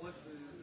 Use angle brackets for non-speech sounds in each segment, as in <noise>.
Moi, je veux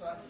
Zeit.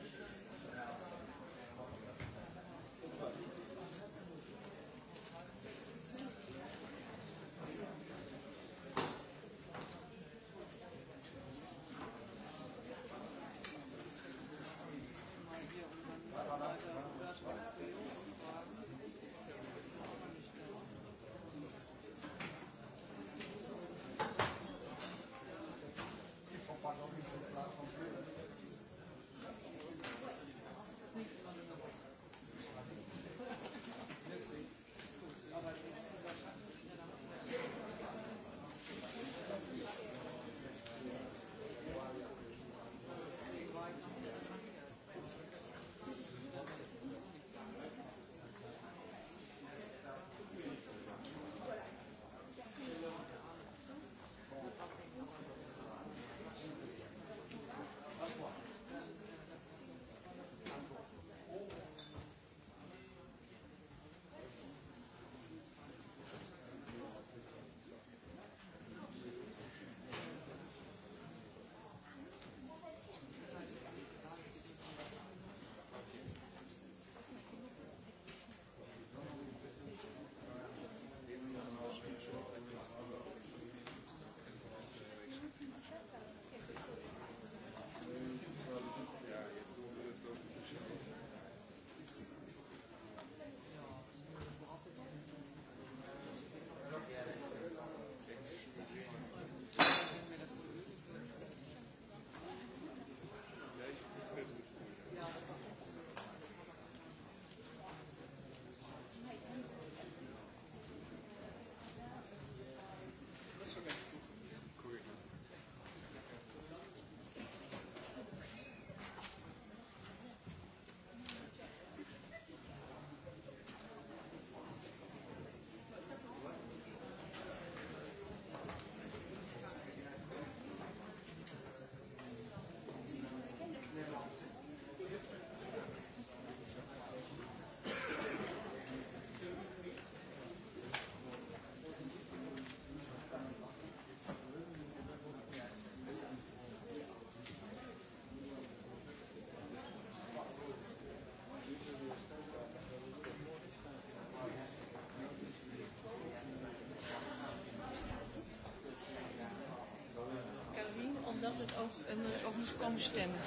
omdat het ook, en dat het ook moest komen stemmen.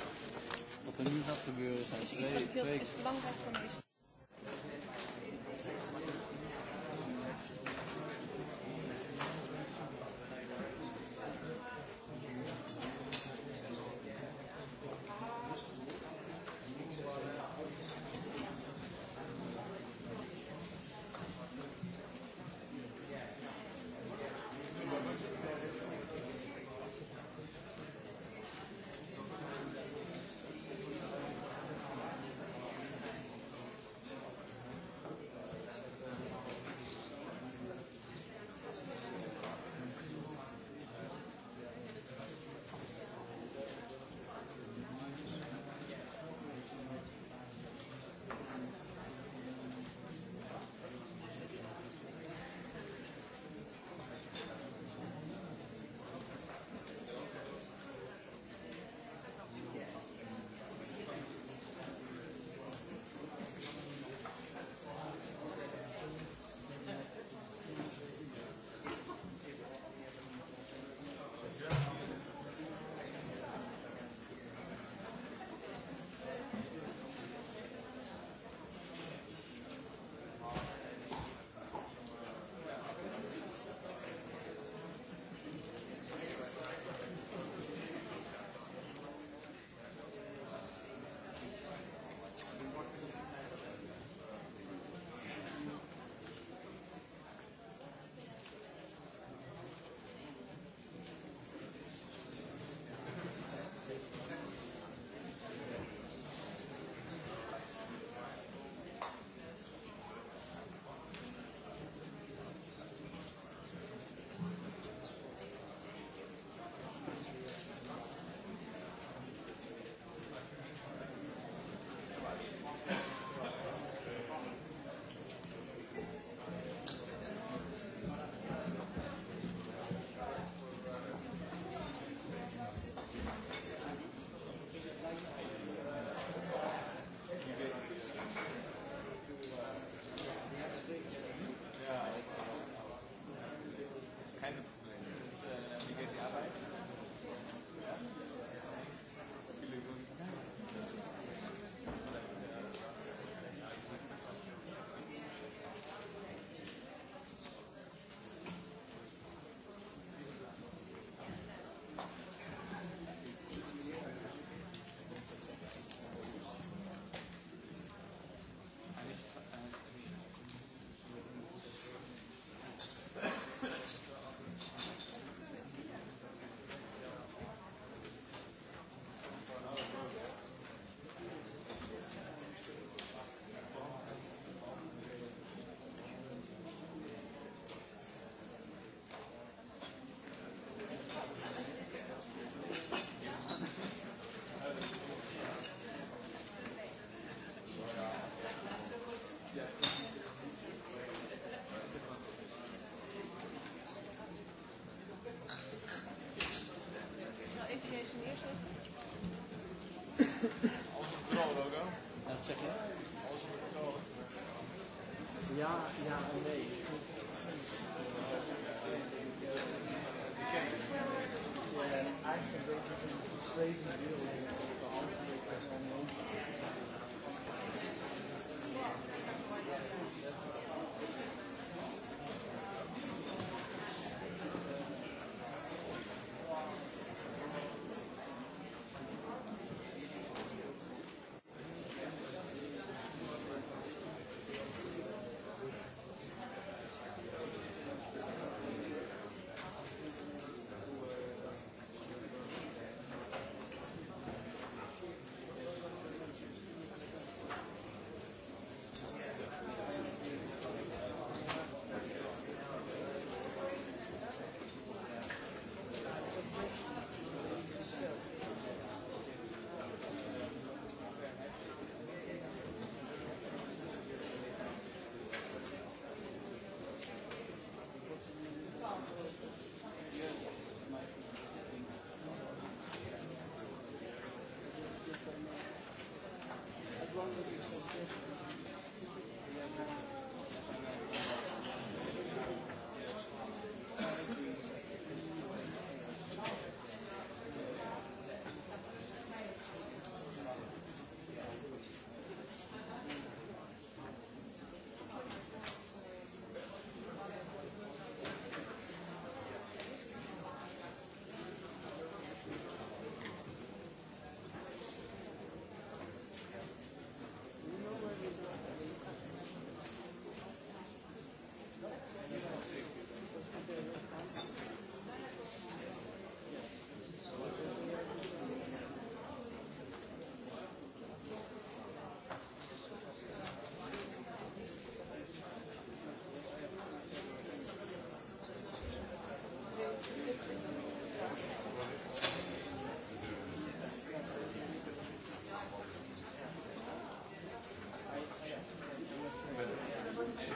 Wat er nu gaat gebeuren zijn twee... Het is belangrijk voor mij. Een second. Ja, ja en nee. Eigenlijk een beetje een geschreven wereld.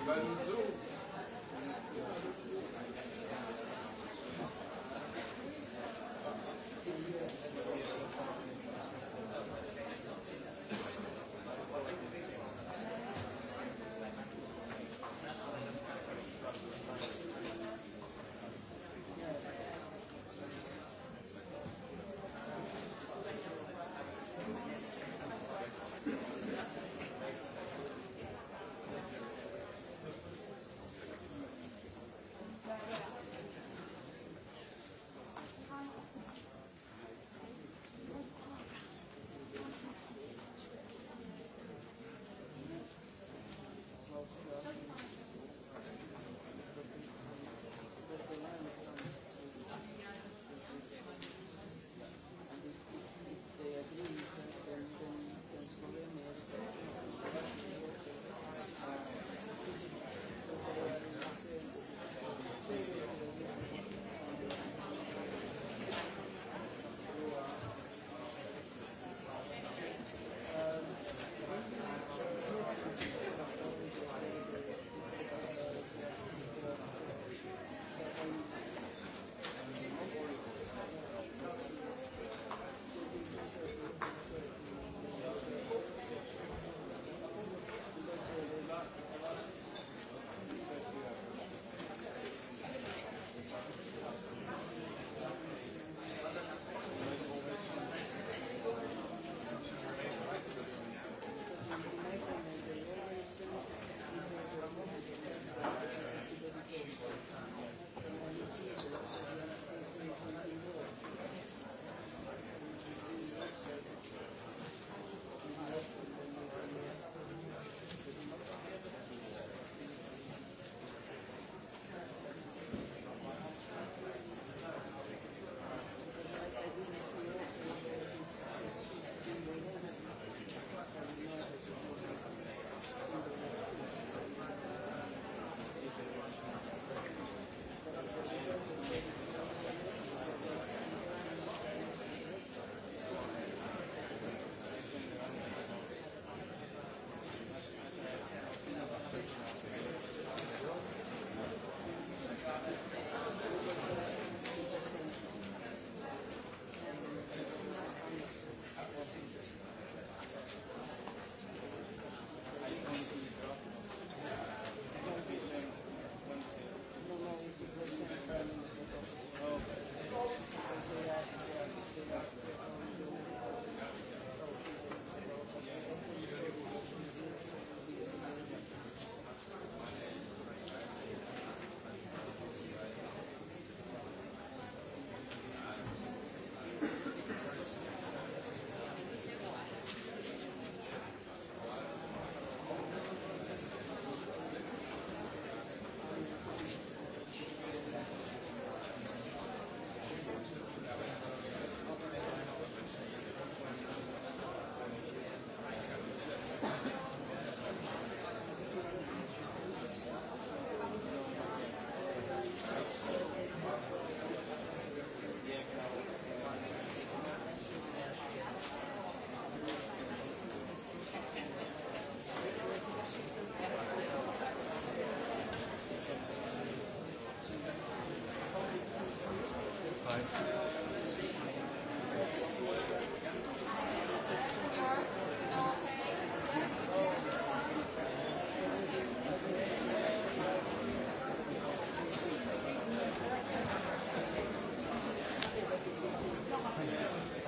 Weil so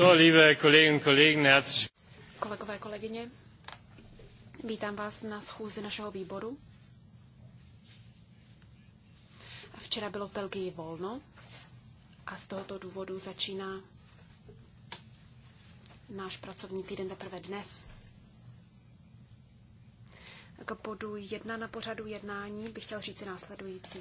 Kolegové, kolegyně, vítám vás na schůzi našeho výboru. Včera bylo v Belgii volno a z tohoto důvodu začíná náš pracovní týden teprve dnes. K bodu jedna na pořadu jednání bych chtěl říci následující.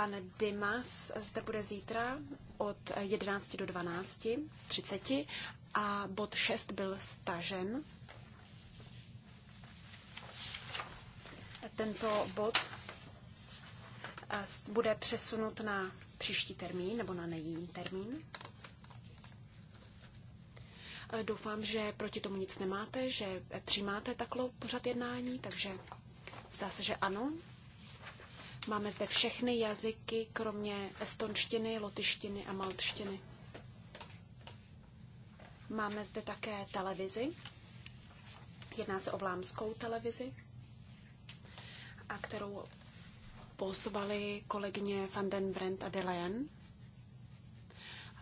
Pan Dimas zde bude zítra od 11 do 12, 30 a bod 6 byl stažen. Tento bod eh, bude přesunut na příští termín nebo na nejín termín. Eh, doufám, že proti tomu nic nemáte, že eh, přijímáte takhle pořad jednání, takže zdá se, že ano. Máme zde všechny jazyky, kromě estonštiny, lotyštiny a maltštiny. Máme zde také televizi. Jedná se o vlámskou televizi, a kterou pozvali kolegyně Van den Brent a Delayen.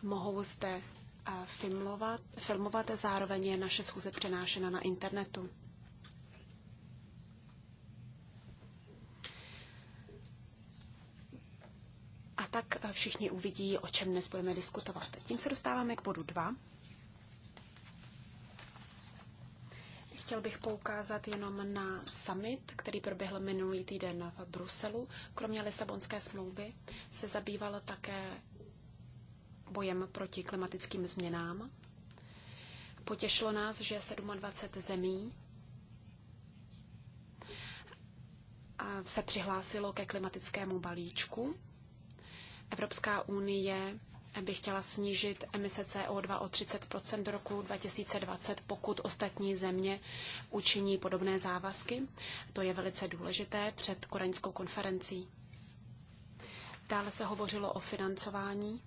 Mohou zde filmovat, filmovat a zároveň je naše schůze přenášena na internetu. tak eh, všichni uvidí, o čem dnes budeme diskutovat. Tím se dostáváme k bodu 2. Chtěl bych poukázat jenom na summit, který proběhl minulý týden v Bruselu. Kromě Lisabonské smlouvy se zabýval také bojem proti klimatickým změnám. Potěšilo nás, že 27 zemí se přihlásilo ke klimatickému balíčku Evropská unie by chtěla snížit emise CO2 o 30 do roku 2020, pokud ostatní země učiní podobné závazky. To je velice důležité před koreňskou konferencí. Dále se hovořilo o financování.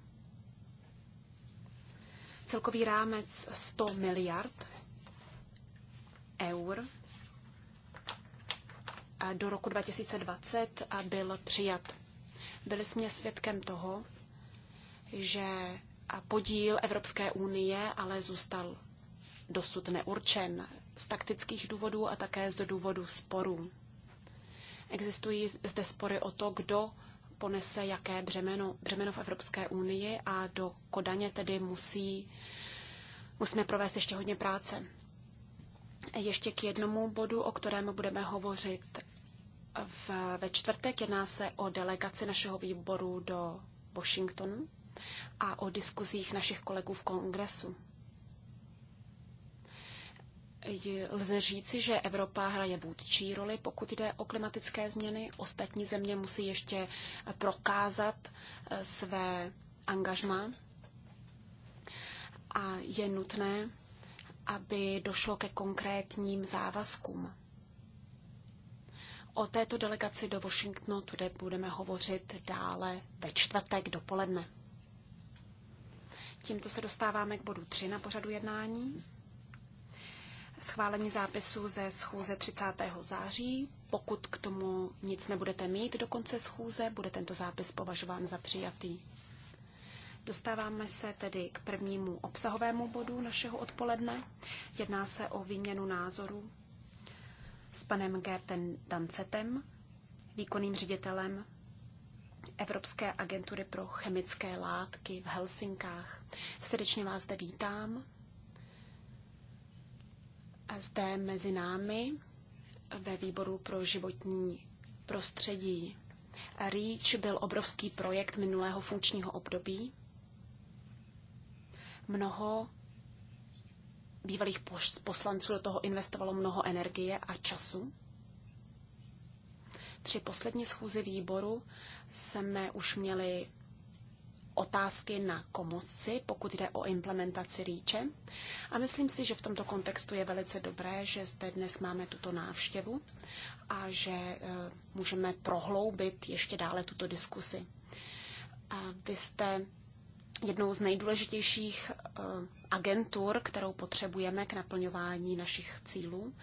Celkový rámec 100 miliard eur do roku 2020 byl přijat. Byli jsme svědkem toho, že podíl Evropské unie ale zůstal dosud neurčen z taktických důvodů a také z důvodu sporů. Existují zde spory o to, kdo ponese jaké břemeno, břemeno v Evropské unii a do Kodaně tedy musí, musíme provést ještě hodně práce. Ještě k jednomu bodu, o kterém budeme hovořit v, ve čtvrtek. Jedná se o delegaci našeho výboru do Washingtonu a o diskuzích našich kolegů v kongresu. Lze říci, že Evropa hraje vůdčí roli, pokud jde o klimatické změny. Ostatní země musí ještě prokázat eh, své angažma a je nutné, aby došlo ke konkrétním závazkům. O této delegaci do Washingtonu tudy budeme hovořit dále ve čtvrtek dopoledne. Tímto se dostáváme k bodu 3 na pořadu jednání. Schválení zápisu ze schůze 30. září. Pokud k tomu nic nebudete mít do konce schůze, bude tento zápis považován za přijatý. Dostáváme se tedy k prvnímu obsahovému bodu našeho odpoledne. Jedná se o výměnu názorů s panem Gerten Dancetem, výkonným ředitelem Evropské agentury pro chemické látky v Helsinkách. Srdečně vás zde vítám. A zde mezi námi ve výboru pro životní prostředí. REACH byl obrovský projekt minulého funkčního období. Mnoho bývalých poslanců do toho investovalo mnoho energie a času. Při poslední schůzi výboru jsme už měli otázky na komoci, pokud jde o implementaci rýče. A myslím si, že v tomto kontextu je velice dobré, že zde dnes máme tuto návštěvu a že eh, můžeme prohloubit ještě dále tuto diskusi. Vy jste jednou z nejdůležitějších eh, agentur, kterou potřebujeme k naplňování našich cílů.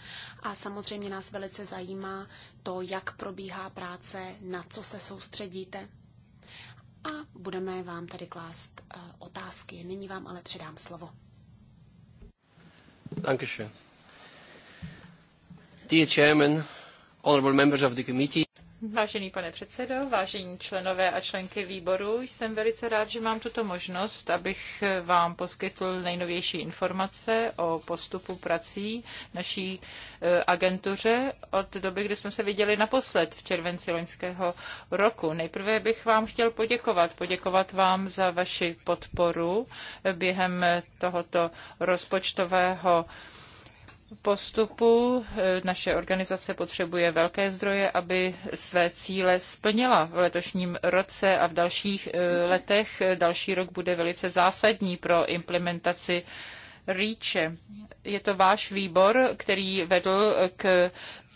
A samozřejmě nás velice zajímá to, jak probíhá práce, na co se soustředíte. A budeme vám tady klást eh, otázky. Nyní vám ale předám slovo. Dankeschön. Dear Chairman, honorable members of the committee. Vážený pane předsedo, vážení členové a členky výboru, jsem velice rád, že mám tuto možnost, abych vám poskytl nejnovější informace o postupu prací naší e, agentuře od doby, kdy jsme se viděli naposled v červenci loňského roku. Nejprve bych vám chtěl poděkovat. Poděkovat vám za vaši podporu během tohoto rozpočtového postupu. Eh, naše organizace potřebuje velké zdroje, aby své cíle splnila v letošním roce a v dalších eh, letech. Další rok bude velice zásadní pro implementaci REACHe. Je to váš výbor, který vedl k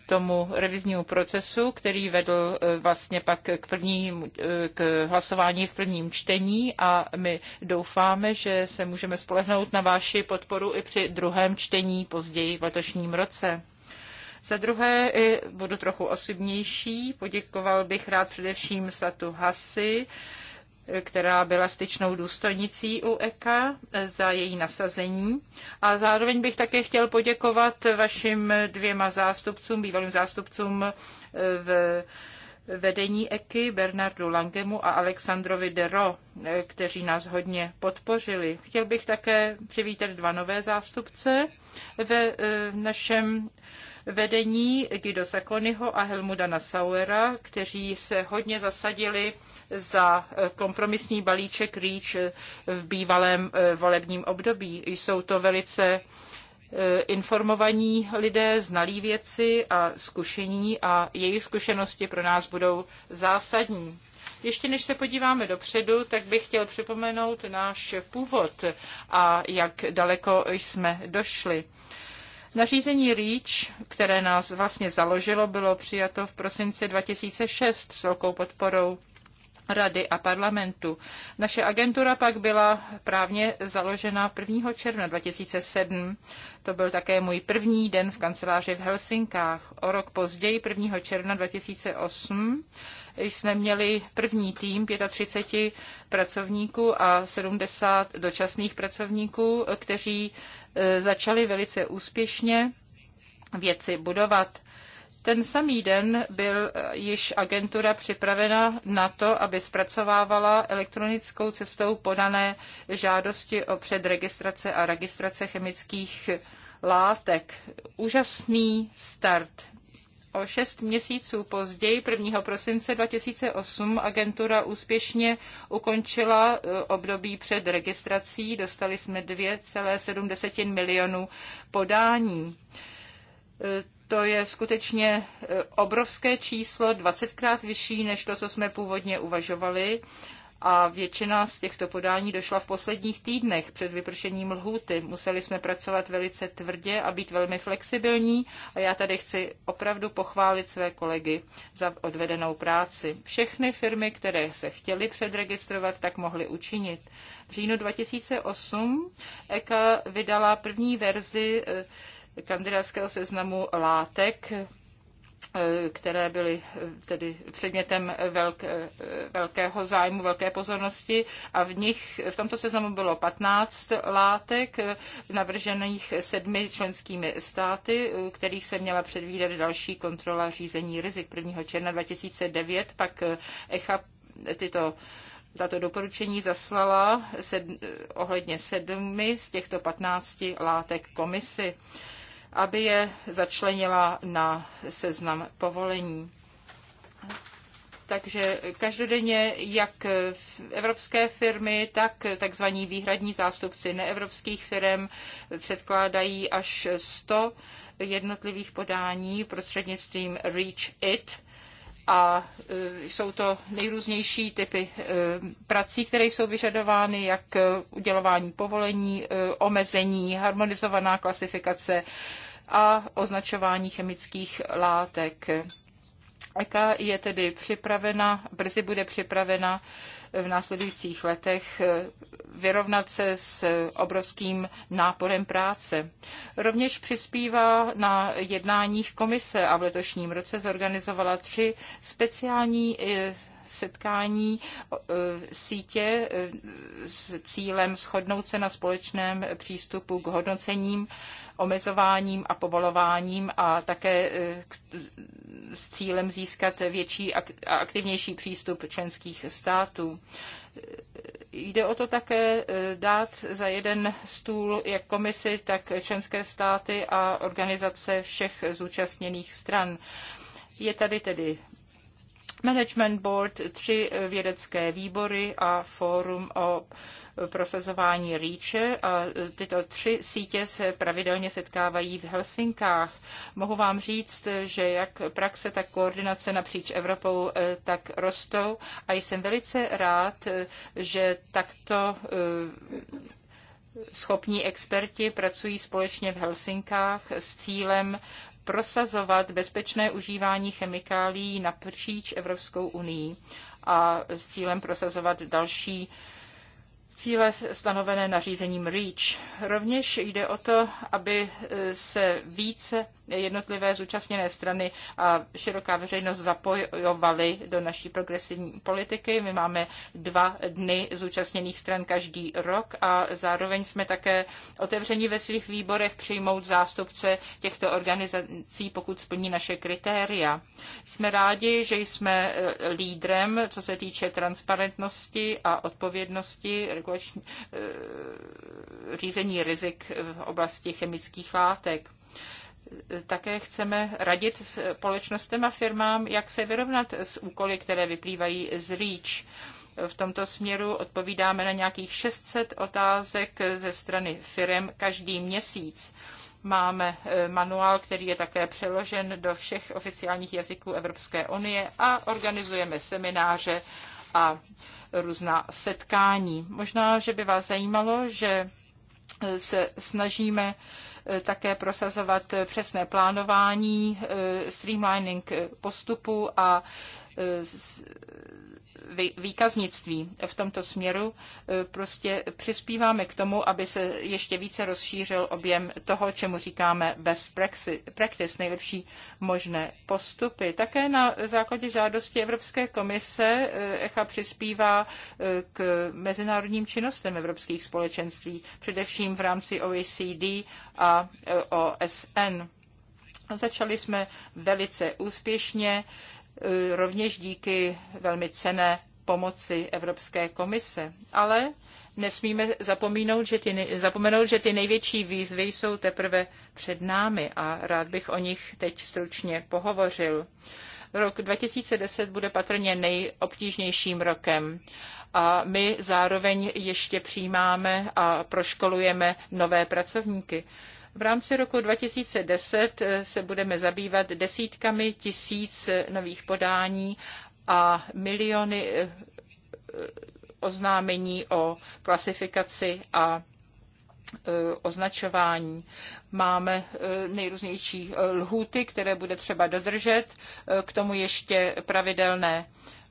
tomu reviznímu procesu, který vedl e, vlastně pak k, první, e, k hlasování v prvním čtení a my doufáme, že se můžeme spolehnout na vaši podporu i při druhém čtení později v letošním roce. Za druhé, budu trochu osobnější, poděkoval bych rád především Satu Hasi, která byla styčnou důstojnicí u EKA eh, za její nasazení. A zároveň bych také chtěl poděkovat vašim dvěma zástupcům, bývalým zástupcům eh, v vedení EKY Bernardu Langemu a Alexandrovi Dero, eh, kteří nás hodně podpořili. Chtěl bych také přivítat dva nové zástupce ve našem vedení Guido Sakonyho a Helmuda Nassauera, kteří se hodně zasadili za eh, kompromisní balíček REACH eh, v bývalém eh, volebním období. Jsou to velice informovaní lidé, znalí věci a zkušení a jejich zkušenosti pro nás budou zásadní. Ještě než se podíváme dopředu, tak bych chtěl připomenout náš původ a jak daleko jsme došli. Nařízení REACH, které nás vlastně založilo, bylo přijato v prosinci 2006 s velkou podporou Rady a parlamentu. Naše agentura pak byla právně založena 1. června 2007. To byl také můj první den v kanceláři v Helsinkách. O rok později, 1. června 2008, jsme měli první tým 35 pracovníků a 70 dočasných pracovníků, kteří E, začali velice úspěšně věci budovat. Ten samý den byl e, již agentura připravena na to, aby zpracovávala elektronickou cestou podané žádosti o předregistrace a registrace chemických látek. Úžasný start. O šest měsíců později, 1. prosince 2008, agentura úspěšně ukončila eh, období před registrací. Dostali jsme 2,7 milionů podání. Eh, to je skutečně eh, obrovské číslo, 20krát vyšší než to, co jsme původně uvažovali a většina z těchto podání došla v posledních týdnech před vypršením lhůty. Museli jsme pracovat velice tvrdě a být velmi flexibilní a já tady chci opravdu pochválit své kolegy za odvedenou práci. Všechny firmy, které se chtěly předregistrovat, tak mohly učinit. V říjnu 2008 EKA vydala první verzi eh, kandidátského seznamu látek které byly eh, tedy předmětem velk, eh, velkého zájmu, velké pozornosti a v nich v tomto seznamu bylo 15 látek eh, navržených sedmi členskými státy, kterých se měla předvídat další kontrola řízení rizik 1. června 2009, pak ECHA tyto tato doporučení zaslala sed, ohledně sedmi z těchto 15 látek komisi aby je začlenila na seznam povolení. Takže každodenně jak evropské firmy, tak tzv. výhradní zástupci neevropských firm předkládají až 100 jednotlivých podání prostřednictvím REACH IT a e, jsou to nejrůznější typy e, prací, které jsou vyžadovány, jak e, udělování povolení, omezení, harmonizovaná klasifikace a označování chemických látek. EKA je tedy připravena, brzy bude připravena v následujících letech eh, vyrovnat se s obrovským náporem práce. Rovněž přispívá na jednáních komise a v letošním roce zorganizovala tři speciální eh, setkání e, sítě e, s cílem shodnout se na společném přístupu k hodnocením, omezováním a povolováním a také e, s cílem získat větší a aktivnější přístup členských států. Jde o to také dát za jeden stůl jak komisi, tak členské státy a organizace všech zúčastněných stran. Je tady tedy management board, tři vědecké výbory a fórum o prosazování REACH. A tyto tři sítě se pravidelně setkávají v Helsinkách. Mohu vám říct, že jak praxe, tak koordinace napříč Evropou eh, tak rostou a jsem velice rád, že takto eh, schopní experti pracují společně v Helsinkách s cílem prosazovat bezpečné užívání chemikálií napříč Evropskou unii a s cílem prosazovat další cíle stanovené nařízením REACH. Rovněž jde o to, aby e, se více jednotlivé zúčastněné strany a široká veřejnost zapojovaly do naší progresivní politiky. My máme dva dny zúčastněných stran každý rok a zároveň jsme také otevřeni ve svých výborech přijmout zástupce těchto organizací, pokud splní naše kritéria. Jsme rádi, že jsme e, lídrem, co se týče transparentnosti a odpovědnosti regulace Eh, řízení rizik v oblasti chemických látek také chceme radit společnostem a firmám, jak se vyrovnat s úkoly, které vyplývají z REACH. V tomto směru odpovídáme na nějakých 600 otázek ze strany firm každý měsíc. Máme eh, manuál, který je také přeložen do všech oficiálních jazyků Evropské unie a organizujeme semináře a různá setkání. Možná, že by vás zajímalo, že eh, se snažíme eh, také prosazovat eh, přesné plánování, streamlining postupu a výkaznictví v tomto směru e, prostě přispíváme k tomu, aby se ještě více rozšířil objem toho, čemu říkáme best practice, nejlepší možné postupy. Také na základě žádosti Evropské komise e, ECHA přispívá e, k mezinárodním činnostem evropských společenství, především v rámci OECD a OSN. Začali jsme velice úspěšně Eh, rovněž díky velmi cené pomoci Evropské komise. Ale nesmíme zapomínat, že ty, zapomenout, že ty největší výzvy jsou teprve před námi a rád bych o nich teď stručně pohovořil. Rok 2010 bude patrně nejobtížnějším rokem a my zároveň ještě přijímáme a proškolujeme nové pracovníky. V rámci roku 2010 eh, se budeme zabývat desítkami tisíc eh, nových podání a miliony eh, oznámení o klasifikaci a označování. Máme nejrůznější lhůty, které bude třeba dodržet, k tomu ještě pravidelné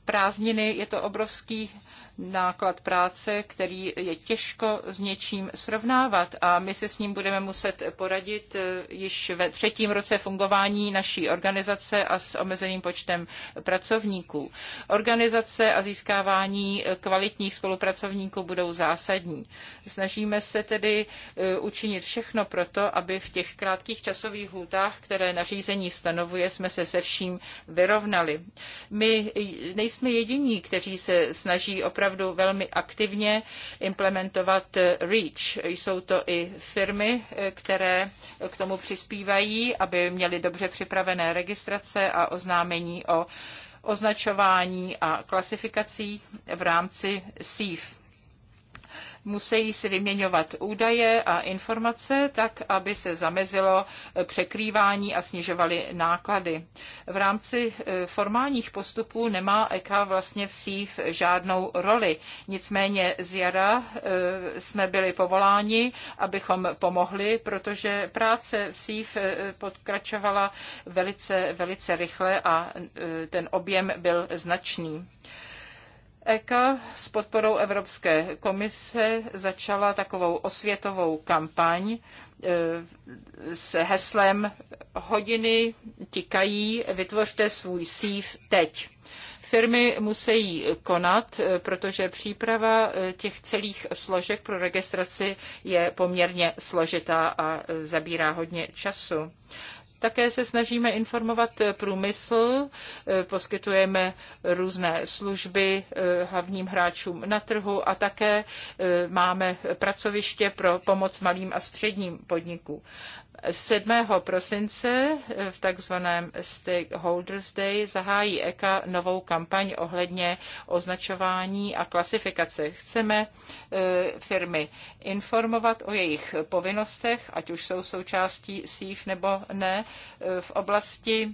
prázdniny. Je to obrovský náklad práce, který je těžko s něčím srovnávat a my se s ním budeme muset poradit eh, již ve třetím roce fungování naší organizace a s omezeným počtem pracovníků. Organizace a získávání eh, kvalitních spolupracovníků budou zásadní. Snažíme se tedy eh, učinit všechno proto, aby v těch krátkých časových hůtách, které nařízení stanovuje, jsme se se vším vyrovnali. My nejsme jediní, kteří se snaží o opravdu velmi aktivně implementovat REACH. Jsou to i firmy, které k tomu přispívají, aby měly dobře připravené registrace a oznámení o označování a klasifikací v rámci SIF musí si vyměňovat údaje a informace tak, aby se zamezilo překrývání a snižovaly náklady. V rámci eh, formálních postupů nemá EK vlastně v SIF žádnou roli. Nicméně z jara eh, jsme byli povoláni, abychom pomohli, protože práce v SIF eh, podkračovala velice, velice rychle a ten objem byl značný. EKA s podporou Evropské komise začala takovou osvětovou kampaň e, s heslem Hodiny tikají, vytvořte svůj sív teď. Firmy musí konat, e, protože příprava e, těch celých složek pro registraci je poměrně složitá a zabírá hodně času. Také se snažíme informovat eh, průmysl, eh, poskytujeme různé služby eh, hlavním hráčům na trhu a také máme pracoviště pro pomoc malým a středním podnikům. 7. prosince v takzvaném Stakeholders Day zahájí EKA novou kampaň ohledně označování a klasifikace. Chceme e, firmy informovat o jejich povinnostech, ať už jsou součástí SIF nebo ne, e, v oblasti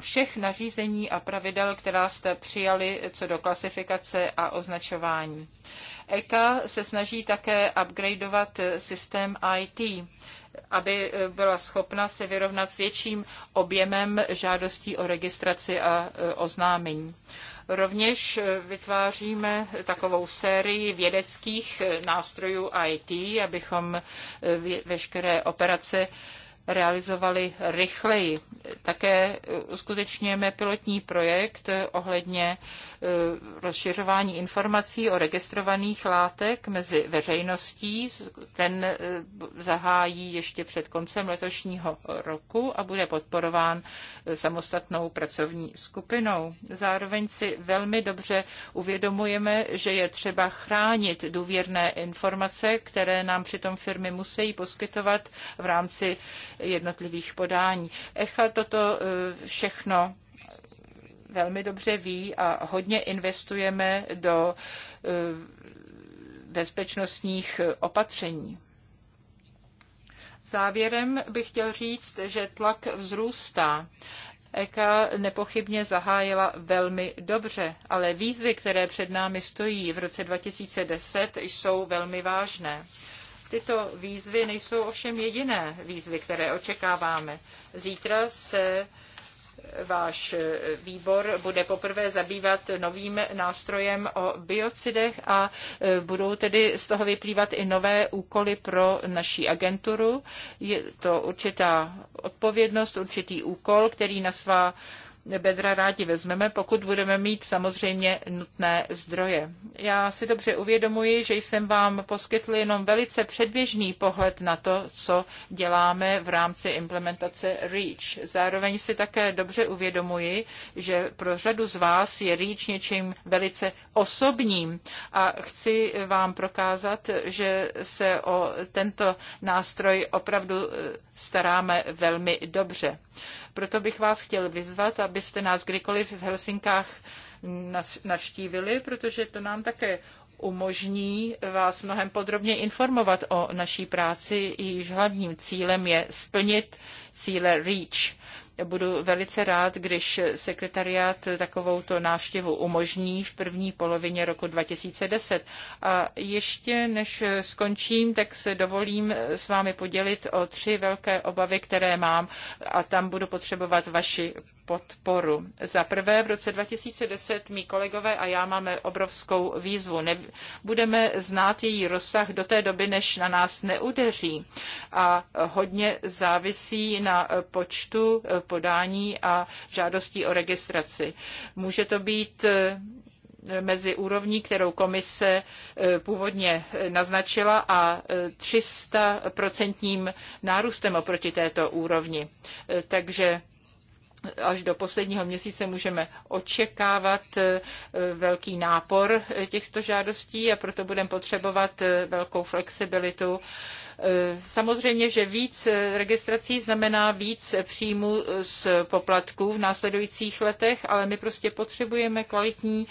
všech nařízení a pravidel, která jste přijali co do klasifikace a označování. ECA se snaží také upgradeovat systém IT aby eh, byla schopna se vyrovnat s větším objemem žádostí o registraci a eh, oznámení. Rovněž eh, vytváříme takovou sérii vědeckých nástrojů IT, abychom veškeré operace realizovali rychleji. Také e, uskutečňujeme pilotní projekt e, ohledně e, rozšiřování informací o registrovaných látek mezi veřejností. Ten zahájí ještě před koncem letošního roku a bude podporován samostatnou pracovní skupinou. Zároveň si velmi dobře uvědomujeme, že je třeba chránit důvěrné informace, které nám přitom firmy musí poskytovat v rámci jednotlivých podání. ECHA toto eh, všechno velmi dobře ví a hodně investujeme do eh, bezpečnostních opatření. Závěrem bych chtěl říct, že tlak vzrůstá. EKA nepochybně zahájila velmi dobře, ale výzvy, které před námi stojí v roce 2010, jsou velmi vážné. Tyto výzvy nejsou ovšem jediné výzvy, které očekáváme. Zítra se váš výbor bude poprvé zabývat novým nástrojem o biocidech a e, budou tedy z toho vyplývat i nové úkoly pro naší agenturu. Je to určitá odpovědnost, určitý úkol, který na svá bedra rádi vezmeme, pokud budeme mít samozřejmě nutné zdroje. Já si dobře uvědomuji, že jsem vám poskytl jenom velice předběžný pohled na to, co děláme v rámci implementace REACH. Zároveň si také dobře uvědomuji, že pro řadu z vás je REACH něčím velice osobním a chci vám prokázat, že se o tento nástroj opravdu eh, staráme velmi dobře. Proto bych vás chtěl vyzvat, abyste nás kdykoliv v Helsinkách navštívili, protože to nám také umožní vás mnohem podrobně informovat o naší práci, jejíž hlavním cílem je splnit cíle REACH. Budu velice rád, když sekretariát takovouto návštěvu umožní v první polovině roku 2010. A ještě než skončím, tak se dovolím s vámi podělit o tři velké obavy, které mám a tam budu potřebovat vaši podporu. Za prvé, v roce 2010 mý kolegové a já máme obrovskou výzvu. Ne, budeme znát její rozsah do té doby, než na nás neudeří. A hodně závisí na počtu podání a žádostí o registraci. Může to být eh, mezi úrovní, kterou komise eh, původně naznačila a 300% eh, nárůstem oproti této úrovni. Takže až do posledního měsíce můžeme očekávat eh, velký nápor eh, těchto žádostí a proto budeme potřebovat eh, velkou flexibilitu Eh, samozřejmě, že víc eh, registrací znamená víc eh, příjmu z poplatků v následujících letech, ale my prostě potřebujeme kvalitní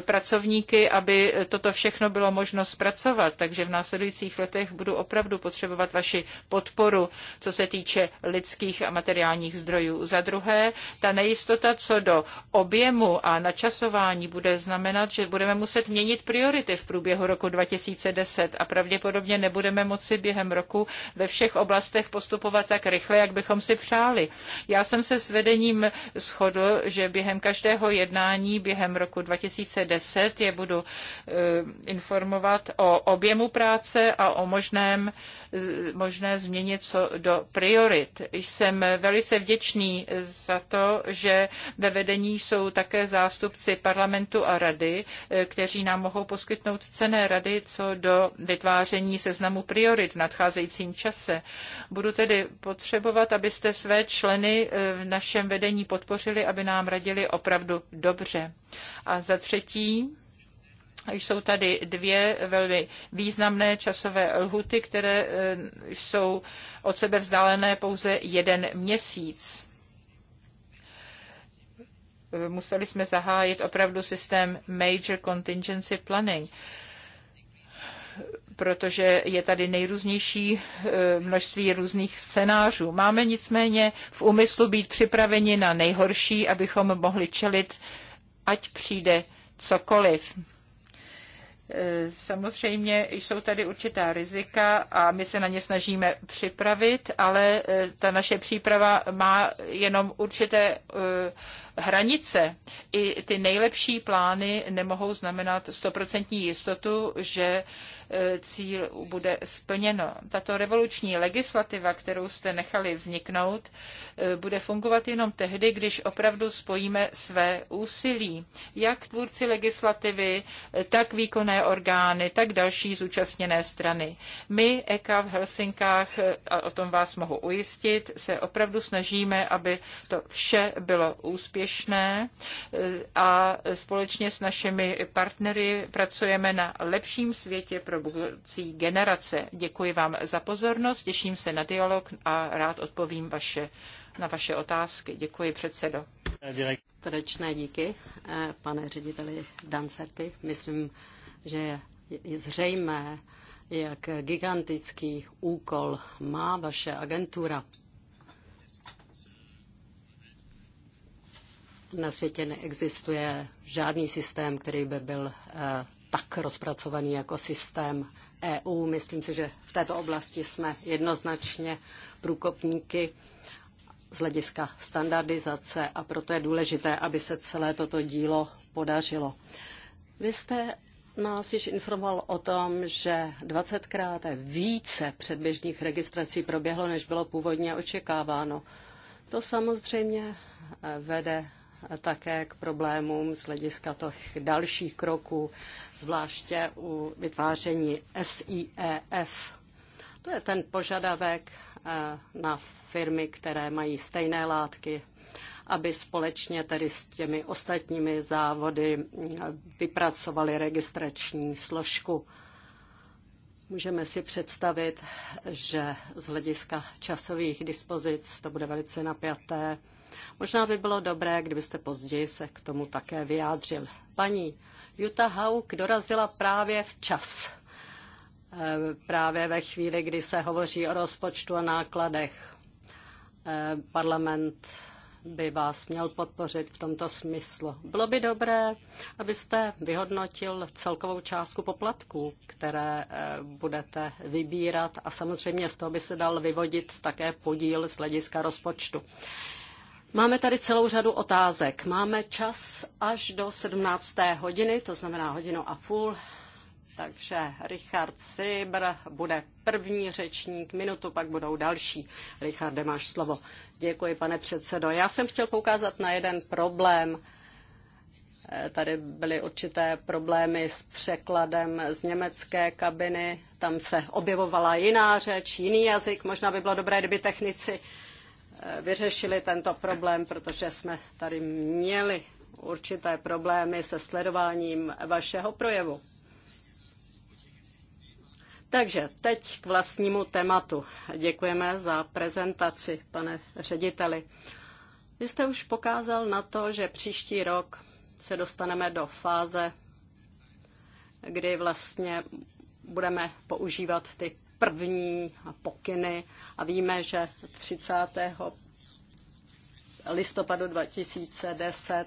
pracovníky, aby toto všechno bylo možno zpracovat. Takže v následujících letech budu opravdu potřebovat vaši podporu, co se týče lidských a materiálních zdrojů. Za druhé, ta nejistota co do objemu a načasování bude znamenat, že budeme muset měnit priority v průběhu roku 2010 a pravděpodobně nebudeme moci během během roku ve všech oblastech postupovat tak rychle, jak bychom si přáli. Já jsem se s vedením shodl, že během každého jednání během roku 2010 je budu e, informovat o objemu práce a o možném, možné změně co do priorit. Jsem velice vděčný za to, že ve vedení jsou také zástupci parlamentu a rady, e, kteří nám mohou poskytnout cené rady co do vytváření seznamu priorit v nadcházejících nadcházejícím čase. Budu tedy potřebovat, abyste své členy eh, v našem vedení podpořili, aby nám radili opravdu dobře. A za třetí, jsou tady dvě velmi významné časové lhuty, které eh, jsou od sebe vzdálené pouze jeden měsíc. Eh, museli jsme zahájit opravdu systém Major Contingency Planning protože je tady nejrůznější eh, množství různých scénářů. Máme nicméně v úmyslu být připraveni na nejhorší, abychom mohli čelit, ať přijde cokoliv. Eh, samozřejmě jsou tady určitá rizika a my se na ně snažíme připravit, ale eh, ta naše příprava má jenom určité hranice. I ty nejlepší plány nemohou znamenat stoprocentní jistotu, že e, cíl bude splněno. Tato revoluční legislativa, kterou jste nechali vzniknout, e, bude fungovat jenom tehdy, když opravdu spojíme své úsilí. Jak tvůrci legislativy, e, tak výkonné orgány, tak další zúčastněné strany. My, EKA v Helsinkách, a o tom vás mohu ujistit, se opravdu snažíme, aby to vše bylo úspěšné úspěšné eh, a společně s našimi partnery pracujeme na lepším světě pro budoucí generace. Děkuji vám za pozornost, těším se na dialog a rád odpovím vaše, na vaše otázky. Děkuji předsedo. Srdečné díky, eh, pane řediteli Dancerty. Myslím, že je zřejmé, jak gigantický úkol má vaše agentura. Na světě neexistuje žádný systém, který by byl eh, tak rozpracovaný jako systém EU. Myslím si, že v této oblasti jsme jednoznačně průkopníky z hlediska standardizace a proto je důležité, aby se celé toto dílo podařilo. Vy jste nás již informoval o tom, že 20krát více předběžných registrací proběhlo, než bylo původně očekáváno. To samozřejmě eh, vede také k problémům z hlediska těch dalších kroků, zvláště u vytváření SIEF. To je ten požadavek eh, na firmy, které mají stejné látky, aby společně tedy s těmi ostatními závody eh, vypracovali registrační složku. Můžeme si představit, že z hlediska časových dispozic to bude velice napjaté. Možná by bylo dobré, kdybyste později se k tomu také vyjádřil. Paní Jutta Hauk dorazila právě včas. Eh, právě ve chvíli, kdy se hovoří o rozpočtu a nákladech. Eh, parlament by vás měl podpořit v tomto smyslu. Bylo by dobré, abyste vyhodnotil celkovou částku poplatků, které eh, budete vybírat a samozřejmě z toho by se dal vyvodit také podíl z hlediska rozpočtu. Máme tady celou řadu otázek. Máme čas až do 17. hodiny, to znamená hodinu a půl. Takže Richard Sibr bude první řečník, minutu pak budou další. Richarde, máš slovo. Děkuji, pane předsedo. Já jsem chtěl poukázat na jeden problém. Tady byly určité problémy s překladem z německé kabiny. Tam se objevovala jiná řeč, jiný jazyk. Možná by bylo dobré, kdyby technici Eh, vyřešili tento problém, protože jsme tady měli určité problémy se sledováním vašeho projevu. Takže teď k vlastnímu tématu. Děkujeme za prezentaci, pane řediteli. Vy jste už pokázal na to, že příští rok se dostaneme do fáze, kdy vlastně budeme používat ty první pokyny a víme, že 30. listopadu 2010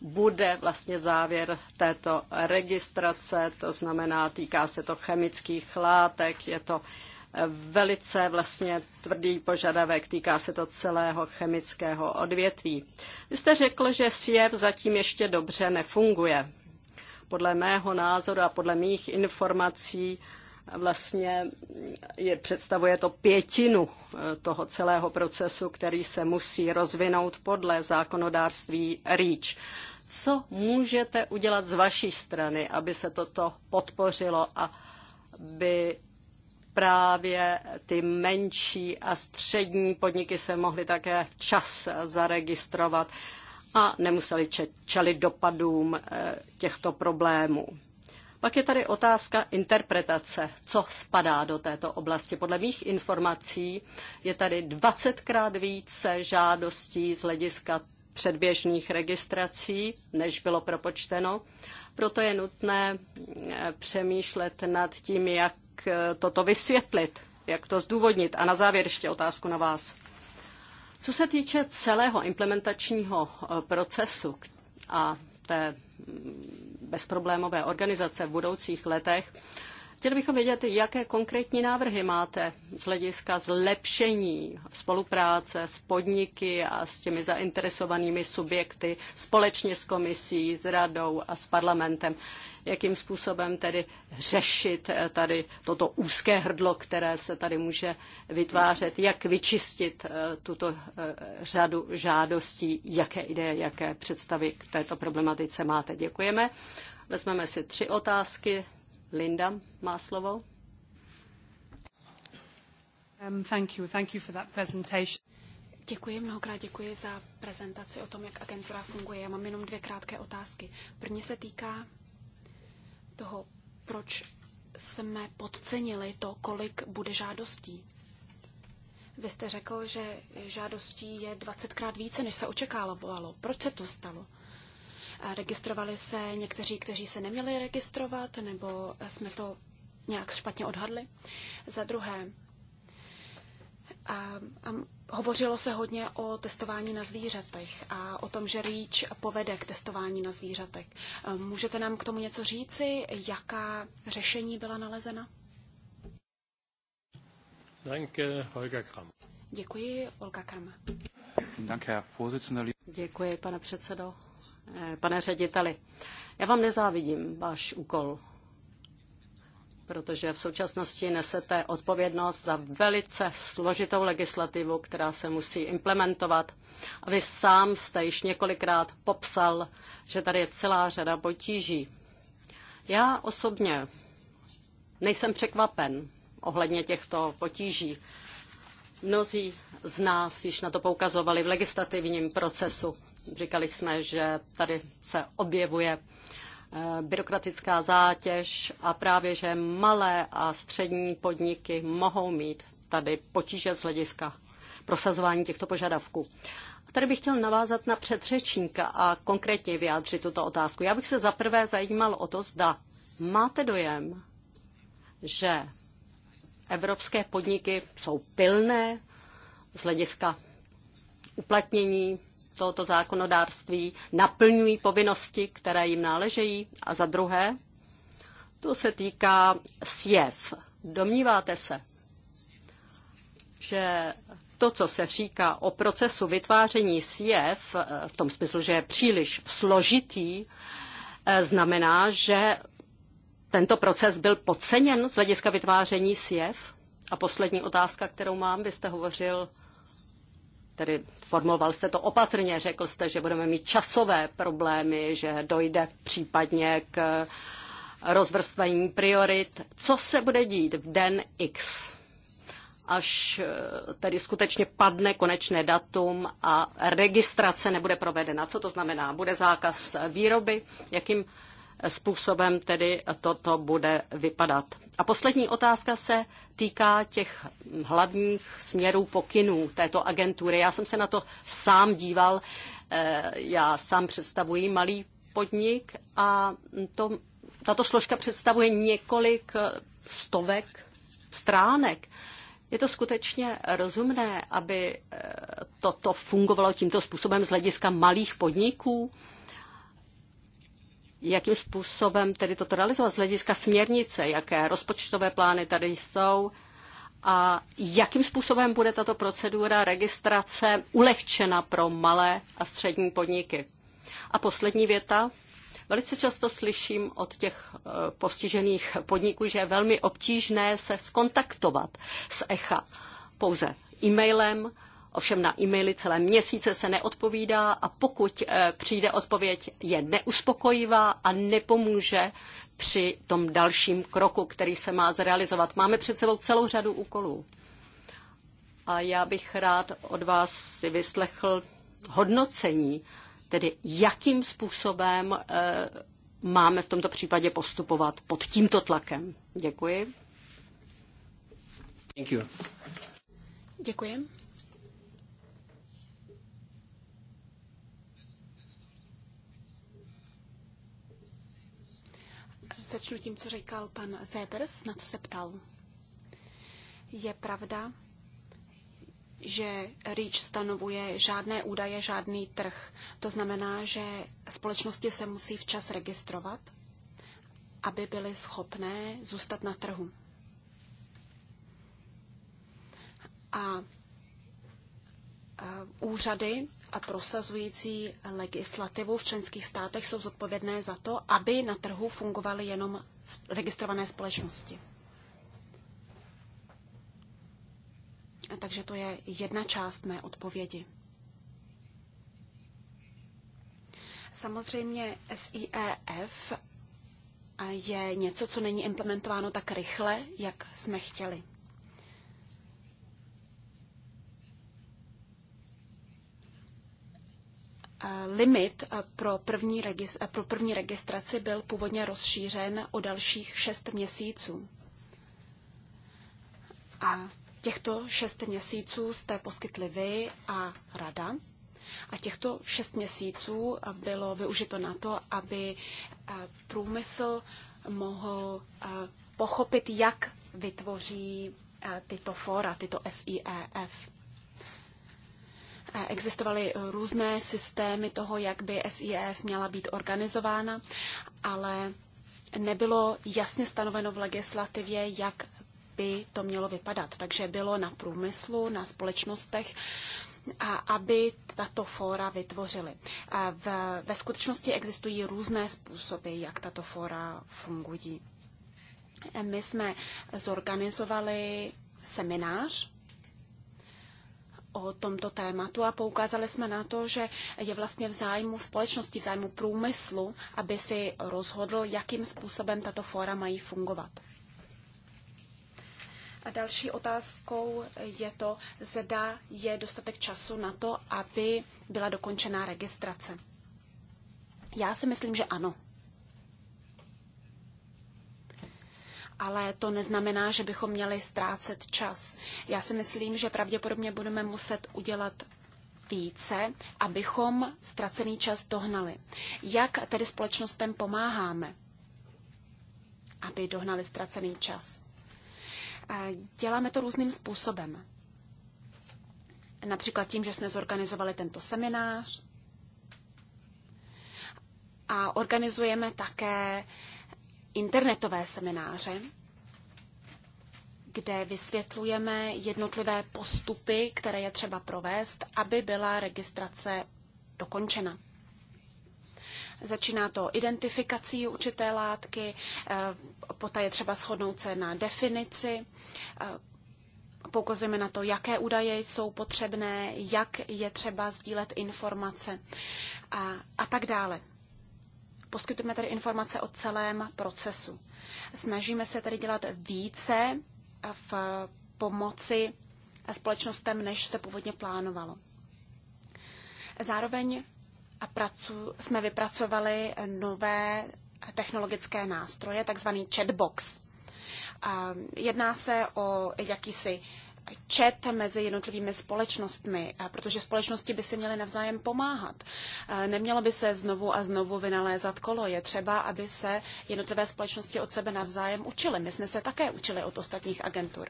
bude vlastně závěr této registrace, to znamená, týká se to chemických látek, je to velice vlastně tvrdý požadavek, týká se to celého chemického odvětví. Vy jste řekl, že SIEV zatím ještě dobře nefunguje. Podle mého názoru a podle mých informací vlastně je, představuje to pětinu eh, toho celého procesu, který se musí rozvinout podle zákonodárství REACH. Co můžete udělat z vaší strany, aby se toto podpořilo a by právě ty menší a střední podniky se mohly také včas zaregistrovat a nemuseli čelit dopadům eh, těchto problémů? Pak je tady otázka interpretace, co spadá do této oblasti. Podle mých informací je tady 20krát více žádostí z hlediska předběžných registrací, než bylo propočteno. Proto je nutné eh, přemýšlet nad tím, jak eh, toto vysvětlit, jak to zdůvodnit. A na závěr ještě otázku na vás. Co se týče celého implementačního eh, procesu a té mm, bezproblémové organizace v budoucích letech. Chtěli bychom vědět, jaké konkrétní návrhy máte z hlediska zlepšení spolupráce s podniky a s těmi zainteresovanými subjekty společně s komisí, s radou a s parlamentem jakým způsobem tedy řešit eh, tady toto úzké hrdlo, které se tady může vytvářet, jak vyčistit eh, tuto eh, řadu žádostí, jaké ideje, jaké představy k této problematice máte. Děkujeme. Vezmeme si tři otázky. Linda má slovo. Um, thank you. Thank you for that presentation. Děkuji mnohokrát, děkuji za prezentaci o tom, jak agentura funguje. Já mám jenom dvě krátké otázky. První se týká toho, proč jsme podcenili to, kolik bude žádostí. Vy jste řekl, že žádostí je 20krát více, než se očekávalo. Proč se to stalo? Registrovali se někteří, kteří se neměli registrovat, nebo jsme to nějak špatně odhadli? Za druhé, a, a Hovořilo se hodně o testování na zvířatech a o tom, že REACH povede k testování na zvířatech. Eh, můžete nám k tomu něco říci? Jaká řešení byla nalezena? Danke, Holger Kram. Děkuji, Olga Kram. Děkuji, pane předsedo. Eh, pane řediteli, já vám nezávidím váš úkol protože v současnosti nesete odpovědnost za velice složitou legislativu, která se musí implementovat. A vy sám jste již několikrát popsal, že tady je celá řada potíží. Já osobně nejsem překvapen ohledně těchto potíží. Mnozí z nás již na to poukazovali v legislativním procesu. Říkali jsme, že tady se objevuje Eh, byrokratická zátěž a právě, že malé a střední podniky mohou mít tady potíže z hlediska prosazování těchto požadavků. A tady bych chtěl navázat na předřečníka a konkrétně vyjádřit tuto otázku. Já bych se zaprvé zajímal o to, zda máte dojem, že evropské podniky jsou pilné z hlediska uplatnění tohoto zákonodárství naplňují povinnosti, které jim náležejí? A za druhé, to se týká sjev. Domníváte se, že to, co se říká o procesu vytváření sjev, v tom smyslu, že je příliš složitý, eh, znamená, že tento proces byl podceněn z hlediska vytváření sjev? A poslední otázka, kterou mám, vy jste hovořil tedy formuloval jste to opatrně, řekl jste, že budeme mít časové problémy, že dojde případně k rozvrstvení priorit. Co se bude dít v den X? až eh, tedy skutečně padne konečné datum a registrace nebude provedena. Co to znamená? Bude zákaz výroby? Jakým způsobem tedy toto bude vypadat. A poslední otázka se týká těch hlavních směrů pokynů této agentury. Já jsem se na to sám díval, eh, já sám představuji malý podnik a to, tato složka představuje několik stovek stránek. Je to skutečně rozumné, aby eh, toto fungovalo tímto způsobem z hlediska malých podniků? jakým způsobem tedy toto realizovat z hlediska směrnice, jaké rozpočtové plány tady jsou a jakým způsobem bude tato procedura registrace ulehčena pro malé a střední podniky. A poslední věta. Velice často slyším od těch eh, postižených podniků, že je velmi obtížné se skontaktovat s ECHA pouze e-mailem, Ovšem na e-maily celé měsíce se neodpovídá a pokud eh, přijde odpověď, je neuspokojivá a nepomůže při tom dalším kroku, který se má zrealizovat. Máme před sebou celou řadu úkolů. A já bych rád od vás si vyslechl hodnocení, tedy jakým způsobem eh, máme v tomto případě postupovat pod tímto tlakem. Děkuji. Thank you. Děkuji. začnu tím, co říkal pan Zébers, na co se ptal. Je pravda, že REACH stanovuje žádné údaje, žádný trh. To znamená, že společnosti se musí včas registrovat, aby byly schopné zůstat na trhu. A úřady a prosazující legislativu v členských státech jsou zodpovědné za to, aby na trhu fungovaly jenom registrované společnosti. A takže to je jedna část mé odpovědi. Samozřejmě SIEF je něco, co není implementováno tak rychle, jak jsme chtěli. Eh, limit eh, pro první, eh, pro první registraci byl původně rozšířen o dalších šest měsíců. A těchto šest měsíců jste poskytli vy a rada. A těchto šest měsíců bylo využito na to, aby průmysl mohl pochopit, jak vytvoří tyto fora, tyto SIEF. Existovaly různé systémy toho, jak by SIF měla být organizována, ale nebylo jasně stanoveno v legislativě, jak by to mělo vypadat. Takže bylo na průmyslu, na společnostech, a aby tato fóra vytvořily. V, ve skutečnosti existují různé způsoby, jak tato fóra fungují. My jsme zorganizovali seminář o tomto tématu a poukázali jsme na to, že je vlastně v zájmu společnosti, v zájmu průmyslu, aby si rozhodl, jakým způsobem tato fóra mají fungovat. A další otázkou je to, zda je dostatek času na to, aby byla dokončená registrace. Já si myslím, že ano. ale to neznamená, že bychom měli ztrácet čas. Já si myslím, že pravděpodobně budeme muset udělat více, abychom ztracený čas dohnali. Jak tedy společnostem pomáháme, aby dohnali ztracený čas? Eh, děláme to různým způsobem. Například tím, že jsme zorganizovali tento seminář a organizujeme také internetové semináře, kde vysvětlujeme jednotlivé postupy, které je třeba provést, aby byla registrace dokončena. Začíná to identifikací určité látky, eh, poté je třeba shodnout se na definici, eh, poukazujeme na to, jaké údaje jsou potřebné, jak je třeba sdílet informace a, a tak dále. Poskytujeme tedy informace o celém procesu. Snažíme se tedy dělat více v pomoci společnostem, než se původně plánovalo. Zároveň a pracu, jsme vypracovali nové technologické nástroje, takzvaný chatbox. Jedná se o jakýsi čet mezi jednotlivými společnostmi, protože společnosti by si měly navzájem pomáhat. Nemělo by se znovu a znovu vynalézat kolo. Je třeba, aby se jednotlivé společnosti od sebe navzájem učily. My jsme se také učili od ostatních agentur.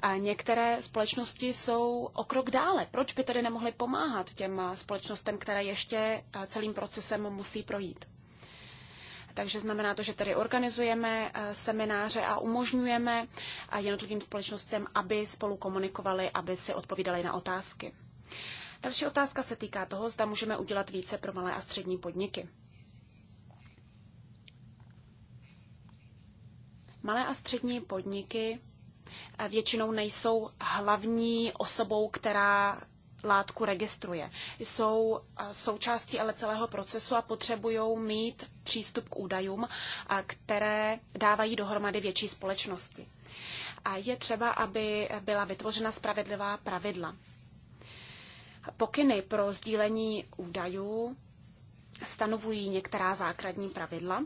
A některé společnosti jsou o krok dále. Proč by tedy nemohly pomáhat těm společnostem, které ještě celým procesem musí projít? Takže znamená to, že tady organizujeme eh, semináře a umožňujeme eh, jednotlivým společnostem, aby spolu komunikovali, aby si odpovídali na otázky. Další otázka se týká toho, zda můžeme udělat více pro malé a střední podniky. Malé a střední podniky eh, většinou nejsou hlavní osobou, která látku registruje. Jsou součástí ale celého procesu a potřebují mít přístup k údajům, které dávají dohromady větší společnosti. A je třeba, aby byla vytvořena spravedlivá pravidla. Pokyny pro sdílení údajů stanovují některá základní pravidla,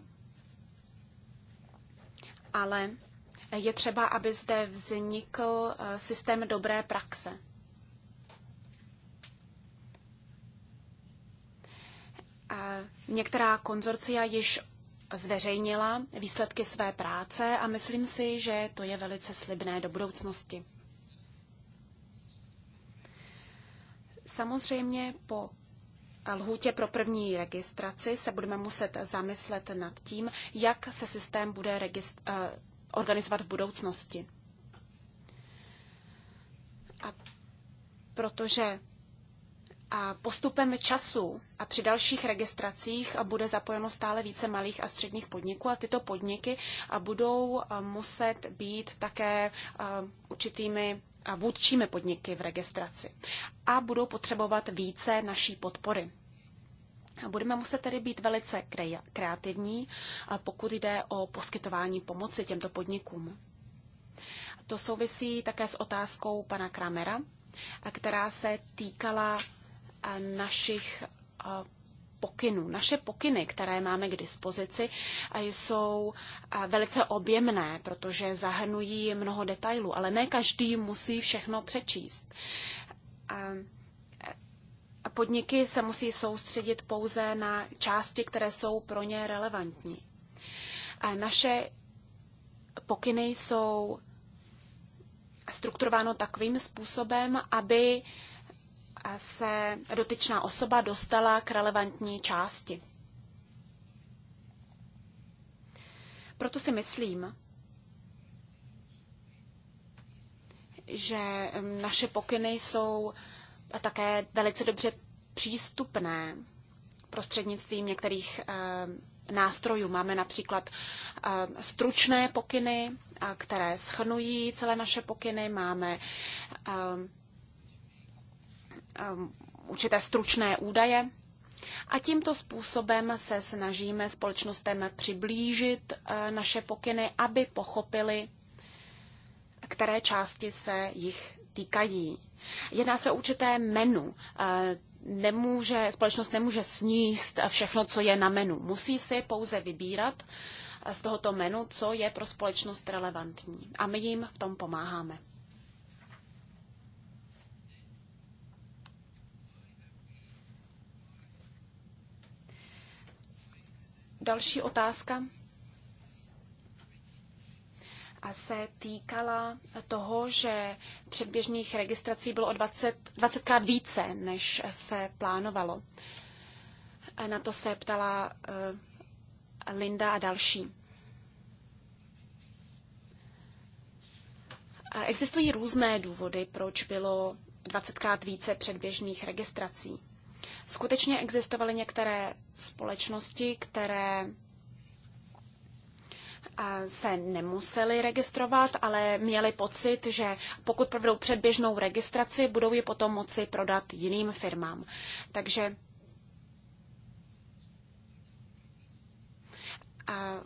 ale je třeba, aby zde vznikl e, systém dobré praxe. Některá konzorcia již zveřejnila výsledky své práce a myslím si, že to je velice slibné do budoucnosti. Samozřejmě po lhůtě pro první registraci se budeme muset zamyslet nad tím, jak se systém bude eh, organizovat v budoucnosti. A protože postupem času a při dalších registracích bude zapojeno stále více malých a středních podniků a tyto podniky budou e, muset být také e, určitými e, vůdčími podniky v registraci a budou potřebovat více naší podpory. Budeme muset tedy být velice kreativní, pokud jde o poskytování pomoci těmto podnikům. To souvisí také s otázkou pana Kramera, která se týkala našich pokynů. Naše pokyny, které máme k dispozici, jsou velice objemné, protože zahrnují mnoho detailů, ale ne každý musí všechno přečíst. A podniky se musí soustředit pouze na části, které jsou pro ně relevantní. A naše pokyny jsou strukturováno takovým způsobem, aby se dotyčná osoba dostala k relevantní části. Proto si myslím, že naše pokyny jsou také velice dobře přístupné prostřednictvím některých eh, nástrojů. Máme například eh, stručné pokyny, eh, které schrnují celé naše pokyny, máme Um, určité stručné údaje. A tímto způsobem se snažíme společnostem přiblížit uh, naše pokyny, aby pochopili, které části se jich týkají. Jedná se o určité menu. Uh, nemůže, společnost nemůže sníst všechno, co je na menu. Musí si pouze vybírat uh, z tohoto menu, co je pro společnost relevantní. A my jim v tom pomáháme. Další otázka a se týkala toho, že předběžných registrací bylo o 20, 20 krát více, než se plánovalo. Na to se ptala eh, Linda a další. Existují různé důvody, proč bylo 20krát více předběžných registrací skutečně existovaly některé společnosti, které se nemuseli registrovat, ale měli pocit, že pokud provedou předběžnou registraci, budou ji potom moci prodat jiným firmám. Takže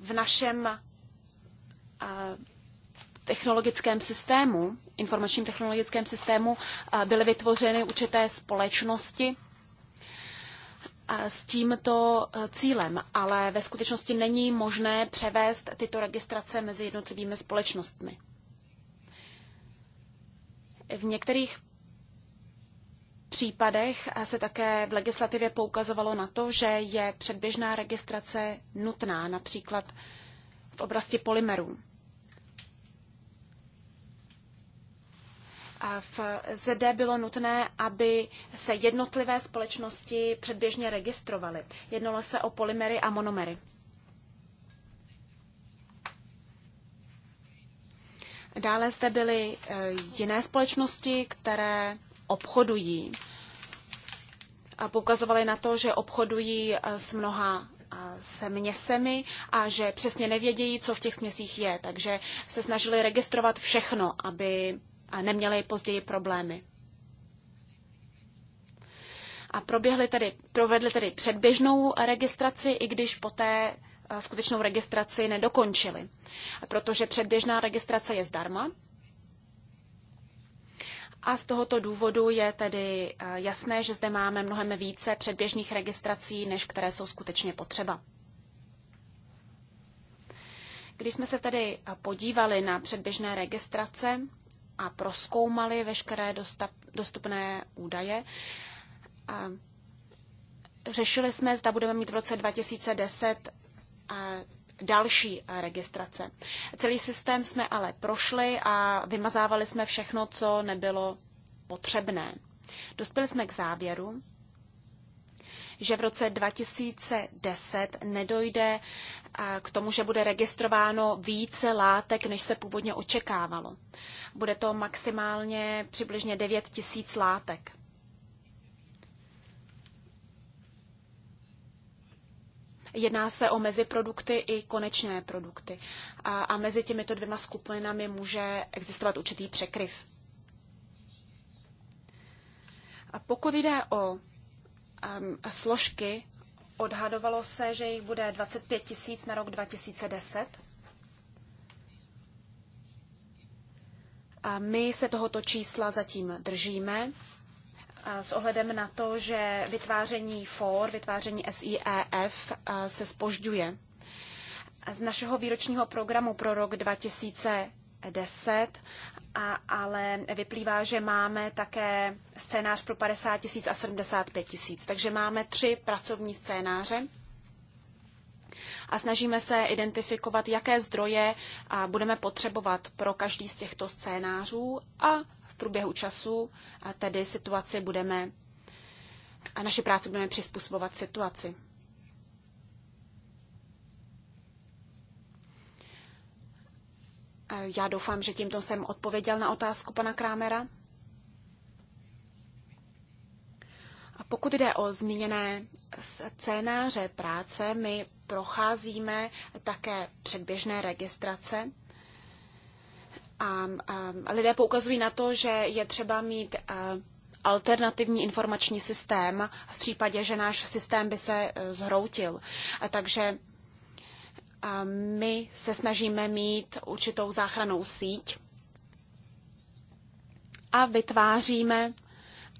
v našem technologickém systému, informačním technologickém systému, byly vytvořeny určité společnosti, s tímto eh, cílem, ale ve skutečnosti není možné převést tyto registrace mezi jednotlivými společnostmi. V některých případech se také v legislativě poukazovalo na to, že je předběžná registrace nutná, například v oblasti polymerů. V ZD bylo nutné, aby se jednotlivé společnosti předběžně registrovaly. Jednalo se o polymery a monomery. Dále zde byly e, jiné společnosti, které obchodují. A poukazovali na to, že obchodují e, s mnoha e, směsemi a že přesně nevědějí, co v těch směsích je. Takže se snažili registrovat všechno, aby a neměli později problémy. A proběhli tedy, provedli tedy předběžnou registraci, i když poté eh, skutečnou registraci nedokončili. Protože předběžná registrace je zdarma, a z tohoto důvodu je tedy eh, jasné, že zde máme mnohem více předběžných registrací, než které jsou skutečně potřeba. Když jsme se tedy eh, podívali na předběžné registrace a proskoumali veškeré dostupné údaje. A řešili jsme, zda budeme mít v roce 2010 další registrace. Celý systém jsme ale prošli a vymazávali jsme všechno, co nebylo potřebné. Dospěli jsme k závěru, že v roce 2010 nedojde eh, k tomu, že bude registrováno více látek, než se původně očekávalo. Bude to maximálně přibližně 9 tisíc látek. Jedná se o meziprodukty i konečné produkty. A, a mezi těmito dvěma skupinami může existovat určitý překryv. A pokud jde o složky. Odhadovalo se, že jich bude 25 tisíc na rok 2010. A my se tohoto čísla zatím držíme s ohledem na to, že vytváření FOR, vytváření SIEF se spožďuje. Z našeho výročního programu pro rok 2010 a, ale vyplývá, že máme také scénář pro 50 tisíc a 75 tisíc. Takže máme tři pracovní scénáře a snažíme se identifikovat, jaké zdroje budeme potřebovat pro každý z těchto scénářů a v průběhu času tedy situaci budeme a naše práci budeme přizpůsobovat situaci. Eh, já doufám, že tímto jsem odpověděl na otázku pana Krámera. A pokud jde o zmíněné scénáře práce, my procházíme také předběžné registrace. A, a eh, lidé poukazují na to, že je třeba mít eh, alternativní informační systém v případě, že náš systém by se zhroutil. A takže my se snažíme mít určitou záchranou síť a vytváříme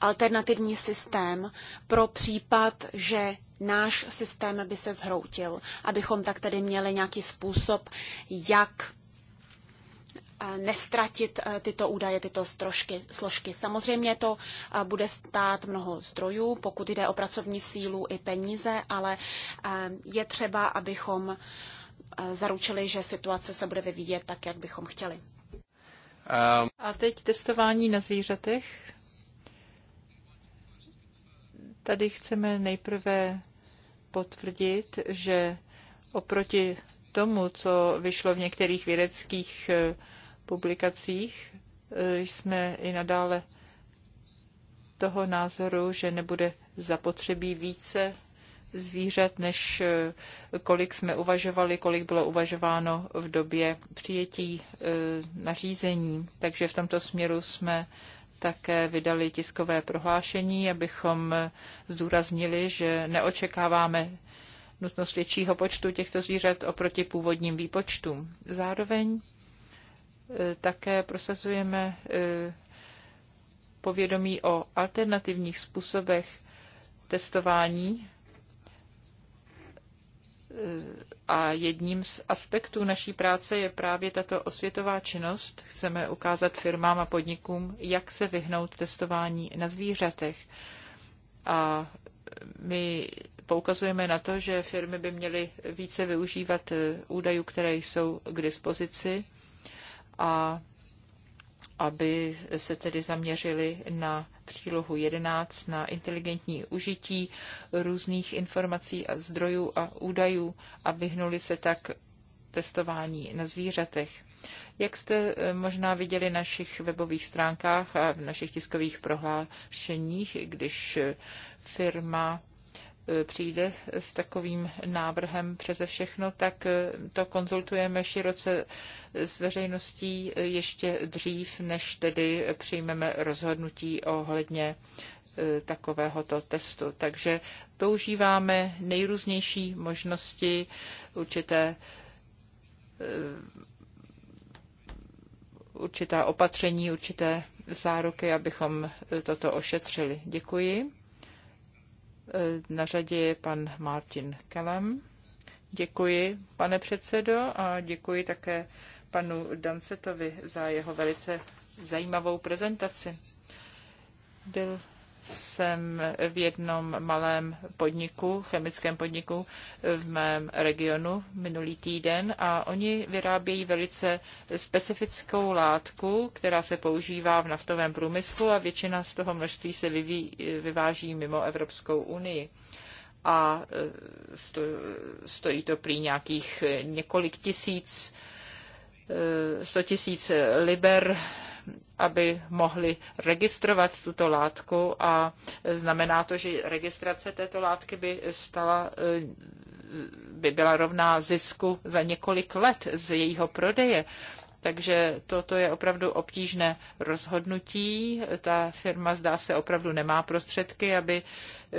alternativní systém pro případ, že náš systém by se zhroutil, abychom tak tedy měli nějaký způsob, jak eh, nestratit eh, tyto údaje, tyto strožky, složky. Samozřejmě to eh, bude stát mnoho zdrojů, pokud jde o pracovní sílu i peníze, ale je třeba, abychom zaručili, že situace se bude vyvíjet tak, jak bychom chtěli. Um, a teď testování na zvířatech. Tady chceme nejprve potvrdit, že oproti tomu, co vyšlo v některých vědeckých eh, publikacích, eh, jsme i nadále toho názoru, že nebude zapotřebí více zvířat, než eh, kolik jsme uvažovali, kolik bylo uvažováno v době přijetí eh, nařízení. Takže v tomto směru jsme také vydali tiskové prohlášení, abychom eh, zdůraznili, že neočekáváme nutnost většího počtu těchto zvířat oproti původním výpočtům. Zároveň také prosazujeme povědomí o alternativních způsobech testování Eh, a jedním z aspektů naší práce je právě tato osvětová činnost. Chceme ukázat firmám a podnikům, jak se vyhnout testování na zvířatech. A my poukazujeme na to, že firmy by měly více využívat eh, údajů, které jsou k dispozici a aby se tedy zaměřili na přílohu 11, na inteligentní užití různých informací a zdrojů a údajů a vyhnuli se tak testování na zvířatech. Jak jste eh, možná viděli na našich webových stránkách a v našich tiskových prohlášeních, když eh, firma přijde s takovým návrhem přeze všechno, tak eh, to konzultujeme široce s veřejností ještě dřív, než tedy přijmeme rozhodnutí ohledně eh, takovéhoto testu. Takže používáme nejrůznější možnosti, určité eh, určitá opatření, určité záruky, abychom toto ošetřili. Děkuji. Eh, na řadě je pan Martin Kelem. Děkuji, pane předsedo, a děkuji také panu Dancetovi za jeho velice zajímavou prezentaci. Byl jsem v jednom malém podniku, chemickém podniku v mém regionu minulý týden a oni vyrábějí velice specifickou látku, která se používá v naftovém průmyslu a většina z toho množství se vyví, vyváží mimo Evropskou unii a e, stojí to prý nějakých několik tisíc, e, sto tisíc liber aby mohli registrovat tuto látku a znamená to, že registrace této látky by stala eh, by byla rovná zisku za několik let z jejího prodeje. Takže toto je opravdu obtížné rozhodnutí. Ta firma zdá se opravdu nemá prostředky, aby eh,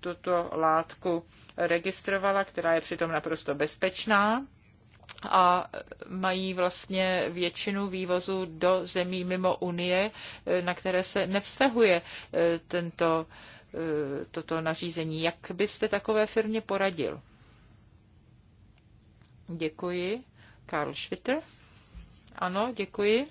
tuto látku registrovala, která je přitom naprosto bezpečná a mají vlastně většinu vývozu do zemí mimo Unie, eh, na které se nevztahuje eh, tento, eh, toto nařízení. Jak byste takové firmě poradil? Děkuji. Karl Schwitter. Ano, děkuji.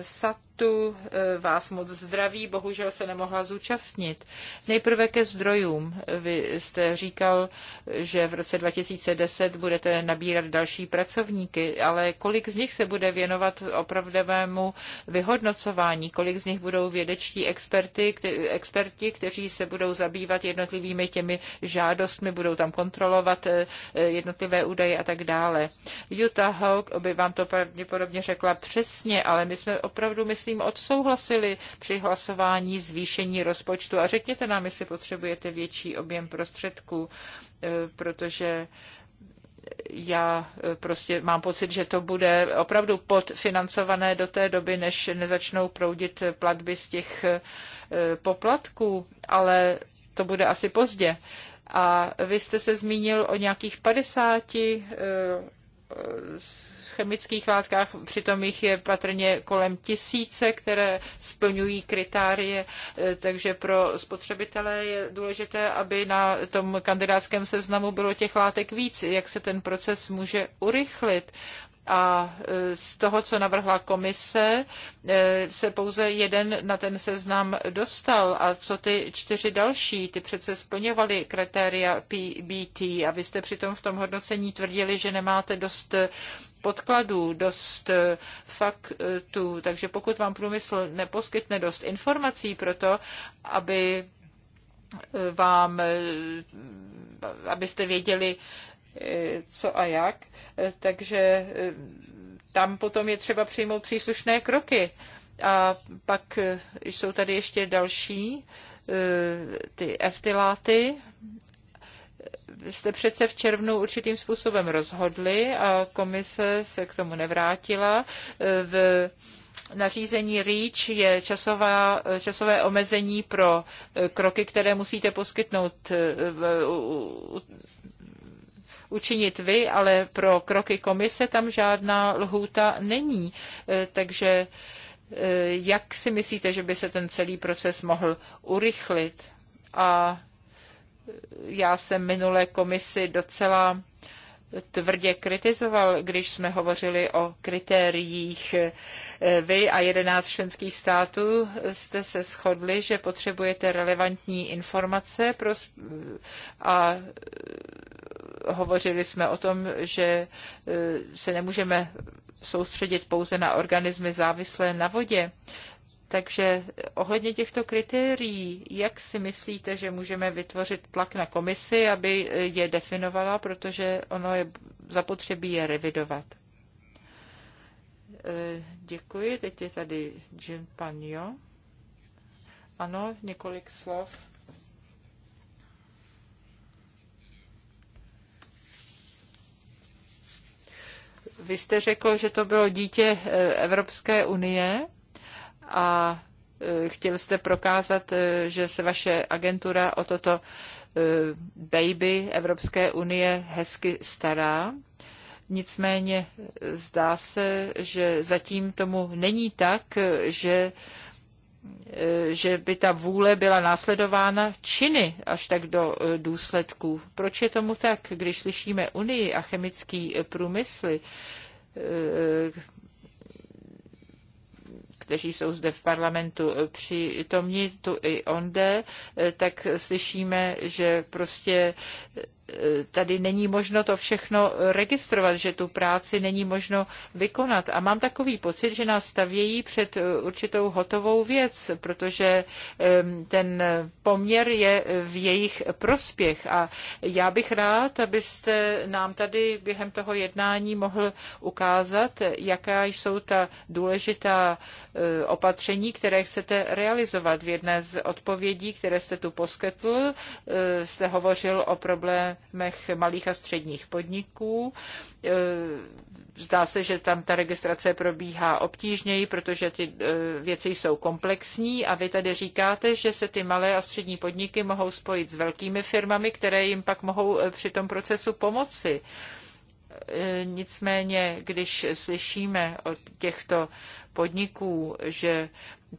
SAT Parlamentu eh, vás moc zdraví, bohužel se nemohla zúčastnit. Nejprve ke zdrojům. Vy jste říkal, že v roce 2010 budete nabírat další pracovníky, ale kolik z nich se bude věnovat opravdovému vyhodnocování, kolik z nich budou vědečtí experty, kte, experti, kteří se budou zabývat jednotlivými těmi žádostmi, budou tam kontrolovat eh, eh, jednotlivé údaje a tak dále. Jutta Hawk by vám to pravděpodobně řekla přesně, ale my jsme opravdu, myslím, prosím odsouhlasili při hlasování zvýšení rozpočtu a řekněte nám, jestli potřebujete větší objem prostředků, e, protože já e, prostě mám pocit, že to bude opravdu podfinancované do té doby, než nezačnou proudit platby z těch e, poplatků, ale to bude asi pozdě. A vy jste se zmínil o nějakých 50 chemických látkách, přitom jich je patrně kolem tisíce, které splňují kritárie, e, takže pro spotřebitele je důležité, aby na tom kandidátském seznamu bylo těch látek víc, jak se ten proces může urychlit. A e, z toho, co navrhla komise, e, se pouze jeden na ten seznam dostal. A co ty čtyři další? Ty přece splňovaly kritéria PBT a vy jste přitom v tom hodnocení tvrdili, že nemáte dost podkladů, dost eh, faktů. Takže pokud vám průmysl neposkytne dost informací pro to, aby eh, vám, eh, abyste věděli, co a jak, takže tam potom je třeba přijmout příslušné kroky. A pak jsou tady ještě další ty eftiláty jste přece v červnu určitým způsobem rozhodli a komise se k tomu nevrátila. V nařízení REACH je časová, časové omezení pro eh, kroky, které musíte poskytnout eh, učinit vy, ale pro kroky komise tam žádná lhůta není. Eh, takže jak si myslíte, že by se ten celý proces mohl urychlit? A já jsem minulé komisi docela tvrdě kritizoval, když jsme hovořili o kritériích. Vy a 11 členských států jste se shodli, že potřebujete relevantní informace pro a e, hovořili jsme o tom, že e, se nemůžeme soustředit pouze na organismy závislé na vodě. Takže ohledně těchto kritérií, jak si myslíte, že můžeme vytvořit tlak na komisi, aby je definovala, protože ono je zapotřebí je revidovat? Eh, děkuji. Teď je tady Jim Panio. Ano, několik slov. Vy jste řekl, že to bylo dítě eh, Evropské unie a e, chtěl jste prokázat, e, že se vaše agentura o toto e, baby Evropské unie hezky stará. Nicméně zdá se, že zatím tomu není tak, že že by ta vůle byla následována činy až tak do důsledků. Proč je tomu tak, když slyšíme Unii a chemický průmysl, kteří jsou zde v parlamentu eh, přitomni tu i onde, eh, tak slyšíme, že prostě tady není možno to všechno registrovat, že tu práci není možno vykonat. A mám takový pocit, že nás stavějí před eh, určitou hotovou věc, protože ten poměr je v jejich prospěch. A já bych rád, abyste nám tady během toho jednání mohl ukázat, jaká jsou ta důležitá eh, opatření, které chcete realizovat. V jedné z odpovědí, které jste tu poskytl, eh, jste hovořil o problémech mech malých a středních podniků. E, zdá se, že tam ta registrace probíhá obtížněji, protože ty e, věci jsou komplexní a vy tady říkáte, že se ty malé a střední podniky mohou spojit s velkými firmami, které jim pak mohou e, při tom procesu pomoci. Nicméně, když slyšíme od těchto podniků, že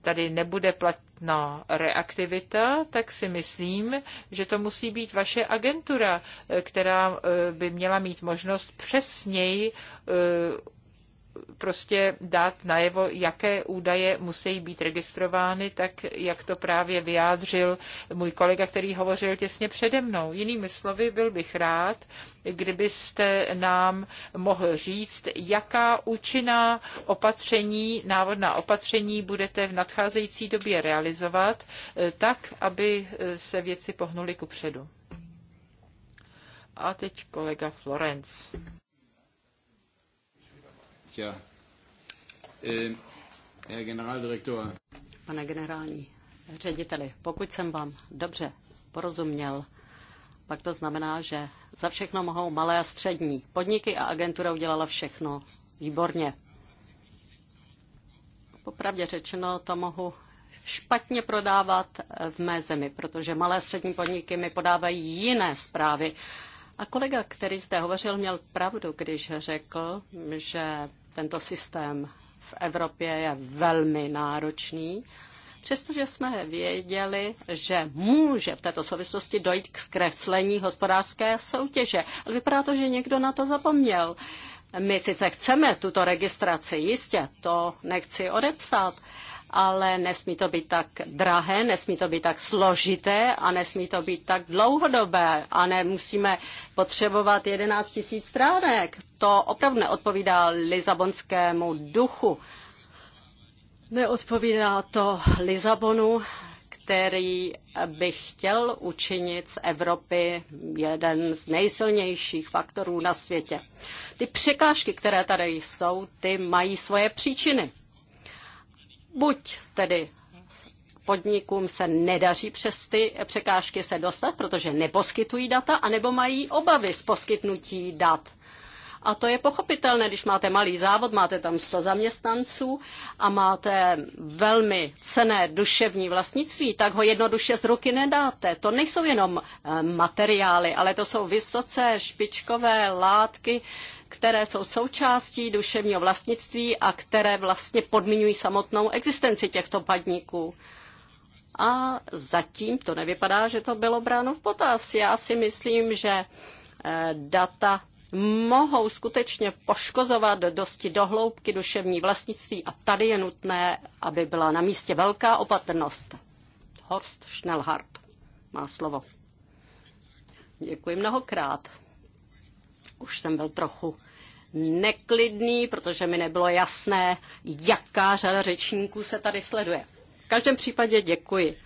tady nebude platná reaktivita, tak si myslím, že to musí být vaše agentura, která eh, by měla mít možnost přesněji eh, prostě dát najevo, jaké údaje musí být registrovány, tak jak to právě vyjádřil můj kolega, který hovořil těsně přede mnou. Jinými slovy, byl bych rád, kdybyste nám mohl říct, jaká účinná opatření, návodná opatření budete v nadcházející době realizovat, eh, tak, aby eh, se věci pohnuly kupředu. A teď kolega Florence. Tja. Herr eh, eh, Generaldirektor. Pane generální řediteli, pokud jsem vám dobře porozuměl, pak to znamená, že za všechno mohou malé a střední. Podniky a agentura udělala všechno výborně. Popravdě řečeno, to mohu špatně prodávat eh, v mé zemi, protože malé a střední podniky mi podávají jiné zprávy. A kolega, který zde hovořil, měl pravdu, když řekl, že tento systém v Evropě je velmi náročný, přestože jsme věděli, že může v této souvislosti dojít k zkreslení hospodářské soutěže. Ale vypadá to, že někdo na to zapomněl. My sice chceme tuto registraci, jistě, to nechci odepsat, ale nesmí to být tak drahé, nesmí to být tak složité a nesmí to být tak dlouhodobé a nemusíme potřebovat 11 tisíc stránek. To opravdu neodpovídá lizabonskému duchu. Neodpovídá to Lizabonu, který by chtěl učinit z Evropy jeden z nejsilnějších faktorů na světě. Ty překážky, které tady jsou, ty mají svoje příčiny. Buď tedy podnikům se nedaří přes ty překážky se dostat, protože neposkytují data, anebo mají obavy z poskytnutí dat. A to je pochopitelné, když máte malý závod, máte tam 100 zaměstnanců a máte velmi cené duševní vlastnictví, tak ho jednoduše z ruky nedáte. To nejsou jenom eh, materiály, ale to jsou vysoce špičkové látky, které jsou součástí duševního vlastnictví a které vlastně podmiňují samotnou existenci těchto padníků. A zatím to nevypadá, že to bylo bráno v potaz. Já si myslím, že eh, data mohou skutečně poškozovat dosti dohloubky duševní vlastnictví a tady je nutné, aby byla na místě velká opatrnost. Horst Schnellhardt má slovo. Děkuji mnohokrát už jsem byl trochu neklidný, protože mi nebylo jasné, jaká řada řečníků se tady sleduje. V každém případě děkuji.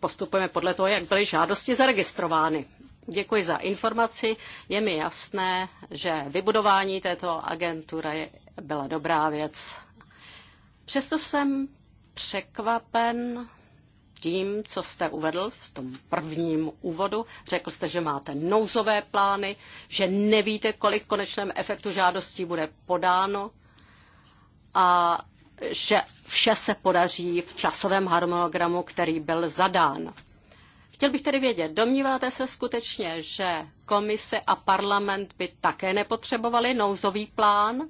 Postupujeme podle toho, jak byly žádosti zaregistrovány. Děkuji za informaci. Je mi jasné, že vybudování této agentury byla dobrá věc. Přesto jsem překvapen tím, co jste uvedl v tom prvním úvodu. Řekl jste, že máte nouzové plány, že nevíte, kolik v konečném efektu žádostí bude podáno a že vše se podaří v časovém harmonogramu, který byl zadán. Chtěl bych tedy vědět, domníváte se skutečně, že komise a parlament by také nepotřebovali nouzový plán?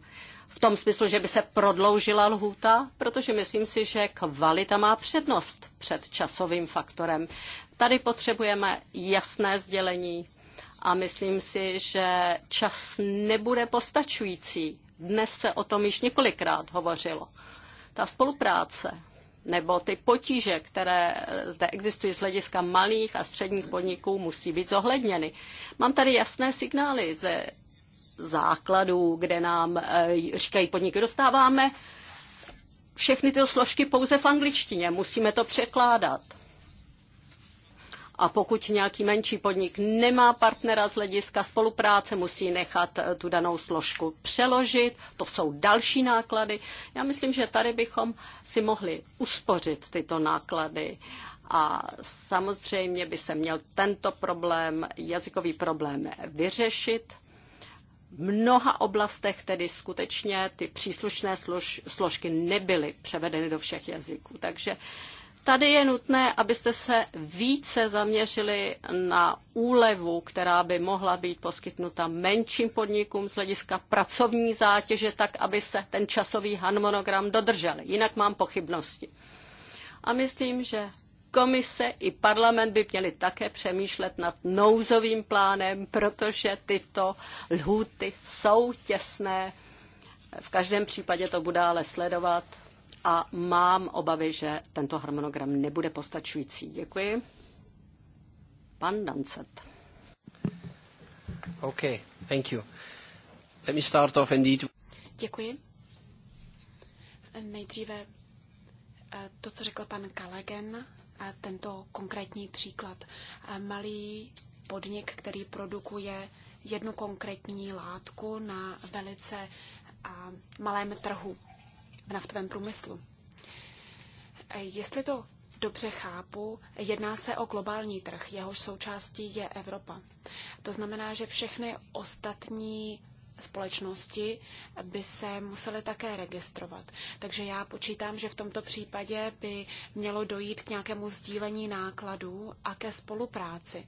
v tom smyslu, že by se prodloužila lhůta, protože myslím si, že kvalita má přednost před časovým faktorem. Tady potřebujeme jasné sdělení a myslím si, že čas nebude postačující. Dnes se o tom již několikrát hovořilo. Ta spolupráce nebo ty potíže, které zde existují z hlediska malých a středních podniků, musí být zohledněny. Mám tady jasné signály ze základů, kde nám eh, říkají podniky, dostáváme všechny ty složky pouze v angličtině, musíme to překládat. A pokud nějaký menší podnik nemá partnera z hlediska spolupráce, musí nechat eh, tu danou složku přeložit, to jsou další náklady. Já myslím, že tady bychom si mohli uspořit tyto náklady. A samozřejmě by se měl tento problém, jazykový problém, vyřešit mnoha oblastech tedy skutečně ty příslušné slož, složky nebyly převedeny do všech jazyků. Takže tady je nutné, abyste se více zaměřili na úlevu, která by mohla být poskytnuta menším podnikům z hlediska pracovní zátěže, tak aby se ten časový harmonogram dodržel. Jinak mám pochybnosti. A myslím, že Komise i parlament by měli také přemýšlet nad nouzovým plánem, protože tyto lhůty jsou těsné. V každém případě to bude ale sledovat a mám obavy, že tento harmonogram nebude postačující. Děkuji. Pan Dancet. Okay, thank you. Let me start off indeed. Děkuji. Nejdříve eh, to, co řekl pan Kalegen tento konkrétní příklad. Malý podnik, který produkuje jednu konkrétní látku na velice malém trhu v naftovém průmyslu. E, jestli to dobře chápu, jedná se o globální trh, jehož součástí je Evropa. To znamená, že všechny ostatní společnosti by se musely také registrovat. Takže já počítám, že v tomto případě by mělo dojít k nějakému sdílení nákladů a ke spolupráci.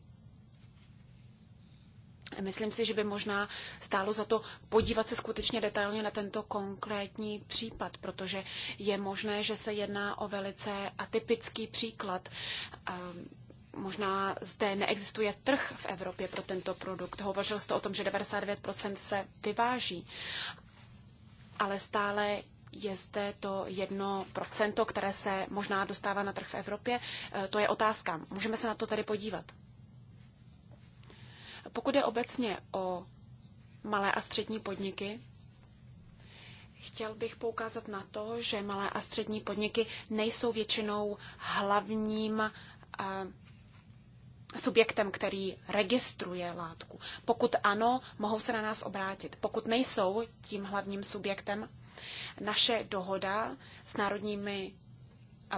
Myslím si, že by možná stálo za to podívat se skutečně detailně na tento konkrétní případ, protože je možné, že se jedná o velice atypický příklad. Um, možná zde neexistuje trh v Evropě pro tento produkt. Hovořil jste o tom, že 99% se vyváží, ale stále je zde to jedno procento, které se možná dostává na trh v Evropě. E, to je otázka. Můžeme se na to tady podívat. Pokud je obecně o malé a střední podniky, chtěl bych poukázat na to, že malé a střední podniky nejsou většinou hlavním subjektem, který registruje látku. Pokud ano, mohou se na nás obrátit. Pokud nejsou tím hlavním subjektem, naše dohoda s národními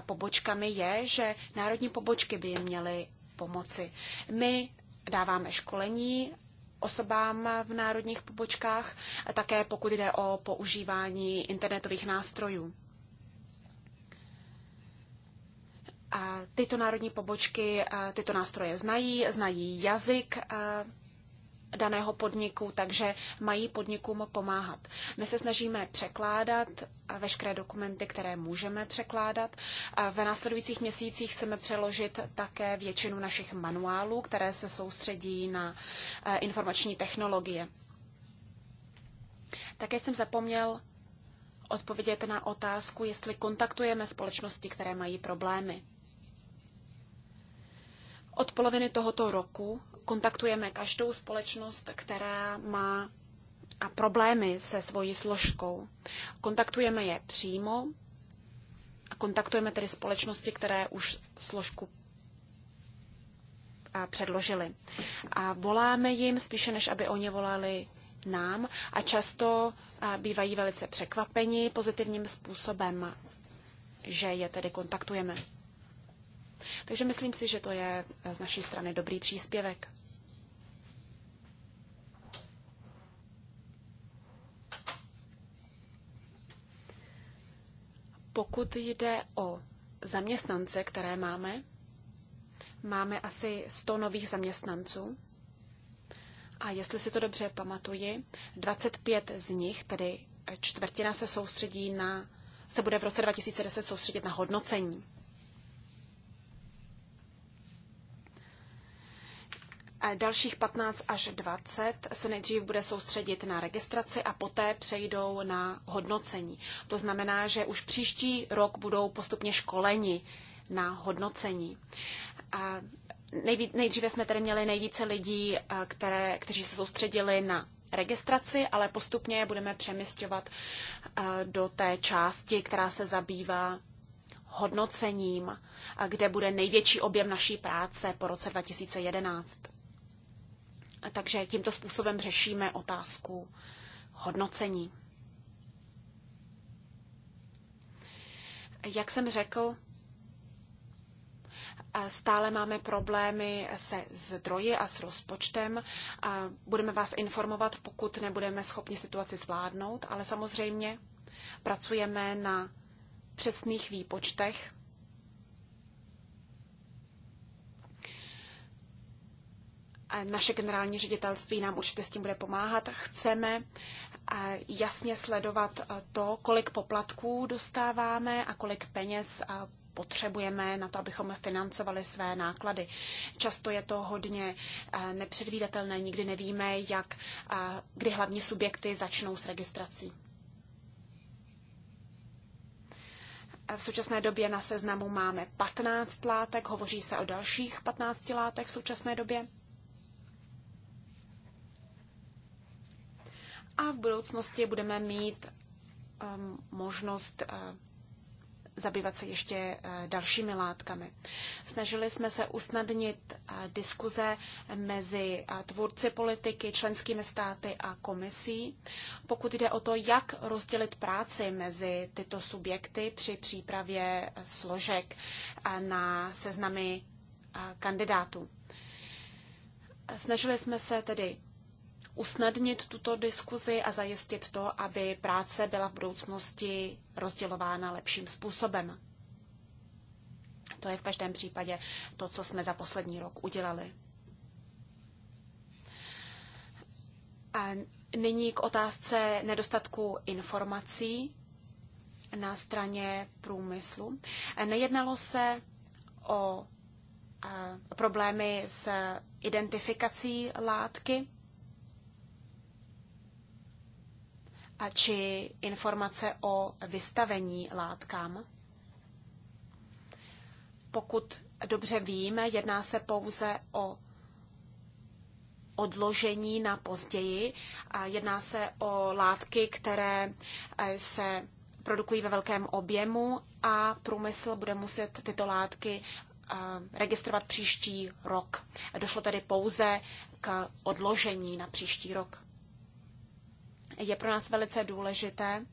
pobočkami je, že národní pobočky by jim měly pomoci. My dáváme školení osobám v národních pobočkách, také pokud jde o používání internetových nástrojů. Tyto národní pobočky tyto nástroje znají, znají jazyk daného podniku, takže mají podnikům pomáhat. My se snažíme překládat veškeré dokumenty, které můžeme překládat. Ve následujících měsících chceme přeložit také většinu našich manuálů, které se soustředí na informační technologie. Také jsem zapomněl odpovědět na otázku, jestli kontaktujeme společnosti, které mají problémy. Od poloviny tohoto roku kontaktujeme každou společnost, která má a problémy se svojí složkou. Kontaktujeme je přímo a kontaktujeme tedy společnosti, které už složku předložili. A voláme jim spíše, než aby oni volali nám a často bývají velice překvapeni pozitivním způsobem, že je tedy kontaktujeme. Takže myslím si, že to je z naší strany dobrý příspěvek. Pokud jde o zaměstnance, které máme, máme asi 100 nových zaměstnanců. A jestli si to dobře pamatuji, 25 z nich, tedy čtvrtina, se soustředí na, se bude v roce 2010 soustředit na hodnocení. Dalších 15 až 20 se nejdřív bude soustředit na registraci a poté přejdou na hodnocení. To znamená, že už příští rok budou postupně školeni na hodnocení. A nejdříve jsme tedy měli nejvíce lidí, eh, které, kteří se soustředili na registraci, ale postupně je budeme přemysťovat eh, do té části, která se zabývá hodnocením, kde bude největší objem naší práce po roce 2011. Takže tímto způsobem řešíme otázku hodnocení. Jak jsem řekl, stále máme problémy se zdroji a s rozpočtem. Budeme vás informovat, pokud nebudeme schopni situaci zvládnout, ale samozřejmě pracujeme na přesných výpočtech Naše generální ředitelství nám určitě s tím bude pomáhat. Chceme eh, jasně sledovat eh, to, kolik poplatků dostáváme a kolik peněz eh, potřebujeme na to, abychom financovali své náklady. Často je to hodně nepředvídatelné, nikdy nevíme, jak, kdy hlavní subjekty začnou s registrací. V současné době na seznamu máme 15 látek, hovoří se o dalších 15 látek v současné době. a v budoucnosti budeme mít um, možnost uh, zabývat se ještě uh, dalšími látkami. Snažili jsme se usnadnit uh, diskuze mezi uh, tvůrci politiky, členskými státy a komisí, pokud jde o to, jak rozdělit práci mezi tyto subjekty při přípravě uh, složek uh, na seznamy uh, kandidátů. Snažili jsme se tedy usnadnit tuto diskuzi a zajistit to, aby práce byla v budoucnosti rozdělována lepším způsobem. To je v každém případě to, co jsme za poslední rok udělali. A nyní k otázce nedostatku informací na straně průmyslu. Nejednalo se o problémy s identifikací látky, či informace o vystavení látkám. Pokud dobře víme, jedná se pouze o odložení na později. Jedná se o látky, které eh, se produkují ve velkém objemu a průmysl bude muset tyto látky eh, registrovat příští rok. Došlo tedy pouze k odložení na příští rok je pro nás velice důležité,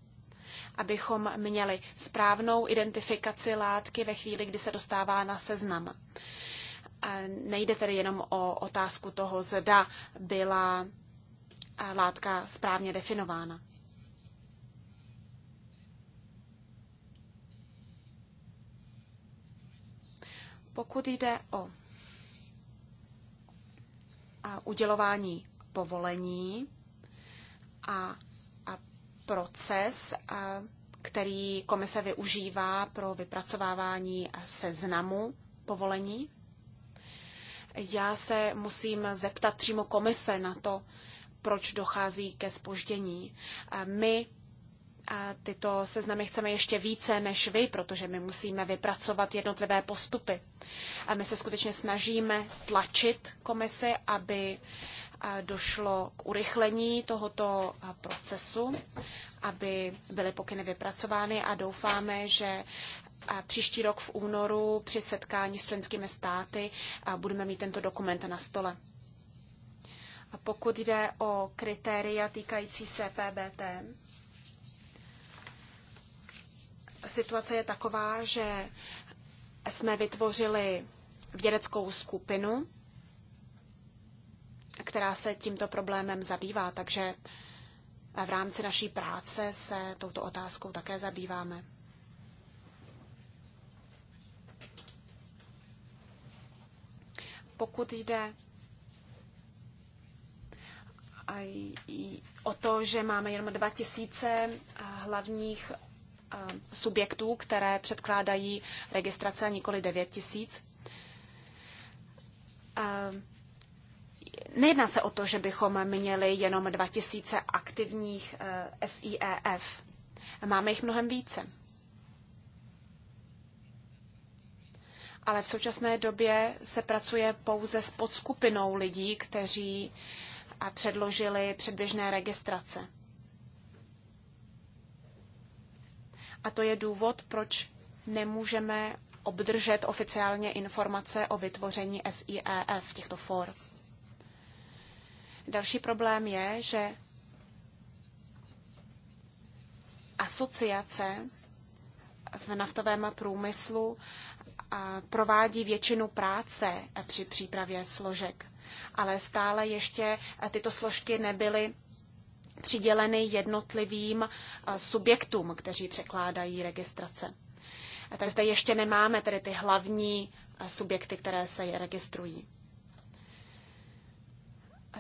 abychom měli správnou identifikaci látky ve chvíli, kdy se dostává na seznam. A nejde tedy jenom o otázku toho, zda byla látka správně definována. Pokud jde o udělování povolení, a, a proces, a, který komise využívá pro vypracovávání seznamu povolení. Já se musím zeptat přímo komise na to, proč dochází ke spoždění. My tyto seznamy chceme ještě více než vy, protože my musíme vypracovat jednotlivé postupy. A my se skutečně snažíme tlačit komisi, aby došlo k urychlení tohoto procesu, aby byly pokyny vypracovány a doufáme, že příští rok v únoru při setkání s členskými státy budeme mít tento dokument na stole. A pokud jde o kritéria týkající se PBT, situace je taková, že jsme vytvořili vědeckou skupinu, která se tímto problémem zabývá, takže v rámci naší práce se touto otázkou také zabýváme. Pokud jde o to, že máme jenom 2000 eh, hlavních eh, subjektů, které předkládají registrace a nikoli 9000, Nejedná se o to, že bychom měli jenom 2000 aktivních eh, SIEF. Máme jich mnohem více. Ale v současné době se pracuje pouze s podskupinou lidí, kteří eh, předložili předběžné registrace. A to je důvod, proč nemůžeme obdržet oficiálně informace o vytvoření SIEF těchto for. Další problém je, že asociace v naftovém průmyslu provádí většinu práce e, při přípravě složek, ale stále ještě e, tyto složky nebyly přiděleny jednotlivým e, subjektům, kteří překládají registrace. Tak zde ještě nemáme tedy ty hlavní subjekty, které se registrují.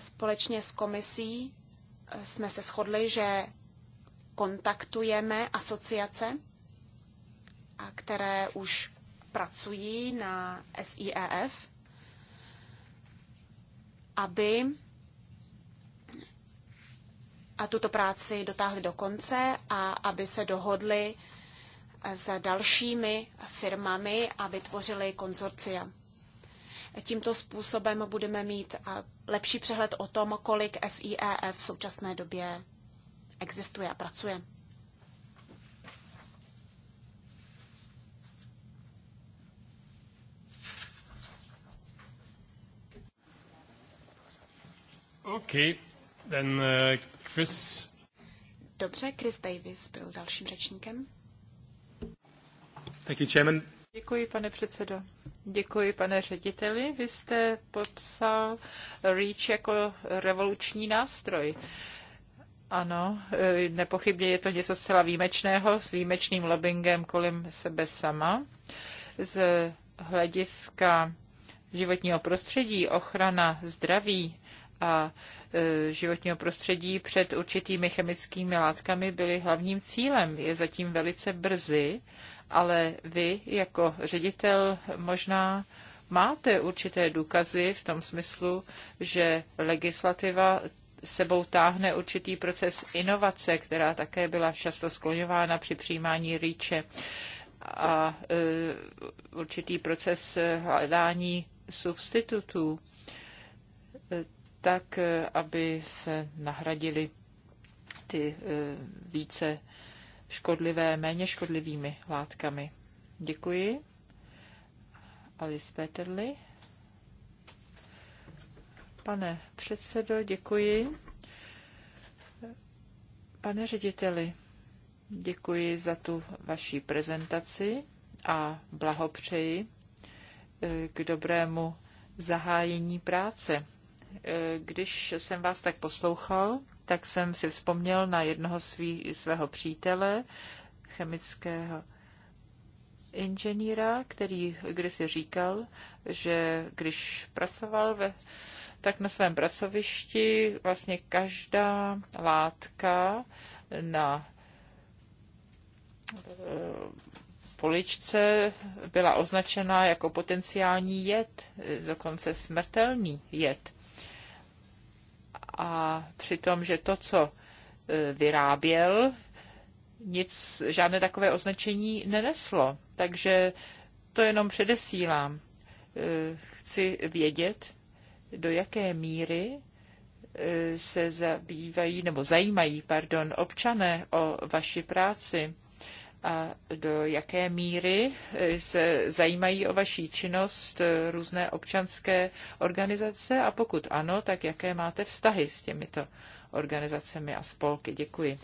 Společně s komisí eh, jsme se shodli, že kontaktujeme asociace, které už pracují na SIEF, aby a tuto práci dotáhli do konce a aby se dohodli s dalšími firmami a vytvořili konzorcia. Tímto způsobem budeme mít lepší přehled o tom, kolik SIEF v současné době existuje a pracuje. Okay, then uh, Chris. Dobře, Chris Davis byl dalším řečníkem. Thank you, Chairman. Děkuji, pane předsedo. Děkuji, pane řediteli. Vy jste popsal REACH jako revoluční nástroj. Ano, e, nepochybně je to něco zcela výjimečného s výjimečným lobbyingem kolem sebe sama. Z hlediska životního prostředí, ochrana zdraví a e, životního prostředí před určitými chemickými látkami byly hlavním cílem. Je zatím velice brzy, ale vy jako ředitel možná máte určité důkazy v tom smyslu, že legislativa sebou táhne určitý proces inovace, která také byla často skloňována při přijímání rýče a e, určitý proces hledání substitutů tak, eh, aby se nahradily ty eh, více škodlivé, méně škodlivými látkami. Děkuji. Alice Peterly. Pane předsedo, děkuji. Pane řediteli, děkuji za tu vaši prezentaci a blahopřeji eh, k dobrému zahájení práce. Eh, když jsem vás tak poslouchal, tak jsem si vzpomněl na jednoho svý, svého přítele, chemického inženýra, který kdysi říkal, že když pracoval ve, tak na svém pracovišti vlastně každá látka na eh, poličce byla označena jako potenciální jed, eh, dokonce smrtelný jed a přitom, že to, co e, vyráběl, nic, žádné takové označení neneslo. Takže to jenom předesílám. E, chci vědět, do jaké míry e, se zabývají nebo zajímají pardon, občané o vaši práci a do jaké míry e, se zajímají o vaší činnost e, různé občanské organizace a pokud ano, tak jaké máte vztahy s těmito organizacemi a spolky. Děkuji.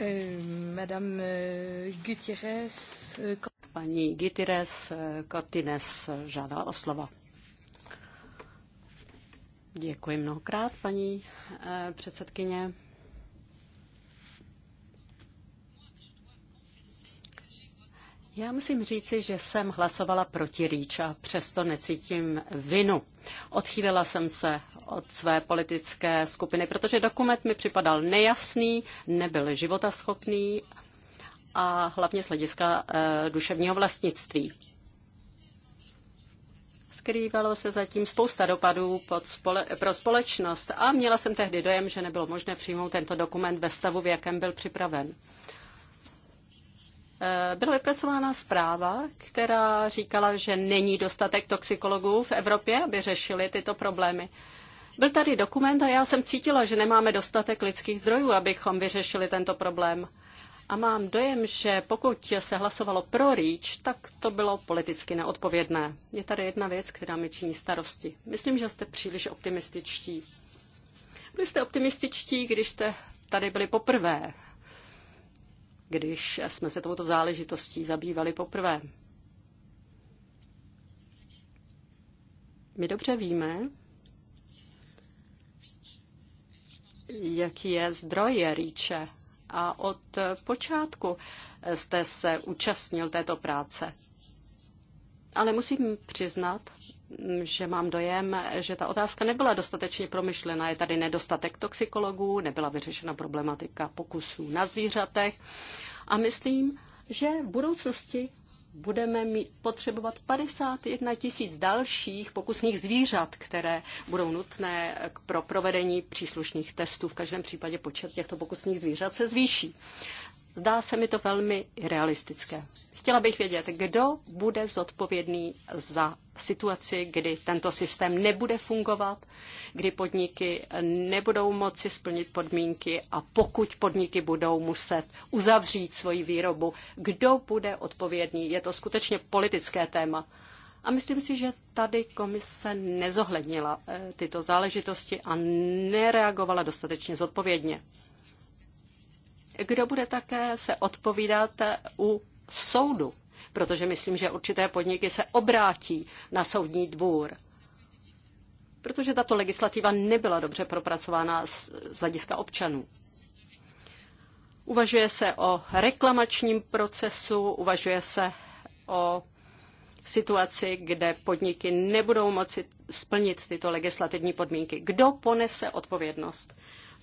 E, madame Gutierrez, paní Gutierrez Cortines žádá o slovo. Děkuji mnohokrát, paní eh, předsedkyně. Já musím říci, že jsem hlasovala proti Rýč a přesto necítím vinu. Odchýlila jsem se od své politické skupiny, protože dokument mi připadal nejasný, nebyl životaschopný a hlavně z hlediska e, duševního vlastnictví skrývalo se zatím spousta dopadů pod spole, pro společnost a měla jsem tehdy dojem, že nebylo možné přijmout tento dokument ve stavu, v jakém byl připraven. Eh, byla vypracována zpráva, která říkala, že není dostatek toxikologů v Evropě, aby řešili tyto problémy. Byl tady dokument a já jsem cítila, že nemáme dostatek lidských zdrojů, abychom vyřešili tento problém a mám dojem, že pokud se hlasovalo pro REACH, tak to bylo politicky neodpovědné. Je tady jedna věc, která mi činí starosti. Myslím, že jste příliš optimističtí. Byli jste optimističtí, když jste tady byli poprvé, když jsme se touto záležitostí zabývali poprvé. My dobře víme, jaký je zdroj Rýče a od počátku jste se účastnil této práce. Ale musím přiznat, že mám dojem, že ta otázka nebyla dostatečně promyšlená. Je tady nedostatek toxikologů, nebyla vyřešena problematika pokusů na zvířatech. A myslím, že v budoucnosti budeme mít, potřebovat 51 tisíc dalších pokusných zvířat, které budou nutné pro provedení příslušných testů. V každém případě počet těchto pokusných zvířat se zvýší. Zdá se mi to velmi realistické. Chtěla bych vědět, kdo bude zodpovědný za situaci, kdy tento systém nebude fungovat kdy podniky nebudou moci splnit podmínky a pokud podniky budou muset uzavřít svoji výrobu, kdo bude odpovědný? Je to skutečně politické téma. A myslím si, že tady komise nezohlednila eh, tyto záležitosti a nereagovala dostatečně zodpovědně. Kdo bude také se odpovídat eh, u soudu? Protože myslím, že určité podniky se obrátí na soudní dvůr protože tato legislativa nebyla dobře propracována z hlediska občanů. Uvažuje se o reklamačním procesu, uvažuje se o situaci, kde podniky nebudou moci splnit tyto legislativní podmínky. Kdo ponese odpovědnost?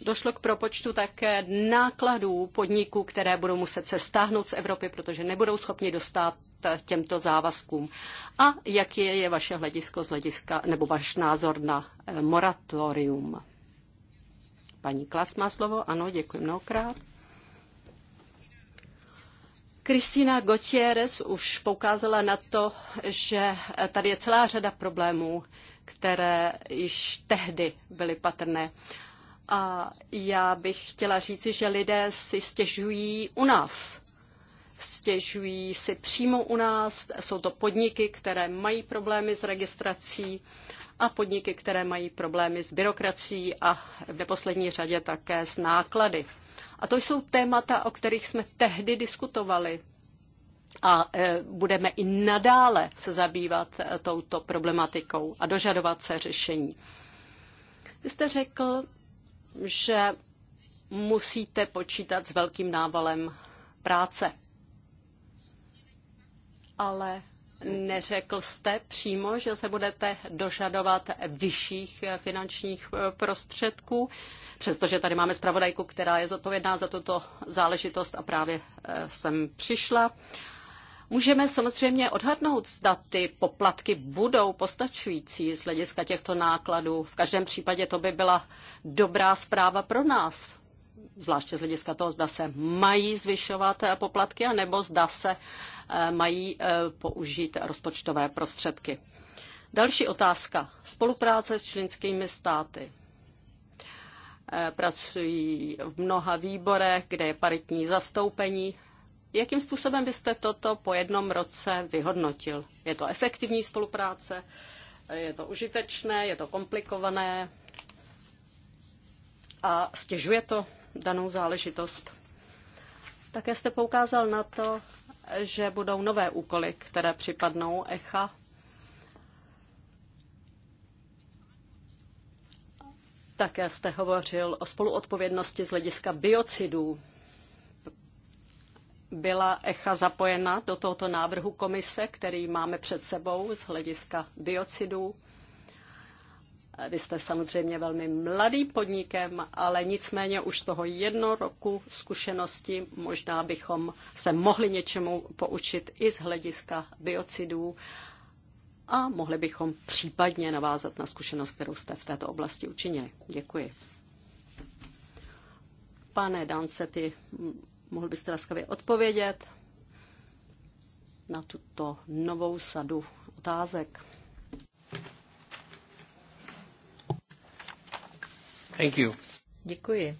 Došlo k propočtu také nákladů podniků, které budou muset se stáhnout z Evropy, protože nebudou schopni dostat těmto závazkům? A jaké je, je vaše hledisko z hlediska, nebo váš názor na eh, moratorium? Paní Klas má slovo, ano, děkuji mnohokrát. Kristina Gutierrez už poukázala na to, že eh, tady je celá řada problémů, které již tehdy byly patrné. A já bych chtěla říci, že lidé si stěžují u nás stěžují si přímo u nás. Jsou to podniky, které mají problémy s registrací a podniky, které mají problémy s byrokracií a v neposlední řadě také s náklady. A to jsou témata, o kterých jsme tehdy diskutovali. A e, budeme i nadále se zabývat e, touto problematikou a dožadovat se řešení. Vy jste řekl, že musíte počítat s velkým návalem práce ale neřekl jste přímo, že se budete dožadovat vyšších eh, finančních eh, prostředků, přestože tady máme zpravodajku, která je zodpovědná za tuto záležitost a právě jsem eh, přišla. Můžeme samozřejmě odhadnout, zda ty poplatky budou postačující z hlediska těchto nákladů. V každém případě to by byla dobrá zpráva pro nás, zvláště z hlediska toho, zda se mají zvyšovat poplatky, anebo zda se uh, Eh, mají eh, použít rozpočtové prostředky. Další otázka. Spolupráce s členskými státy. Eh, pracují v mnoha výborech, kde je paritní zastoupení. Jakým způsobem byste toto po jednom roce vyhodnotil? Je to efektivní spolupráce? Je to užitečné? Je to komplikované? A stěžuje to danou záležitost? Také jste poukázal na to, že budou nové úkoly, které připadnou ECHA. Také jste hovořil o spoluodpovědnosti z hlediska biocidů. Byla ECHA zapojena do tohoto návrhu komise, který máme před sebou z hlediska biocidů? Eh, vy jste samozřejmě velmi mladý podnikem, ale nicméně už z toho jedno roku zkušenosti možná bychom se mohli něčemu poučit i z hlediska biocidů a mohli bychom případně navázat na zkušenost, kterou jste v této oblasti učinili. Děkuji. Pane Dancety, hm, mohl byste laskavě odpovědět na tuto novou sadu otázek? Thank you. Děkuji.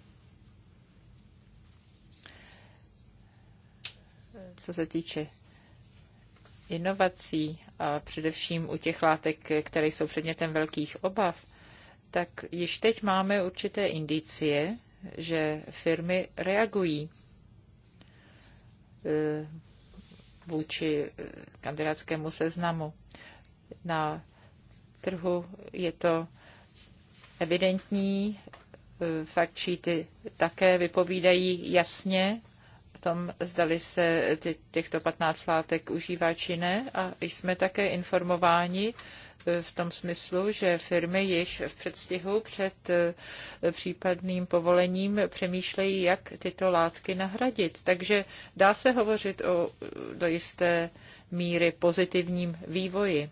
Co se týče inovací a především u těch látek, které jsou předmětem velkých obav, tak již teď máme určité indicie, že firmy reagují e, vůči e, kandidátskému seznamu. Na trhu je to evidentní. E, fakt šíty také vypovídají jasně o tom, zdali se těchto 15 látek užívá či ne. A jsme také informováni, e, v tom smyslu, že firmy již v předstihu před e, případným povolením přemýšlejí, jak tyto látky nahradit. Takže dá se hovořit o do jisté míry pozitivním vývoji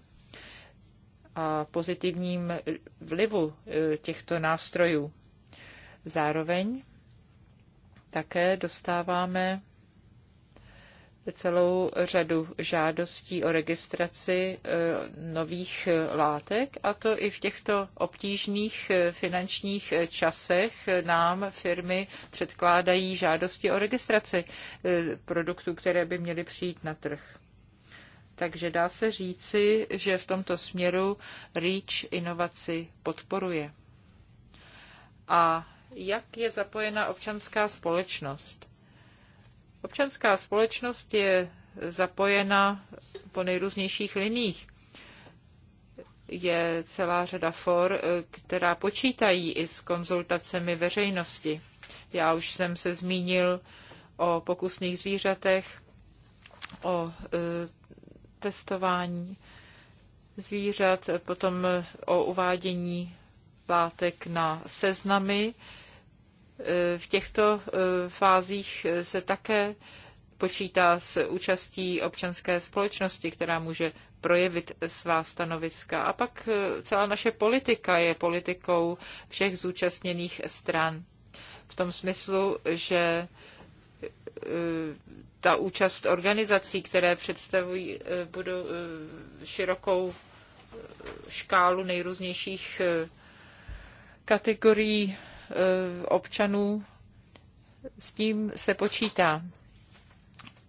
a pozitivním vlivu e, těchto nástrojů. Zároveň také dostáváme celou řadu žádostí o registraci e, nových látek a to i v těchto obtížných e, finančních časech nám firmy předkládají žádosti o registraci produktů, které by měly přijít na trh. Takže dá se říci, že v tomto směru REACH inovaci podporuje. A jak je zapojena občanská společnost? Občanská společnost je zapojena po nejrůznějších liních. Je celá řada for, která počítají i s konzultacemi veřejnosti. Já už jsem se zmínil o pokusných zvířatech, o e, testování zvířat, potom o uvádění látek na seznamy. V těchto eh, fázích se také počítá s účastí občanské společnosti, která může projevit svá stanoviska. A pak eh, celá naše politika je politikou všech zúčastněných stran. V tom smyslu, že ta účast organizací, které představují eh, budou eh, širokou eh, škálu nejrůznějších kategorií občanů, s tím se počítá.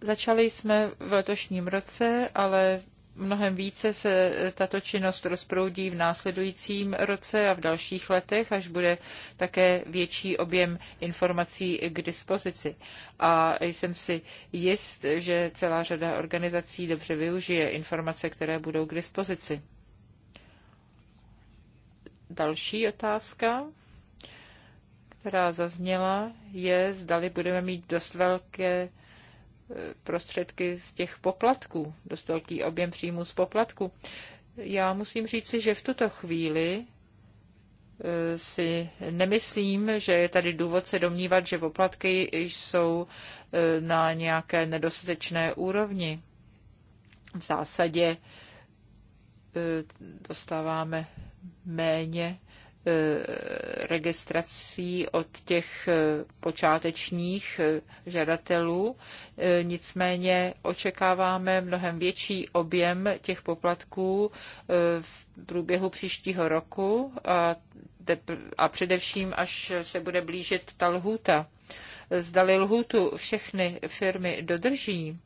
Začali jsme v letošním roce, ale mnohem více se eh, tato činnost rozproudí v následujícím roce a v dalších letech, až bude také větší objem informací k dispozici. A jsem si jist, že celá řada organizací dobře využije informace, které budou k dispozici. Další otázka která zazněla, je, zdali budeme mít dost velké prostředky z těch poplatků, dost velký objem příjmů z poplatků. Já musím říci, že v tuto chvíli e, si nemyslím, že je tady důvod se domnívat, že poplatky jsou e, na nějaké nedostatečné úrovni. V zásadě e, dostáváme méně Eh, registrací od těch eh, počátečních eh, žadatelů. Nicméně očekáváme mnohem větší objem těch poplatků v průběhu příštího roku a, a především, až se bude blížit ta lhůta zdali lhůtu všechny firmy dodrží,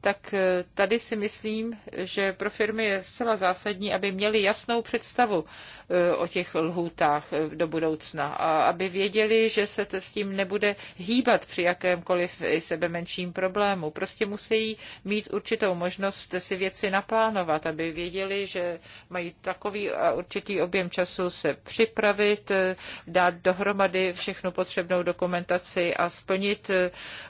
tak eh, tady si myslím, že pro firmy je zcela zásadní, aby měli jasnou představu eh, o těch lhůtách eh, do budoucna a aby věděli, že se to s tím nebude hýbat při jakémkoliv sebe menším problému. Prostě musí mít určitou možnost si věci naplánovat, aby věděli, že mají takový a určitý objem času se připravit, dát dohromady všechnu potřebnou dokumentaci a splnit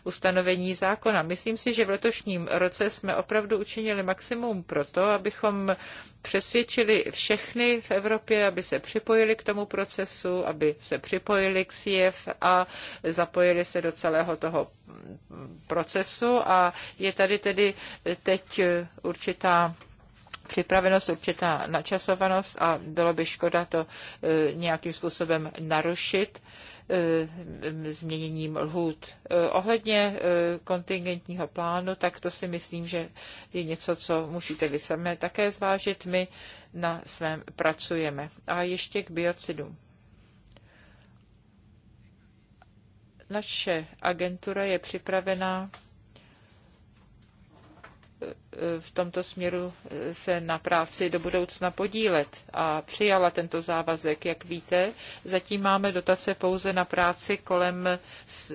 ustanovení zákona. Myslím si, že v letošním roce jsme opravdu učinili maximum pro to, abychom přesvědčili všechny v Evropě, aby se připojili k tomu procesu, aby se připojili k CIF a zapojili se do celého toho procesu. A je tady tedy teď určitá připravenost, určitá načasovanost a bylo by škoda to eh, nějakým způsobem narušit E, změněním lhůt. E, ohledně e, kontingentního plánu, tak to si myslím, že je něco, co musíte vy samé také zvážit. My na svém pracujeme. A ještě k biocidům. Naše agentura je připravená v tomto směru se na práci do budoucna podílet a přijala tento závazek. Jak víte, zatím máme dotace pouze na práci kolem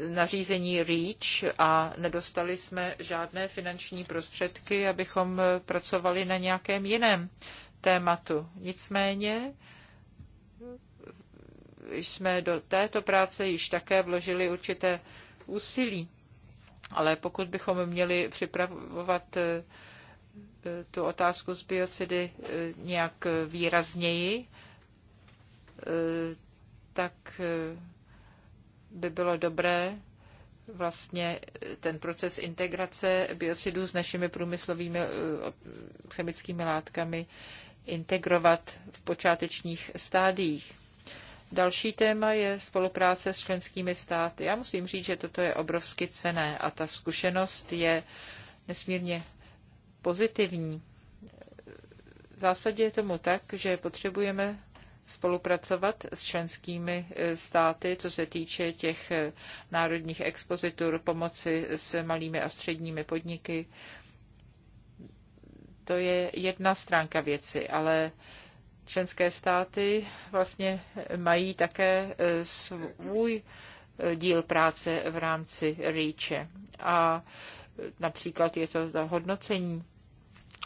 nařízení REACH a nedostali jsme žádné finanční prostředky, abychom pracovali na nějakém jiném tématu. Nicméně jsme do této práce již také vložili určité úsilí. Ale pokud bychom měli připravovat eh, eh, tu otázku z biocidy eh, nějak výrazněji, tak by bylo dobré vlastně ten proces integrace biocidů s našimi průmyslovými chemickými látkami integrovat v počátečních stádiích. Další téma je spolupráce s členskými státy. Já musím říct, že toto je obrovsky cené a ta zkušenost je nesmírně pozitivní. V zásadě je tomu tak, že potřebujeme spolupracovat s členskými eh, státy, co se týče těch eh, národních expozitur, pomoci s malými a středními podniky. To je jedna stránka věci, ale Členské státy vlastně mají také eh, svůj eh, díl práce v rámci REACHE. A eh, například je to ta hodnocení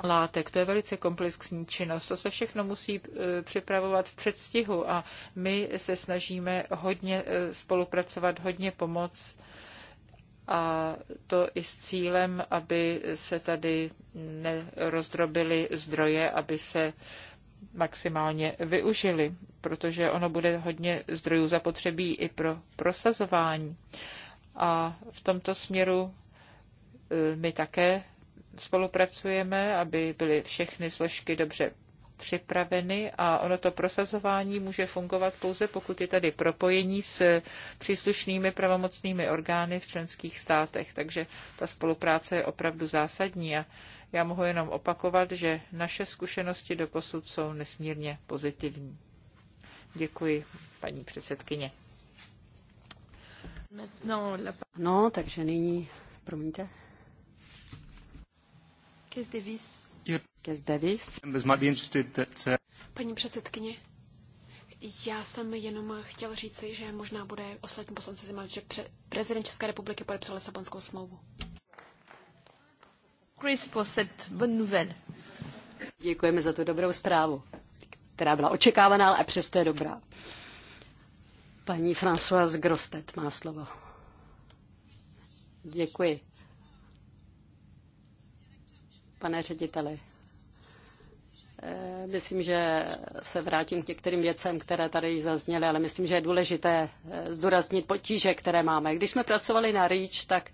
látek. To je velice komplexní činnost. To se všechno musí připravovat v předstihu a my se snažíme hodně spolupracovat, hodně pomoct a to i s cílem, aby se tady nerozdrobily zdroje, aby se maximálně využili, protože ono bude hodně zdrojů zapotřebí i pro prosazování. A v tomto směru e, my také spolupracujeme, aby byly všechny složky dobře připraveny a ono to prosazování může fungovat pouze, pokud je tady propojení s příslušnými pravomocnými orgány v členských státech. Takže ta spolupráce je opravdu zásadní a já mohu jenom opakovat, že naše zkušenosti do posud jsou nesmírně pozitivní. Děkuji, paní předsedkyně. No, no takže nyní, promiňte. Kes Davis. Kes Davis. Paní předsedkyně, já jsem jenom chtěl říci, že možná bude ostatní poslanci zjímat, že pre- prezident České republiky podepsal Lisabonskou smlouvu. Chris pour cette bonne nouvelle. Děkujeme za tu dobrou zprávu, která byla očekávaná, ale přesto je dobrá. Paní Françoise Grostet má slovo. Děkuji. Pane řediteli, eh, myslím, že se vrátím k některým věcem, které tady již zazněly, ale myslím, že je důležité eh, zdůraznit potíže, které máme. Když jsme pracovali na REACH, tak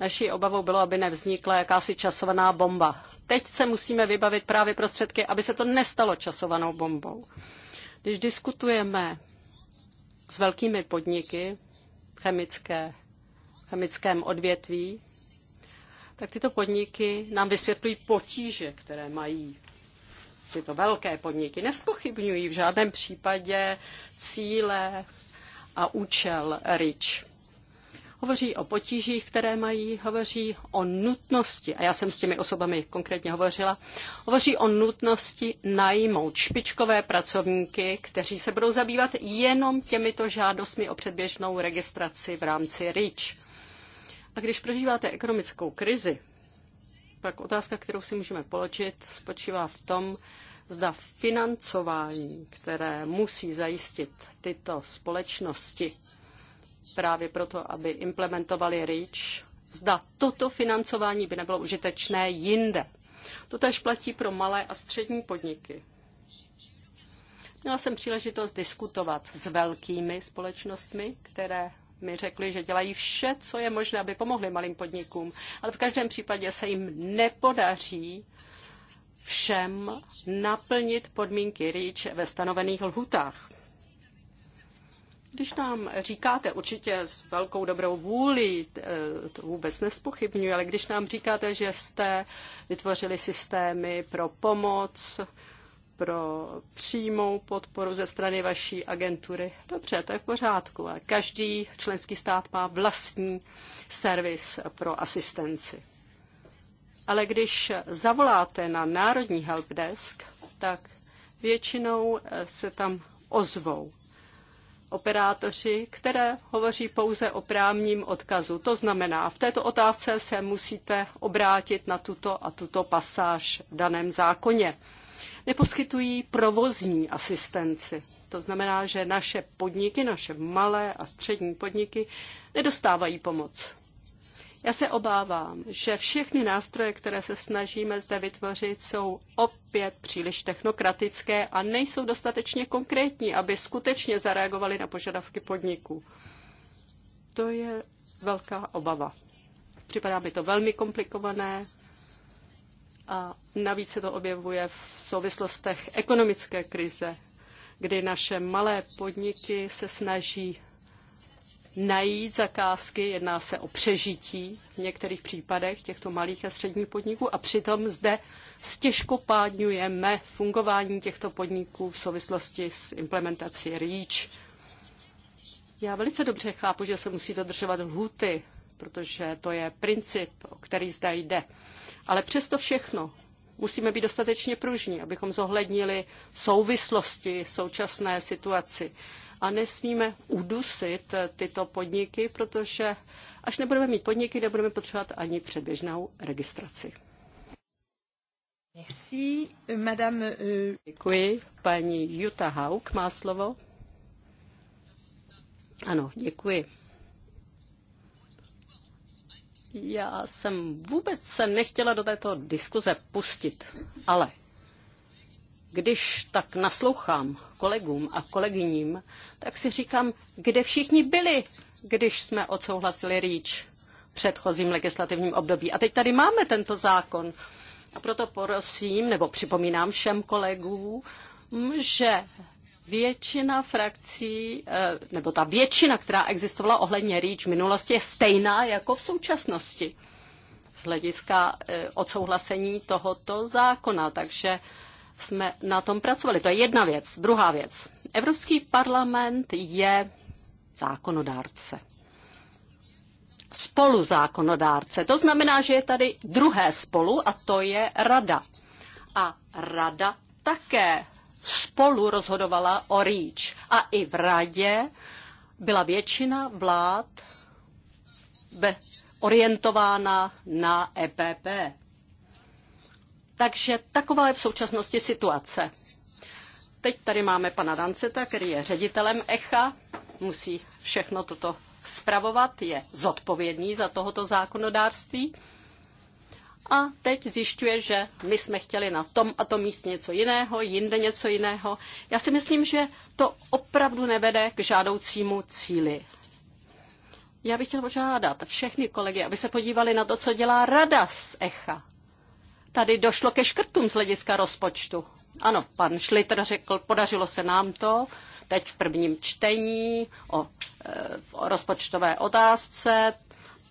Naší obavou bylo, aby nevznikla jakási časovaná bomba. Teď se musíme vybavit právě prostředky, aby se to nestalo časovanou bombou. Když diskutujeme s velkými podniky chemické, chemickém odvětví, tak tyto podniky nám vysvětlují potíže, které mají tyto velké podniky nespochybňují v žádném případě cíle a účel RIČ. Hovoří o potížích, které mají, hovoří o nutnosti, a já jsem s těmi osobami konkrétně hovořila, hovoří o nutnosti najmout špičkové pracovníky, kteří se budou zabývat jenom těmito žádostmi o předběžnou registraci v rámci REACH. A když prožíváte ekonomickou krizi, pak otázka, kterou si můžeme položit, spočívá v tom, zda financování, které musí zajistit tyto společnosti, právě proto, aby implementovali REACH, zda toto financování by nebylo užitečné jinde. To tež platí pro malé a střední podniky. Měla jsem příležitost diskutovat s velkými společnostmi, které mi řekli, že dělají vše, co je možné, aby pomohli malým podnikům, ale v každém případě se jim nepodaří všem naplnit podmínky REACH ve stanovených lhutách. Když nám říkáte, určitě s velkou dobrou vůli, eh, to vůbec nespochybnuju, ale když nám říkáte, že jste vytvořili systémy pro pomoc, pro přímou podporu ze strany vaší agentury. Dobře, to je v pořádku. Ale každý členský stát má vlastní servis pro asistenci. Ale když zavoláte na Národní helpdesk, tak většinou eh, se tam ozvou operátoři, které hovoří pouze o právním odkazu. To znamená, v této otázce se musíte obrátit na tuto a tuto pasáž v daném zákoně. Neposkytují provozní asistenci. To znamená, že naše podniky, naše malé a střední podniky nedostávají pomoc. Já se obávám, že všechny nástroje, které se snažíme zde vytvořit, jsou opět příliš technokratické a nejsou dostatečně konkrétní, aby skutečně zareagovaly na požadavky podniků. To je velká obava. Připadá mi to velmi komplikované a navíc se to objevuje v souvislostech ekonomické krize, kdy naše malé podniky se snaží najít zakázky, jedná se o přežití v některých případech těchto malých a středních podniků a přitom zde stěžkopádňujeme fungování těchto podniků v souvislosti s implementací REACH. Já velice dobře chápu, že se musí dodržovat lhuty, protože to je princip, o který zde jde. Ale přesto všechno musíme být dostatečně pružní, abychom zohlednili souvislosti současné situaci a nesmíme udusit tyto podniky, protože až nebudeme mít podniky, nebudeme potřebovat ani předběžnou registraci. Merci, madame. Euh, děkuji. Paní Jutta Hauk má slovo. Ano, děkuji. Já jsem vůbec se nechtěla do této diskuze pustit, ale když tak naslouchám kolegům a kolegyním, tak si říkám, kde všichni byli, když jsme odsouhlasili REACH v předchozím legislativním období. A teď tady máme tento zákon. A proto prosím, nebo připomínám všem kolegům, že většina frakcí, eh, nebo ta většina, která existovala ohledně REACH v minulosti, je stejná jako v současnosti z hlediska eh, odsouhlasení tohoto zákona. Takže jsme na tom pracovali. To je jedna věc. Druhá věc. Evropský parlament je zákonodárce. zákonodárce. To znamená, že je tady druhé spolu a to je rada. A rada také spolu rozhodovala o REACH. A i v radě byla většina vlád orientována na EPP. Takže taková je v současnosti situace. Teď tady máme pana Danceta, který je ředitelem ECHA, musí všechno toto spravovat, je zodpovědný za tohoto zákonodárství. A teď zjišťuje, že my jsme chtěli na tom a tom místě něco jiného, jinde něco jiného. Já si myslím, že to opravdu nevede k žádoucímu cíli. Já bych chtěl požádat všechny kolegy, aby se podívali na to, co dělá Rada z ECHA tady došlo ke škrtům z hlediska rozpočtu. Ano, pan Šlitr řekl, podařilo se nám to, teď v prvním čtení o, o e, rozpočtové otázce.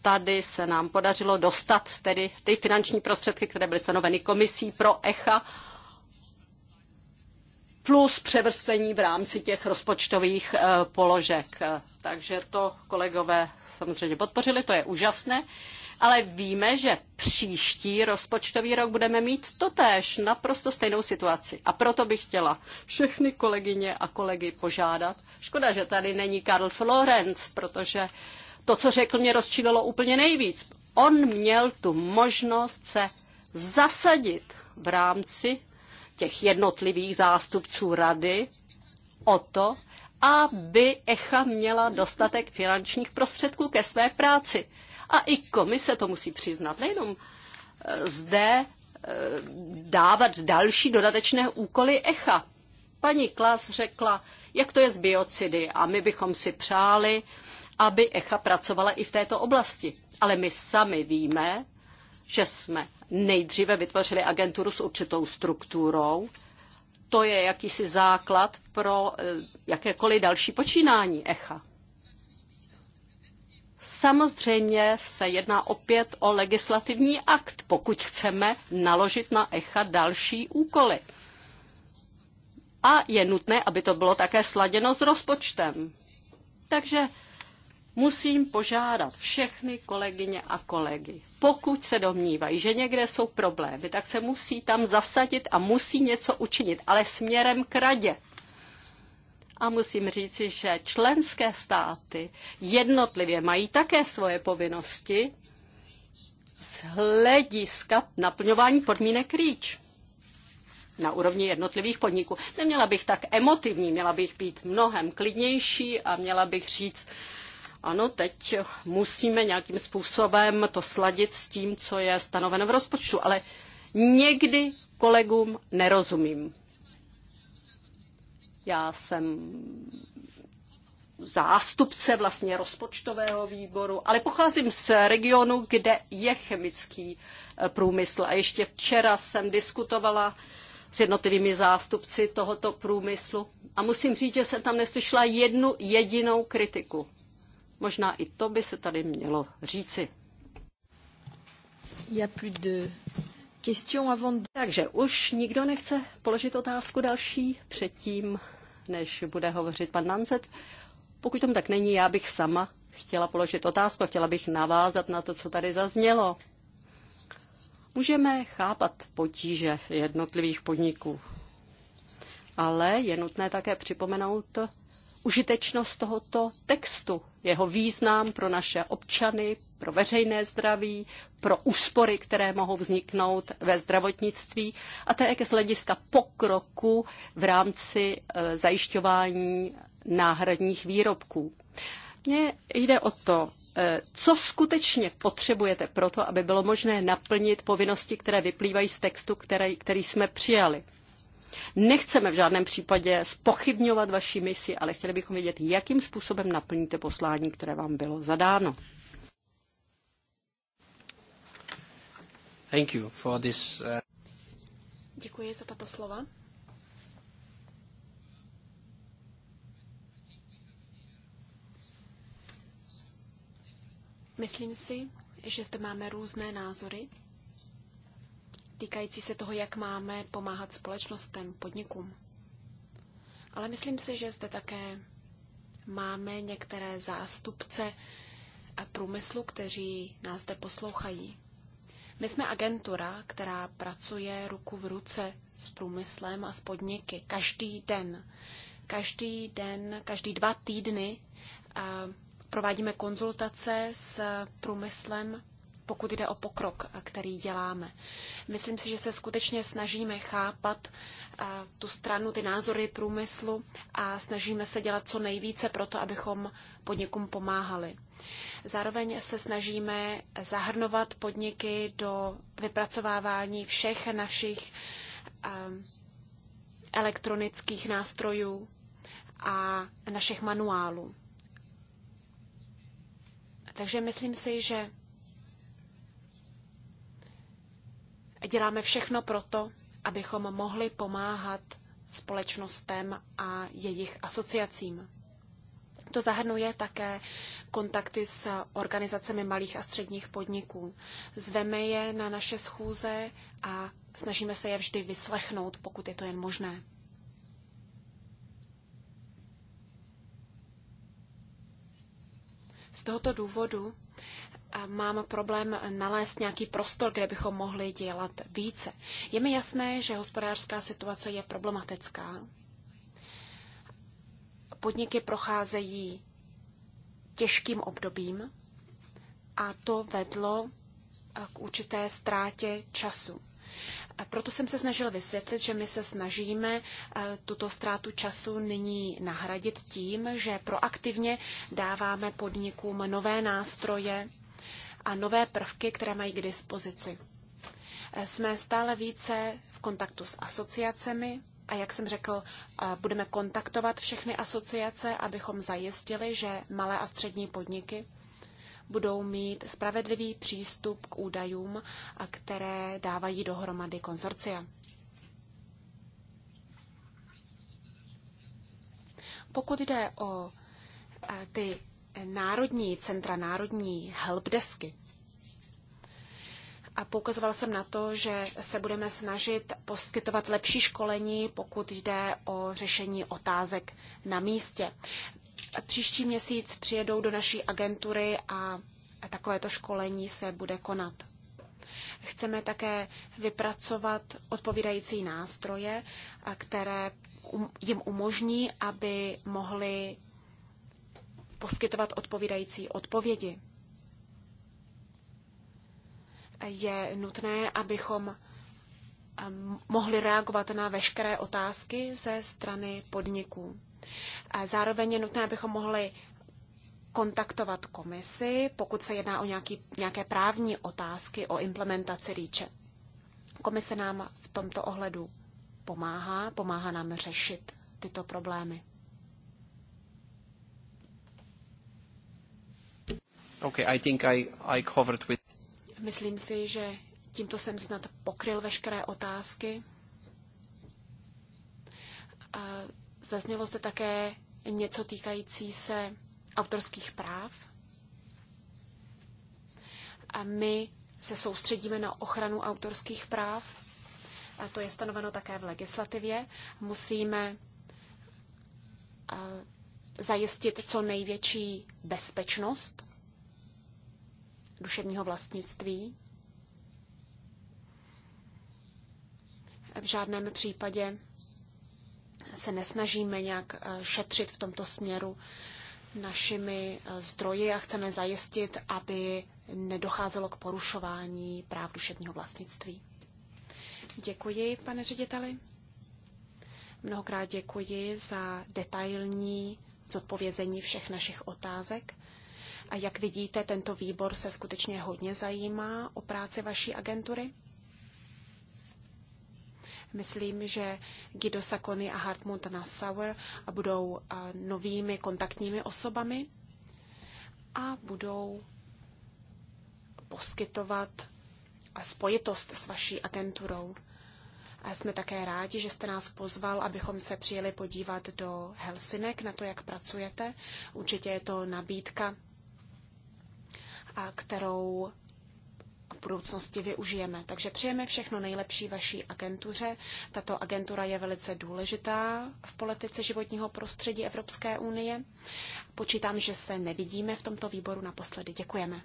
Tady se nám podařilo dostat tedy ty finanční prostředky, které byly stanoveny komisí pro ECHA, plus převrstvení v rámci těch rozpočtových e, položek. E, takže to kolegové samozřejmě podpořili, to je úžasné ale víme, že příští rozpočtový rok budeme mít totéž, naprosto stejnou situaci. A proto bych chtěla všechny kolegyně a kolegy požádat. Škoda, že tady není Karl Florenc, protože to, co řekl, mě rozčílilo úplně nejvíc. On měl tu možnost se zasadit v rámci těch jednotlivých zástupců rady o to, aby Echa měla dostatek finančních prostředků ke své práci a i komise to musí přiznat. Nejenom eh, zde eh, dávat další dodatečné úkoly ECHA. Paní Klas řekla, jak to je s biocidy a my bychom si přáli, aby ECHA pracovala i v této oblasti. Ale my sami víme, že jsme nejdříve vytvořili agenturu s určitou strukturou. To je jakýsi základ pro eh, jakékoliv další počínání ECHA. Samozřejmě se jedná opět o legislativní akt, pokud chceme naložit na ECHA další úkoly. A je nutné, aby to bylo také sladěno s rozpočtem. Takže musím požádat všechny kolegyně a kolegy. Pokud se domnívají, že někde jsou problémy, tak se musí tam zasadit a musí něco učinit, ale směrem k radě. A musím říci, že členské státy jednotlivě mají také svoje povinnosti z hlediska naplňování podmínek REACH na úrovni jednotlivých podniků. Neměla bych tak emotivní, měla bych být mnohem klidnější a měla bych říct, ano, teď musíme nějakým způsobem to sladit s tím, co je stanoveno v rozpočtu, ale někdy kolegům nerozumím. Já jsem zástupce vlastně rozpočtového výboru, ale pocházím z regionu, kde je chemický eh, průmysl. A ještě včera jsem diskutovala s jednotlivými zástupci tohoto průmyslu a musím říct, že jsem tam neslyšela jednu jedinou kritiku. Možná i to by se tady mělo říci. Il a plus de avant... Takže už nikdo nechce položit otázku další předtím, než bude hovořit pan Nancet. Pokud tomu tak není, já bych sama chtěla položit otázku, chtěla bych navázat na to, co tady zaznělo. Můžeme chápat potíže jednotlivých podniků, ale je nutné také připomenout užitečnost tohoto textu, jeho význam pro naše občany, pro veřejné zdraví, pro úspory, které mohou vzniknout ve zdravotnictví a také z hlediska pokroku v rámci e, zajišťování náhradních výrobků. Mně jde o to, e, co skutečně potřebujete pro to, aby bylo možné naplnit povinnosti, které vyplývají z textu, který, který jsme přijali. Nechceme v žádném případě spochybňovat vaši misi, ale chtěli bychom vědět, jakým způsobem naplníte poslání, které vám bylo zadáno. Thank you for this, uh... Děkuji za tato slova. Myslím si, že zde máme různé názory týkající se toho, jak máme pomáhat společnostem, podnikům. Ale myslím si, že zde také máme některé zástupce průmyslu, kteří nás zde poslouchají. My jsme agentura, která pracuje ruku v ruce s průmyslem a s podniky každý den. Každý den, každý dva týdny eh, provádíme konzultace s průmyslem, pokud jde o pokrok, eh, který děláme. Myslím si, že se skutečně snažíme chápat eh, tu stranu, ty názory průmyslu a snažíme se dělat co nejvíce pro to, abychom podnikům pomáhali. Zároveň se snažíme zahrnovat podniky do vypracovávání všech našich ehm, elektronických nástrojů a našich manuálů. Takže myslím si, že děláme všechno proto, abychom mohli pomáhat společnostem a jejich asociacím. To zahrnuje také kontakty s organizacemi malých a středních podniků. Zveme je na naše schůze a snažíme se je vždy vyslechnout, pokud je to jen možné. Z tohoto důvodu mám problém nalézt nějaký prostor, kde bychom mohli dělat více. Je mi jasné, že hospodářská situace je problematická podniky procházejí těžkým obdobím a to vedlo eh, k určité ztrátě času. A proto jsem se snažil vysvětlit, že my se snažíme eh, tuto ztrátu času nyní nahradit tím, že proaktivně dáváme podnikům nové nástroje a nové prvky, které mají k dispozici. Eh, jsme stále více v kontaktu s asociacemi, a jak jsem řekl, eh, budeme kontaktovat všechny asociace, abychom zajistili, že malé a střední podniky budou mít spravedlivý přístup k údajům, které dávají dohromady konzorcia. Pokud jde o eh, ty národní centra, národní helpdesky, a poukazoval jsem na to, že se budeme snažit poskytovat lepší školení, pokud jde o řešení otázek na místě. Příští měsíc přijedou do naší agentury a takovéto školení se bude konat. Chceme také vypracovat odpovídající nástroje, které um, jim umožní, aby mohli poskytovat odpovídající odpovědi je nutné, abychom mohli reagovat na veškeré otázky ze strany podniků. Zároveň je nutné, abychom mohli kontaktovat komisi, pokud se jedná o nějaký, nějaké právní otázky o implementaci rýče. Komise nám v tomto ohledu pomáhá, pomáhá nám řešit tyto problémy. Okay, I think I, I covered with... Myslím si, že tímto jsem snad pokryl veškeré otázky. Zaznělo zde také něco týkající se autorských práv. A my se soustředíme na ochranu autorských práv. A to je stanoveno také v legislativě. Musíme zajistit co největší bezpečnost duševního vlastnictví. V žádném případě se nesnažíme nějak eh, šetřit v tomto směru našimi eh, zdroji a chceme zajistit, aby nedocházelo k porušování práv duševního vlastnictví. Děkuji, pane řediteli. Mnohokrát děkuji za detailní zodpovězení všech našich otázek. A jak vidíte, tento výbor se skutečně hodně zajímá o práci vaší agentury. Myslím, že Guido Sakony a Hartmut Nassauer budou novými kontaktními osobami a budou poskytovat spojitost s vaší agenturou. A jsme také rádi, že jste nás pozval, abychom se přijeli podívat do Helsinek na to, jak pracujete. Určitě je to nabídka, a kterou v budoucnosti využijeme. Takže přejeme všechno nejlepší vaší agentuře. Tato agentura je velice důležitá v politice životního prostředí Evropské unie. Počítám, že se nevidíme v tomto výboru naposledy. Děkujeme.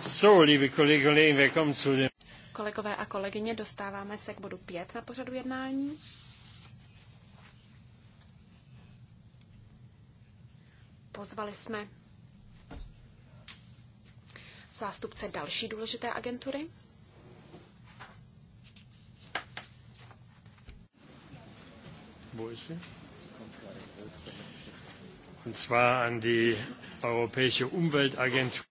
So, liebe Kolleginnen, Kolegové a kolegyně, dostáváme se k bodu 5 na pořadu jednání. Pozvali jsme zástupce další důležité agentury. Wo Und zwar an die Europäische Umweltagentur.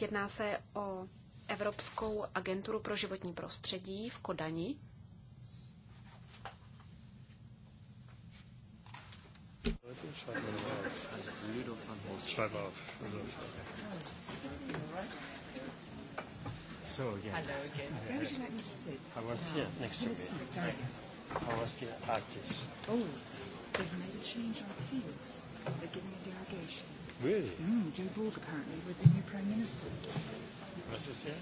Jedná se o Evropskou agenturu pro životní prostředí v Kodani. Schreib auf. So, yeah. Hello again. Where would you like me to sit? I was here, next to me. I was the artist. Oh, they've made a change on seats. They're giving a derogation. Really? Mm, Joe Borg, apparently, with the new Prime Minister. Was this here?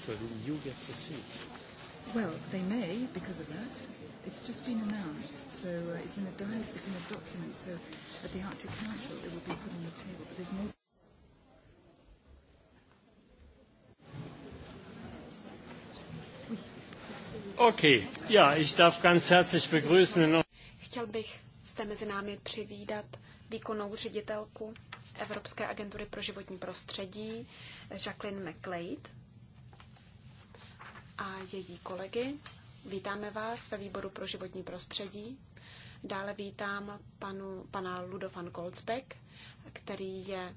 So then you get the seat. Well, they may because of that. It's just been announced, so uh, it's, in a di- it's in a document. So at the Arctic Council, it will be put on the table, but there's no. Okay, ja, ich darf ganz herzlich begrüßen. Chtěl bych zde mezi námi přivídat výkonnou ředitelku Evropské agentury pro životní prostředí Jacqueline McLeod a její kolegy. Vítáme vás ve výboru pro životní prostředí. Dále vítám panu, pana Ludovan Goldsbeck, který je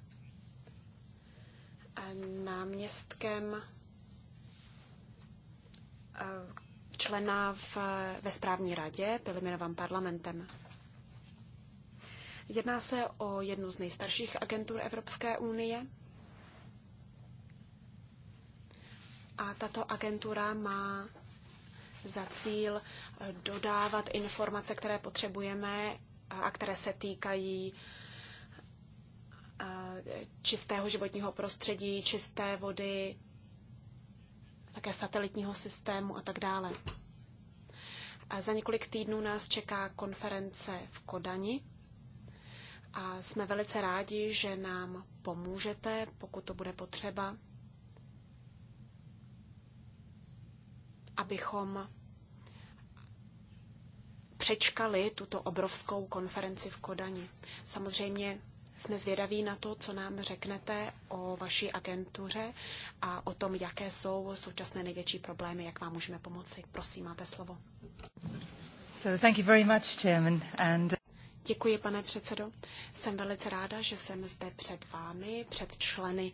eh, náměstkem eh, člena v, ve správní radě, byl jmenován parlamentem. Jedná se o jednu z nejstarších agentur Evropské unie A tato agentura má za cíl eh, dodávat informace, které potřebujeme a které se týkají eh, čistého životního prostředí, čisté vody, také satelitního systému a tak dále. A za několik týdnů nás čeká konference v Kodani a jsme velice rádi, že nám pomůžete, pokud to bude potřeba. abychom přečkali tuto obrovskou konferenci v Kodani. Samozřejmě jsme zvědaví na to, co nám řeknete o vaší agentuře a o tom, jaké jsou současné největší problémy, jak vám můžeme pomoci. Prosím, máte slovo. So thank you very much, Chairman, and... Děkuji, pane předsedo. Jsem velice ráda, že jsem zde před vámi, před členy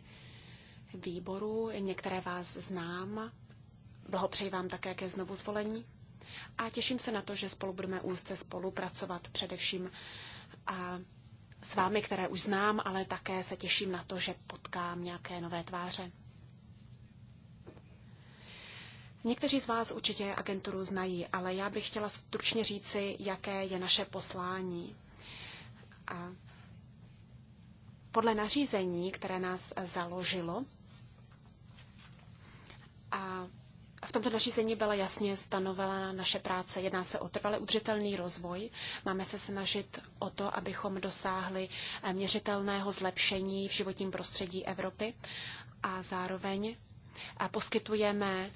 výboru. Některé vás znám, Blahopřeji vám také ke znovu zvolení a těším se na to, že spolu budeme úzce spolupracovat především a s vámi, které už znám, ale také se těším na to, že potkám nějaké nové tváře. Někteří z vás určitě agenturu znají, ale já bych chtěla stručně říci, jaké je naše poslání. A podle nařízení, které nás založilo, a v tomto nařízení byla jasně stanovena naše práce. Jedná se o trvale udržitelný rozvoj. Máme se snažit o to, abychom dosáhli eh, měřitelného zlepšení v životním prostředí Evropy a zároveň eh, poskytujeme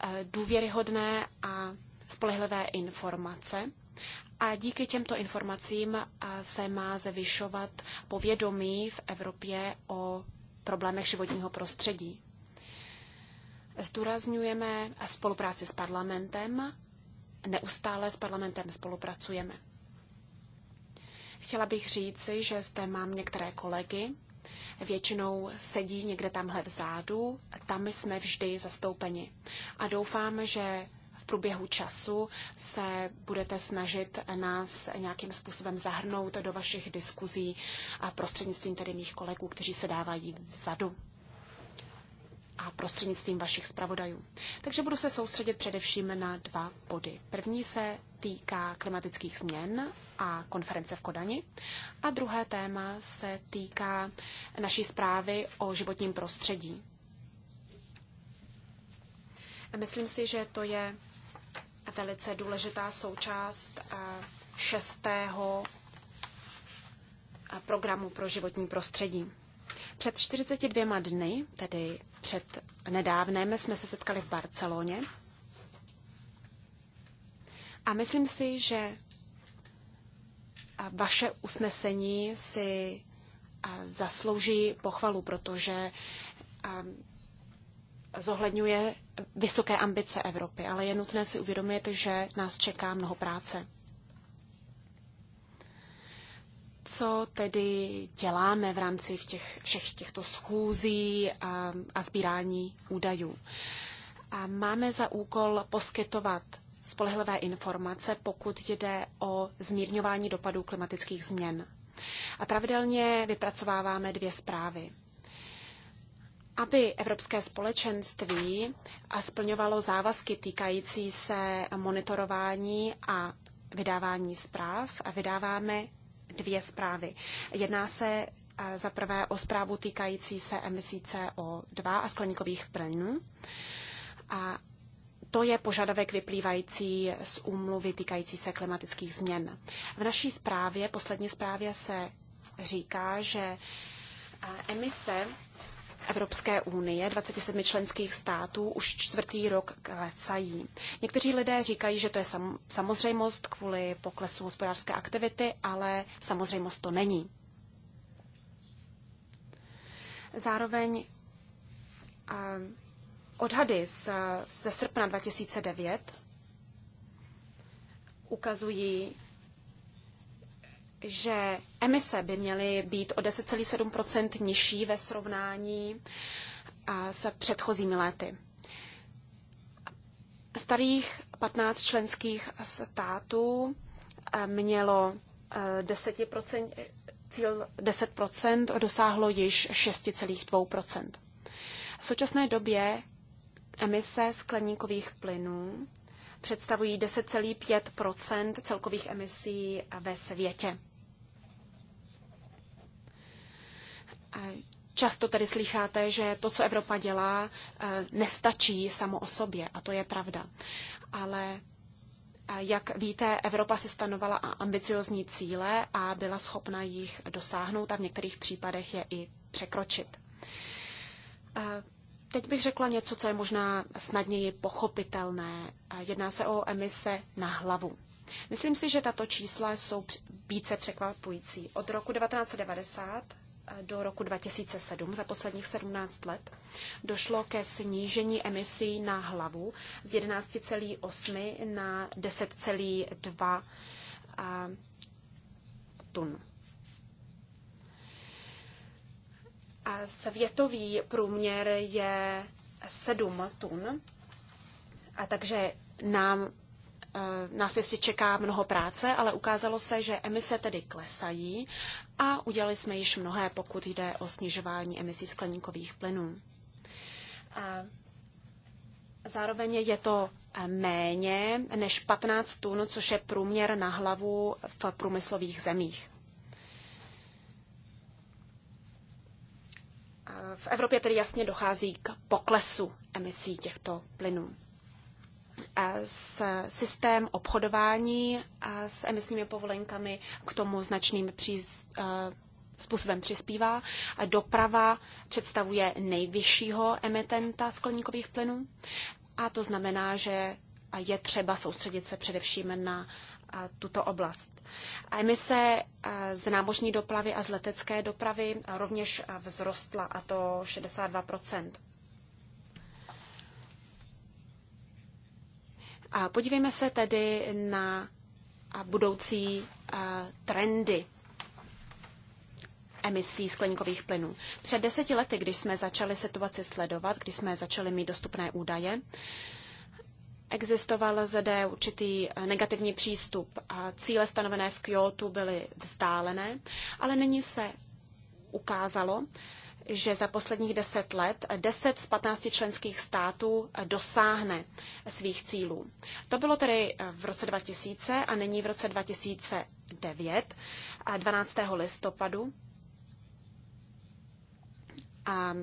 eh, důvěryhodné a spolehlivé informace. A díky těmto informacím se má zvyšovat povědomí v Evropě o problémech životního prostředí. Zdůrazňujeme spolupráci s parlamentem, neustále s parlamentem spolupracujeme. Chtěla bych říci, že zde mám některé kolegy, většinou sedí někde tamhle vzadu, tam jsme vždy zastoupeni. A doufám, že v průběhu času se budete snažit nás nějakým způsobem zahrnout do vašich diskuzí a prostřednictvím tedy mých kolegů, kteří se dávají vzadu a prostřednictvím vašich zpravodajů. Takže budu se soustředit především na dva body. První se týká klimatických změn a konference v Kodani a druhé téma se týká naší zprávy o životním prostředí. Myslím si, že to je velice důležitá součást eh, šestého eh, programu pro životní prostředí. Před 42 dny, tedy před nedávném, jsme se setkali v Barceloně. A myslím si, že vaše usnesení si zaslouží pochvalu, protože zohledňuje vysoké ambice Evropy, ale je nutné si uvědomit, že nás čeká mnoho práce. co tedy děláme v rámci v těch, všech těchto schůzí a, a sbírání údajů. A máme za úkol poskytovat spolehlivé informace, pokud jde o zmírňování dopadů klimatických změn. A pravidelně vypracováváme dvě zprávy. Aby Evropské společenství splňovalo závazky týkající se monitorování a vydávání zpráv, vydáváme dvě zprávy. Jedná se eh, za prvé o zprávu týkající se emisí CO2 a skleníkových plynů. A to je požadavek vyplývající z úmluvy týkající se klimatických změn. V naší zprávě, poslední zprávě se říká, že eh, emise Evropské unie, 27 členských států, už čtvrtý rok klecají. Někteří lidé říkají, že to je sam, samozřejmost kvůli poklesu hospodářské aktivity, ale samozřejmost to není. Zároveň odhady z, ze srpna 2009 ukazují že emise by měly být o 10,7 nižší ve srovnání se předchozími lety. Starých 15 členských států mělo 10 cíl 10 dosáhlo již 6,2 V současné době emise skleníkových plynů představují 10,5 celkových emisí ve světě. Často tedy slycháte, že to, co Evropa dělá, eh, nestačí samo o sobě, a to je pravda. Ale jak víte, Evropa si stanovala ambiciozní cíle a byla schopna jich dosáhnout a v některých případech je i překročit. Eh, Teď bych řekla něco, co je možná snadněji pochopitelné. Jedná se o emise na hlavu. Myslím si, že tato čísla jsou více překvapující. Od roku 1990 eh, do roku 2007, za posledních 17 let, došlo ke snížení emisí na hlavu z 11,8 na 10,2 eh, tun. A světový průměr je 7 tun, a takže nám, eh, nás ještě čeká mnoho práce, ale ukázalo se, že emise tedy klesají a udělali jsme již mnohé, pokud jde o snižování emisí skleníkových plynů. A zároveň je to eh, méně než 15 tun, což je průměr na hlavu v průmyslových zemích. v Evropě tedy jasně dochází k poklesu emisí těchto plynů. Systém obchodování s emisními povolenkami k tomu značným příz, eh, způsobem přispívá. Doprava představuje nejvyššího emitenta skleníkových plynů a to znamená, že je třeba soustředit se především na tuto oblast. A emise e, z námořní dopravy a z letecké dopravy rovněž e, vzrostla, a to 62 A podívejme se tedy na budoucí e, trendy emisí skleníkových plynů. Před deseti lety, když jsme začali situaci sledovat, když jsme začali mít dostupné údaje, Existoval zde určitý eh, negativní přístup. Cíle stanovené v Kyoto byly vzdálené, ale nyní se ukázalo, že za posledních deset let deset z 15 členských států eh, dosáhne svých cílů. To bylo tedy eh, v roce 2000 a nyní v roce 2009, a 12. listopadu. A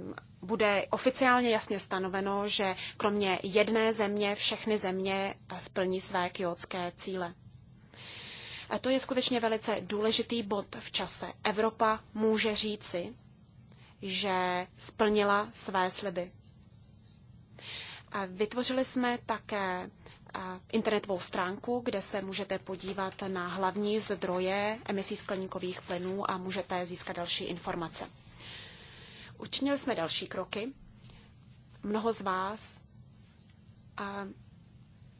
bude oficiálně jasně stanoveno, že kromě jedné země všechny země splní své kyotské cíle. A to je skutečně velice důležitý bod v čase. Evropa může říci, že splnila své sliby. A vytvořili jsme také internetovou stránku, kde se můžete podívat na hlavní zdroje emisí skleníkových plynů a můžete získat další informace. Učinili jsme další kroky. Mnoho z vás a, eh,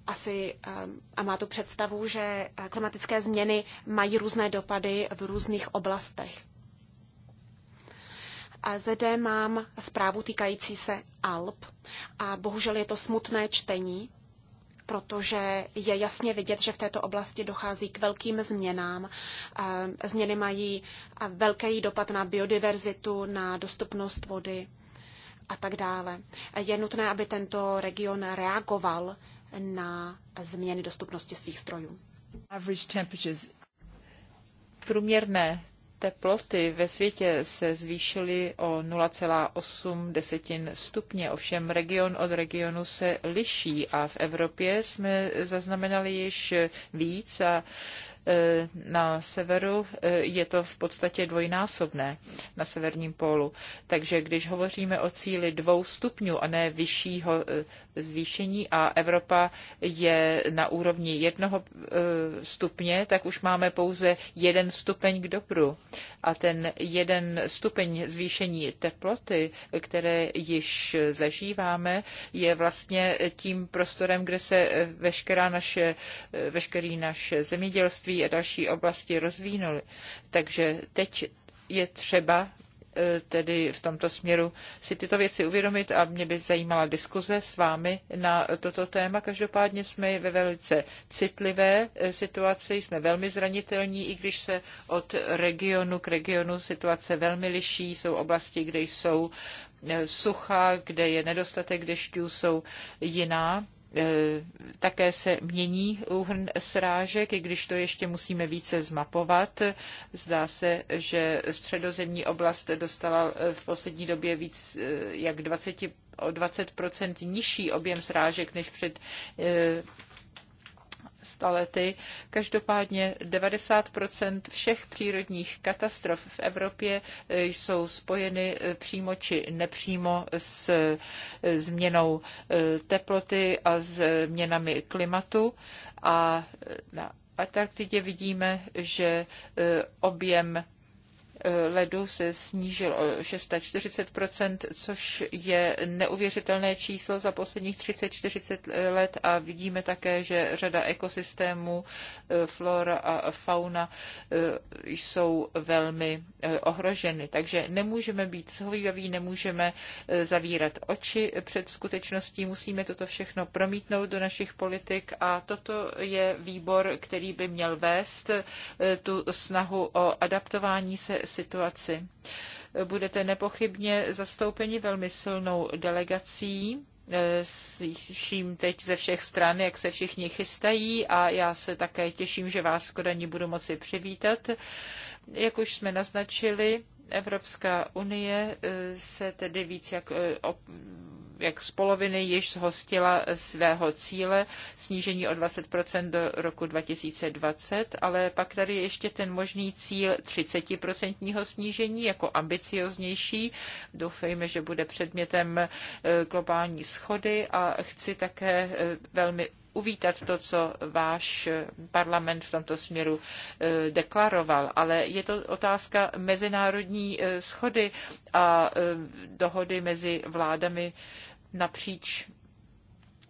asi a, eh, a má tu představu, že eh, klimatické změny mají různé dopady v různých oblastech. A zde mám zprávu týkající se Alp a bohužel je to smutné čtení, protože je jasně vidět, že v této oblasti dochází k velkým změnám. Eh, změny mají eh, velký dopad na biodiverzitu, na dostupnost vody a tak dále. Je nutné, aby tento region reagoval na změny dostupnosti svých strojů. Průměrné teploty ve světě se zvýšily o 0,8 desetin stupně, ovšem region od regionu se liší a v Evropě jsme zaznamenali již víc a Eh, na severu eh, je to v podstatě dvojnásobné na severním pólu. Takže když hovoříme o cíli dvou stupňů a ne vyššího eh, zvýšení a Evropa je na úrovni jednoho stupně, tak už máme pouze jeden stupeň k dobru. A ten jeden stupeň zvýšení teploty, které již zažíváme, je vlastně tím prostorem, kde se veškerá naše, veškerý naše zemědělství zemědělství a další oblasti rozvínuly. Takže teď je třeba eh, tedy v tomto směru si tyto věci uvědomit a mě by zajímala diskuze s vámi na toto téma. Každopádně jsme ve velice citlivé eh, situaci, jsme velmi zranitelní, i když se od regionu k regionu situace velmi liší. Jsou oblasti, kde jsou eh, sucha, kde je nedostatek dešťů, jsou jiná Eh, také se mění úhrn srážek, i když to ještě musíme více zmapovat. Zdá se, že středozemní oblast dostala eh, v poslední době víc eh, jak 20 o 20 nižší objem srážek než před stalety. Každopádně 90 všech přírodních katastrof v Evropě eh, jsou spojeny eh, přímo či nepřímo s eh, změnou teploty a změnami klimatu. A na Antarktidě vidíme, že objem ledu se snížil o 640 což je neuvěřitelné číslo za posledních 30-40 let a vidíme také, že řada ekosystémů, e, flora a fauna e, jsou velmi e, ohroženy. Takže nemůžeme být shovívaví, nemůžeme zavírat oči před skutečností, musíme toto všechno promítnout do našich politik a toto je výbor, který by měl vést tu snahu o adaptování se situaci. Budete nepochybně zastoupeni velmi silnou delegací, eh, slyším teď ze všech stran, jak se všichni chystají a já se také těším, že vás v Kodani budu moci přivítat. Jak už jsme naznačili, Evropská unie eh, se tedy víc jak eh, jak z poloviny již zhostila svého cíle snížení o 20 do roku 2020, ale pak tady ještě ten možný cíl 30 snížení jako ambicioznější. Doufejme, že bude předmětem eh, globální schody a chci také eh, velmi uvítat to, co váš parlament v tomto směru eh, deklaroval, ale je to otázka mezinárodní eh, schody a eh, dohody mezi vládami napříč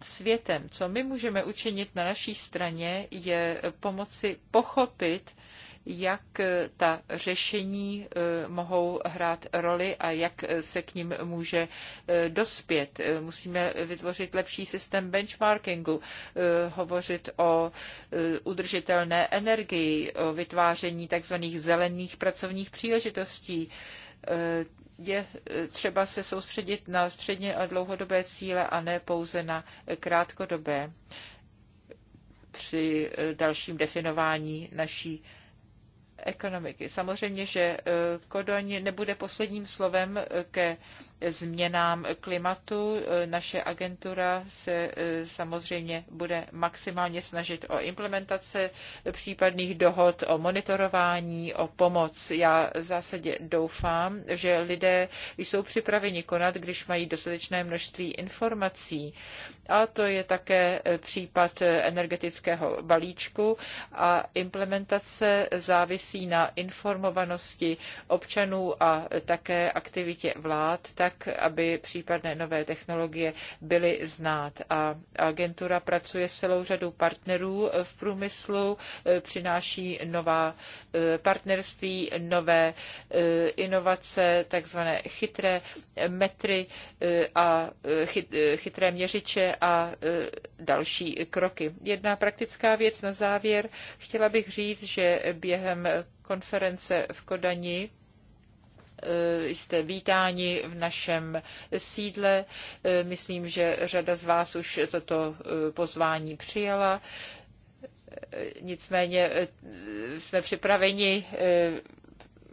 světem. Co my můžeme učinit na naší straně, je pomoci pochopit, jak eh, ta řešení eh, mohou hrát roli a jak eh, se k ním může dospět. Musíme vytvořit lepší systém benchmarkingu, hovořit o udržitelné energii, o vytváření tzv. zelených pracovních příležitostí, je třeba se soustředit na středně a dlouhodobé cíle a ne pouze na krátkodobé při dalším definování naší ekonomiky. Samozřejmě, že eh, Kodoň nebude posledním slovem eh, ke změnám klimatu. Eh, naše agentura se samozřejmě bude maximálně snažit o implementace případných dohod, o monitorování, o pomoc. Já v zásadě doufám, že lidé jsou připraveni konat, když mají dostatečné množství informací. A to je také případ energetického balíčku a implementace závisí závisí na informovanosti občanů a také aktivitě vlád, tak aby případné nové technologie byly znát. A agentura pracuje s celou řadou partnerů v průmyslu, eh, přináší nová eh, partnerství, nové eh, inovace, takzvané chytré metry a chytré měřiče a další kroky. Jedna praktická věc na závěr. Chtěla bych říct, že během konference v Kodani e, jste vítáni v našem sídle. E, myslím, že řada z vás už toto e, pozvání přijala. Nicméně jsme připraveni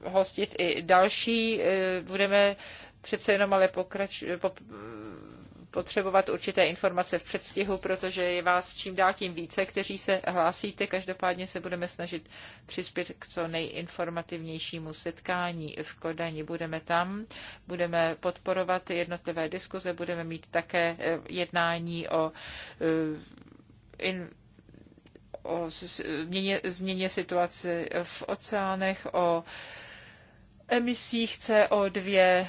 hostit i další. Budeme přece jenom ale pokrač, potřebovat určité informace v předstihu, protože je vás čím dál tím více, kteří se hlásíte. Každopádně se budeme snažit přispět k co nejinformativnějšímu setkání v Kodani. Budeme tam, budeme podporovat jednotlivé diskuze, budeme mít také eh, jednání o eh, in, o změně, změně situace v oceánech, o emisích CO2,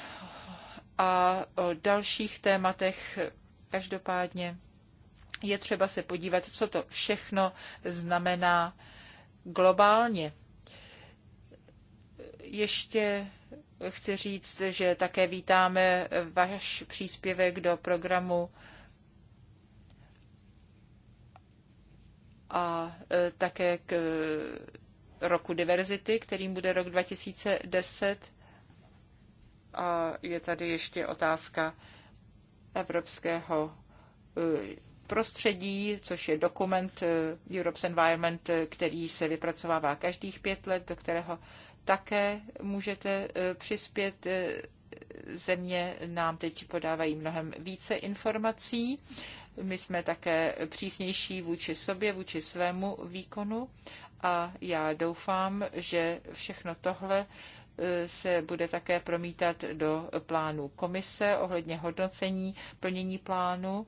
a o dalších tématech. Každopádně je třeba se podívat, co to všechno znamená globálně. Ještě chci říct, že také vítáme váš příspěvek do programu a e, také k roku diverzity, kterým bude rok 2010. A je tady ještě otázka evropského eh, prostředí, což je dokument eh, Europe's Environment, eh, který se vypracovává každých pět let, do kterého také můžete přispět. Země nám teď podávají mnohem více informací. My jsme také přísnější vůči sobě, vůči svému výkonu a já doufám, že všechno tohle se bude také promítat do plánu komise ohledně hodnocení plnění plánu.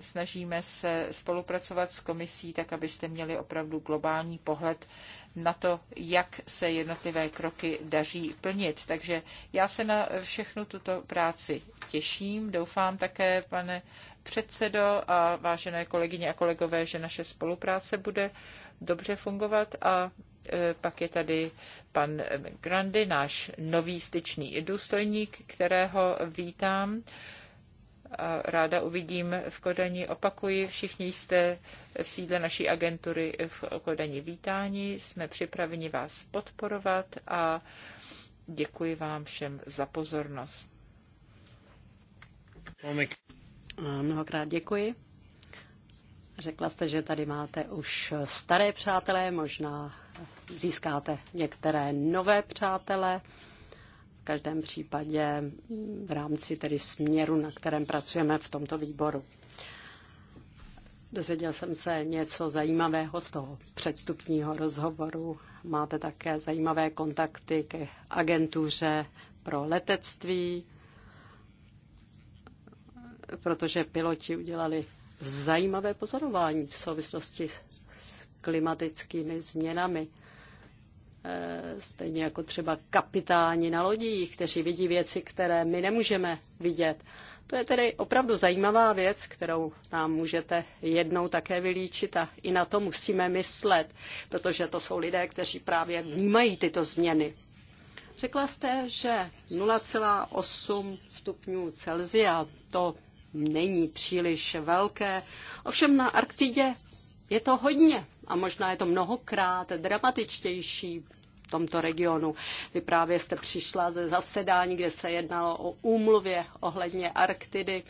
Snažíme se spolupracovat s komisí tak, abyste měli opravdu globální pohled na to, jak se jednotlivé kroky daří plnit. Takže já se na všechnu tuto práci těším. Doufám také, pane předsedo a vážené kolegyně a kolegové, že naše spolupráce bude dobře fungovat a Eh, pak je tady pan Grandy, náš nový styčný důstojník, kterého vítám. A ráda uvidím v Kodani. Opakuji, všichni jste v sídle naší agentury v Kodani vítáni. Jsme připraveni vás podporovat a děkuji vám všem za pozornost. Mnohokrát děkuji. Řekla jste, že tady máte už staré přátelé, možná získáte některé nové přátele. V každém případě v rámci tedy směru, na kterém pracujeme v tomto výboru. Dozvěděl jsem se něco zajímavého z toho předstupního rozhovoru. Máte také zajímavé kontakty ke agentuře pro letectví, protože piloti udělali zajímavé pozorování v souvislosti klimatickými změnami. E, stejně jako třeba kapitáni na lodích, kteří vidí věci, které my nemůžeme vidět. To je tedy opravdu zajímavá věc, kterou nám můžete jednou také vylíčit a i na to musíme myslet, protože to jsou lidé, kteří právě vnímají tyto změny. Řekla jste, že 0,8 stupňů Celsia to není příliš velké, ovšem na Arktidě je to hodně a možná je to mnohokrát dramatičtější v tomto regionu. Vy právě jste přišla ze zasedání, kde se jednalo o úmluvě ohledně Arktidy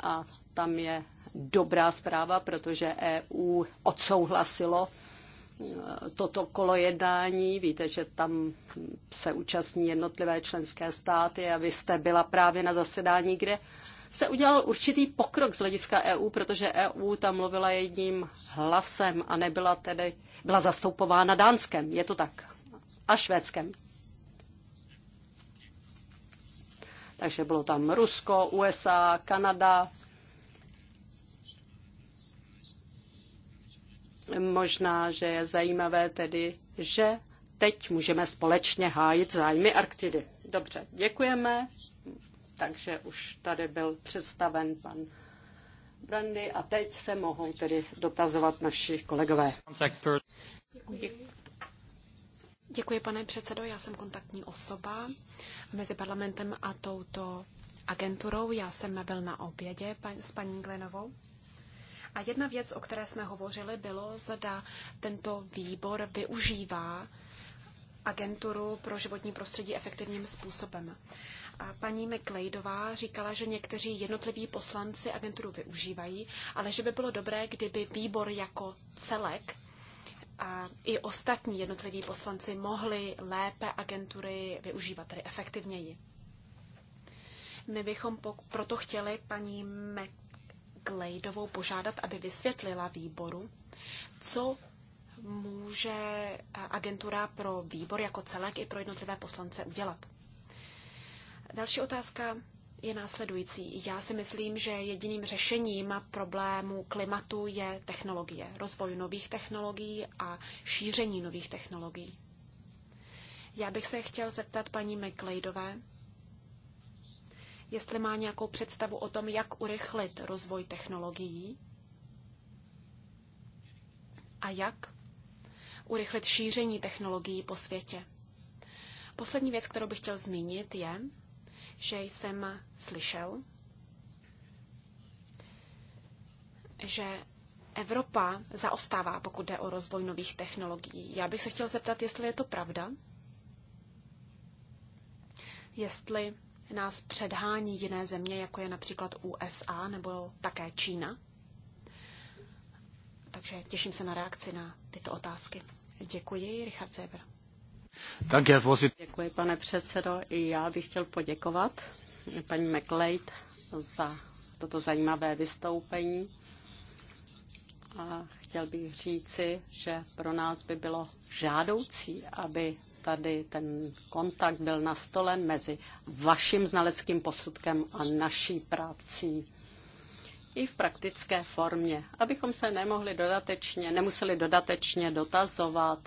a tam je dobrá zpráva, protože EU odsouhlasilo eh, toto kolo jednání. Víte, že tam se účastní jednotlivé členské státy a vy jste byla právě na zasedání, kde se udělal určitý pokrok z hlediska EU, protože EU tam mluvila jedním hlasem a nebyla tedy, byla zastoupována Dánskem, je to tak, a Švédskem. Takže bylo tam Rusko, USA, Kanada. Možná, že je zajímavé tedy, že teď můžeme společně hájit zájmy Arktidy. Dobře, děkujeme takže už tady byl představen pan Brandy a teď se mohou tedy dotazovat naši kolegové. Děkuji. Děkuji, pane předsedo. Já jsem kontaktní osoba mezi parlamentem a touto agenturou. Já jsem byl na obědě s paní Glenovou. A jedna věc, o které jsme hovořili, bylo, zda tento výbor využívá agenturu pro životní prostředí efektivním způsobem paní McLeodová říkala, že někteří jednotliví poslanci agenturu využívají, ale že by bylo dobré, kdyby výbor jako celek a i ostatní jednotliví poslanci mohli lépe agentury využívat, tedy efektivněji. My bychom proto chtěli paní McGladovou požádat, aby vysvětlila výboru, co může agentura pro výbor jako celek i pro jednotlivé poslance udělat. Další otázka je následující. Já si myslím, že jediným řešením problému klimatu je technologie, rozvoj nových technologií a šíření nových technologií. Já bych se chtěl zeptat paní McLeodové, jestli má nějakou představu o tom, jak urychlit rozvoj technologií a jak urychlit šíření technologií po světě. Poslední věc, kterou bych chtěl zmínit, je, že jsem slyšel, že Evropa zaostává, pokud jde o rozvoj nových technologií. Já bych se chtěl zeptat, jestli je to pravda, jestli nás předhání jiné země, jako je například USA nebo také Čína. Takže těším se na reakci na tyto otázky. Děkuji, Richard Zebra. Děkuji, pane předsedo. I já bych chtěl poděkovat paní McLeod za toto zajímavé vystoupení. A chtěl bych říci, že pro nás by bylo žádoucí, aby tady ten kontakt byl nastolen mezi vaším znaleckým posudkem a naší prací i v praktické formě, abychom se nemohli dodatečně, nemuseli dodatečně dotazovat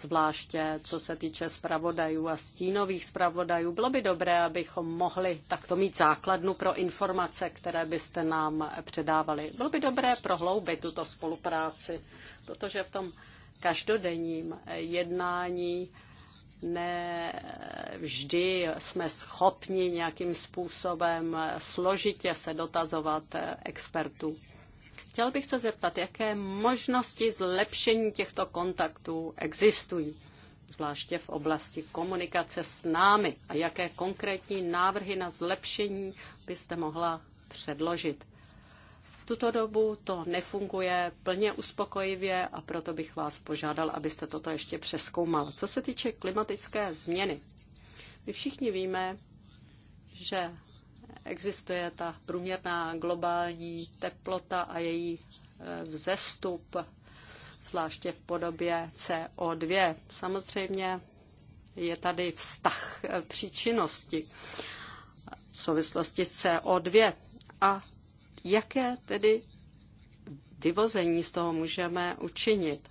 zvláště co se týče zpravodajů a stínových zpravodajů. Bylo by dobré, abychom mohli takto mít základnu pro informace, které byste nám předávali. Bylo by dobré prohloubit tuto spolupráci, protože v tom každodenním jednání ne vždy jsme schopni nějakým způsobem složitě se dotazovat expertů. Chtěl bych se zeptat, jaké možnosti zlepšení těchto kontaktů existují, zvláště v oblasti komunikace s námi a jaké konkrétní návrhy na zlepšení byste mohla předložit. V tuto dobu to nefunguje plně uspokojivě a proto bych vás požádal, abyste toto ještě přeskoumal. Co se týče klimatické změny, my všichni víme, že existuje ta průměrná globální teplota a její e, vzestup, zvláště v podobě CO2. Samozřejmě je tady vztah e, příčinnosti v souvislosti s CO2. A jaké tedy vyvození z toho můžeme učinit?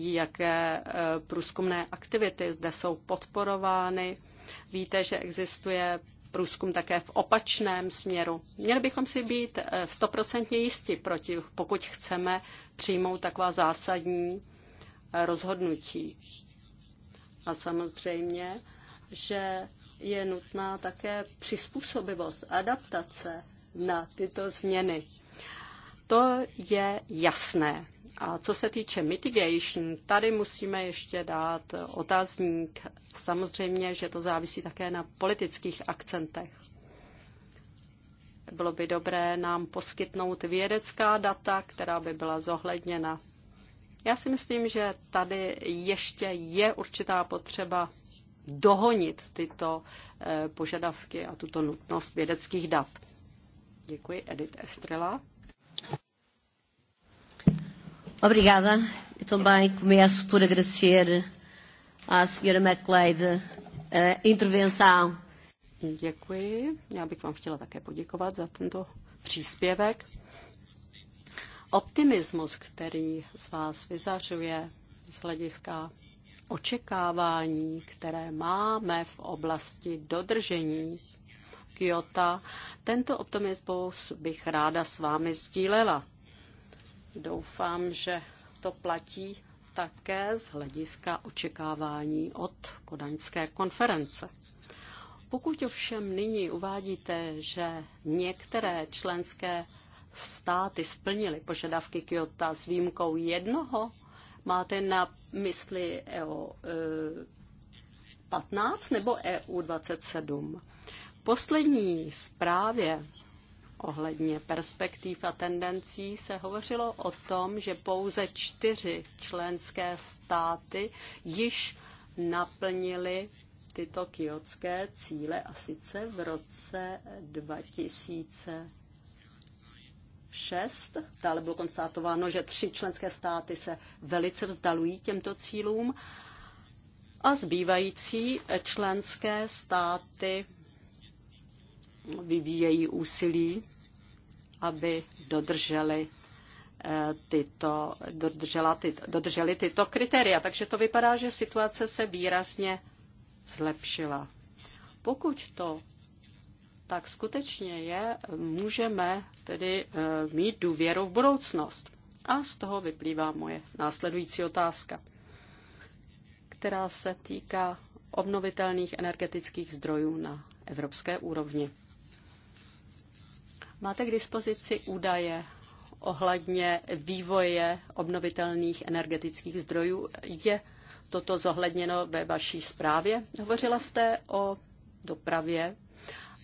Jaké e, průzkumné aktivity zde jsou podporovány? Víte, že existuje průzkum také v opačném směru. Měli bychom si být eh, stoprocentně jisti proti, pokud chceme přijmout taková zásadní eh, rozhodnutí. A samozřejmě, že je nutná také přizpůsobivost, adaptace na tyto změny. To je jasné. A co se týče mitigation, tady musíme ještě dát otázník. Samozřejmě, že to závisí také na politických akcentech. Bylo by dobré nám poskytnout vědecká data, která by byla zohledněna. Já si myslím, že tady ještě je určitá potřeba dohonit tyto eh, požadavky a tuto nutnost vědeckých dat. Děkuji, Edith Estrela. Obrigada. Eu também começo por agradecer à senhora MacLeod a intervenção. Děkuji. Já bych vám chtěla také poděkovat za tento příspěvek. Optimismus, který z vás vyzařuje z hlediska očekávání, které máme v oblasti dodržení Kyoto, tento optimismus bych ráda s vámi sdílela. Doufám, že to platí také z hlediska očekávání od kodaňské konference. Pokud ovšem nyní uvádíte, že některé členské státy splnily požadavky Kyoto s výjimkou jednoho, máte na mysli EU 15 e, nebo EU 27? V poslední zprávě Ohledně perspektiv a tendencí se hovořilo o tom, že pouze čtyři členské státy již naplnili tyto kiotské cíle a sice v roce 2006. Dále bylo konstatováno, že tři členské státy se velice vzdalují těmto cílům a zbývající členské státy vyvíjejí úsilí, aby dodrželi eh, tyto, dodržela, ty, dodrželi tyto kritéria. Takže to vypadá, že situace se výrazně zlepšila. Pokud to tak skutečně je, můžeme tedy eh, mít důvěru v budoucnost. A z toho vyplývá moje následující otázka, která se týká obnovitelných energetických zdrojů na evropské úrovni. Máte k dispozici údaje ohledně vývoje obnovitelných energetických zdrojů. Je toto zohledněno ve vaší zprávě? Hovořila jste o dopravě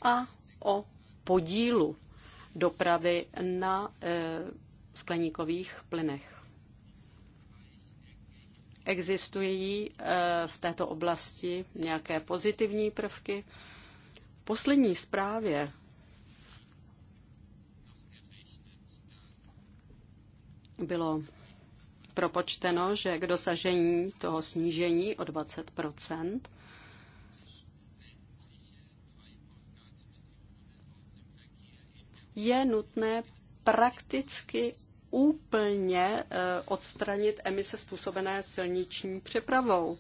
a o podílu dopravy na e, skleníkových plynech. Existují e, v této oblasti nějaké pozitivní prvky? V poslední zprávě bylo propočteno, že k dosažení toho snížení o 20 je nutné prakticky úplně eh, odstranit emise způsobené silniční přepravou.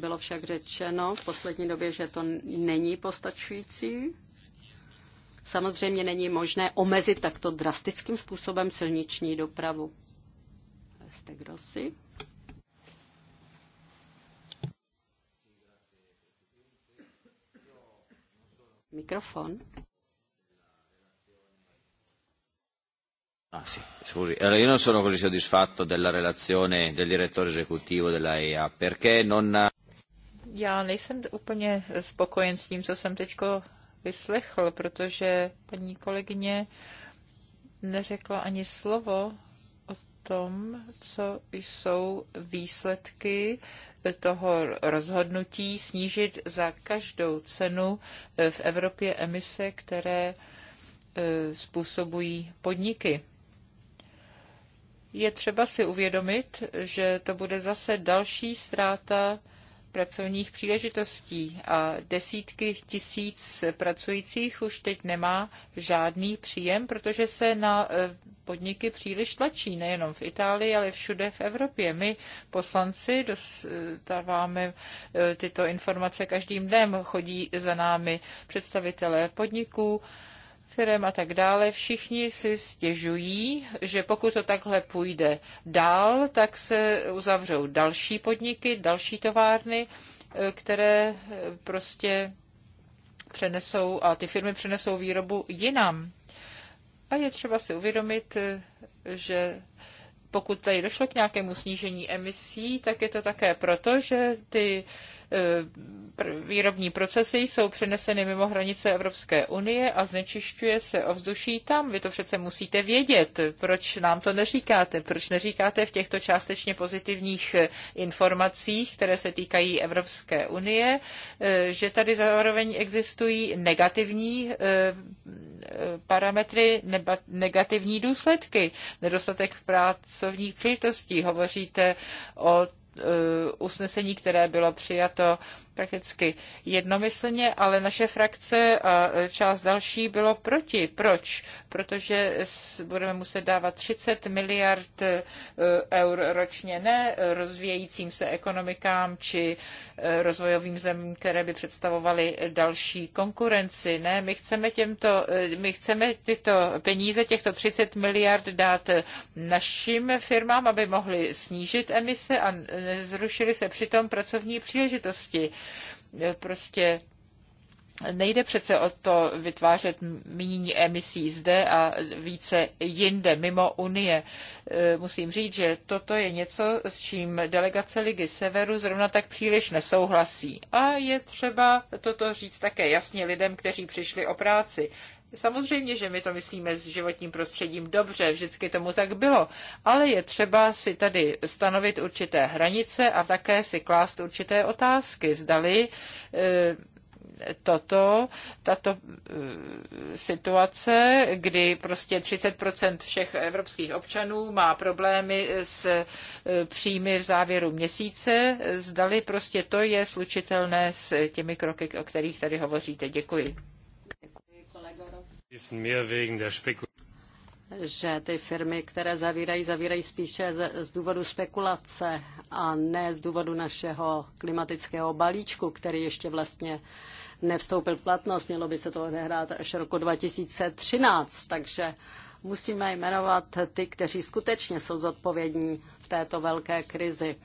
Bylo však řečeno v poslední době, že to není postačující, samozřejmě není možné omezit takto drastickým způsobem silniční dopravu. Jste Mikrofon. Ah, sì, scusi. Allora, io non sono così soddisfatto della relazione del direttore esecutivo e perché non. Já nejsem úplně spokojen s tím, co jsem teď vyslechl, protože paní kolegyně neřekla ani slovo o tom, co jsou výsledky toho rozhodnutí snížit za každou cenu v Evropě emise, které e, způsobují podniky. Je třeba si uvědomit, že to bude zase další ztráta pracovních příležitostí a desítky tisíc pracujících už teď nemá žádný příjem, protože se na e, podniky příliš tlačí, nejenom v Itálii, ale všude v Evropě. My poslanci dostáváme e, tyto informace každým dnem, chodí za námi představitelé podniků, firm a tak dále, všichni si stěžují, že pokud to takhle půjde dál, tak se uzavřou další podniky, další továrny, eh, které eh, prostě přenesou a ty firmy přenesou výrobu jinam. A je třeba si uvědomit, eh, že pokud tady došlo k nějakému snížení emisí, tak je to také proto, že ty Eh, výrobní procesy jsou přeneseny mimo hranice Evropské unie a znečišťuje se ovzduší tam. Vy to přece musíte vědět. Proč nám to neříkáte? Proč neříkáte v těchto částečně pozitivních eh, informacích, které se týkají Evropské unie, eh, že tady zároveň existují negativní parametry, negativní důsledky, nedostatek pracovních příležitostí. Hovoříte o Eh, usnesení, které bylo přijato prakticky jednomyslně, ale naše frakce a eh, část další bylo proti. Proč? Protože budeme muset dávat 30 miliard eh, eur ročně ne rozvíjejícím se ekonomikám či rozvojovým zemím, které by představovaly další konkurenci. Ne, my chceme, těmto, my chceme tyto peníze, těchto 30 miliard dát našim firmám, aby mohly snížit emise a nezrušily se přitom pracovní příležitosti. E, prostě Nejde přece o to vytvářet méně emisí zde a více jinde, mimo Unie. E, musím říct, že toto je něco, s čím delegace Ligy Severu zrovna tak příliš nesouhlasí. A je třeba toto říct také jasně lidem, kteří přišli o práci. Samozřejmě, že my to myslíme s životním prostředím dobře, vždycky tomu tak bylo, ale je třeba si tady stanovit určité hranice a také si klást určité otázky. Zdali eh, toto, tato eh, situace, kdy prostě 30% všech evropských občanů má problémy s eh, příjmy v závěru měsíce, zdali prostě to je slučitelné s těmi kroky, o kterých tady hovoříte. Děkuji že ty firmy, které zavírají, zavírají spíše z, důvodu spekulace a ne z důvodu našeho klimatického balíčku, který ještě vlastně nevstoupil v platnost. Mělo by se to odehrát až roku 2013, takže musíme jmenovat ty, kteří skutečně jsou zodpovědní v této velké krizi.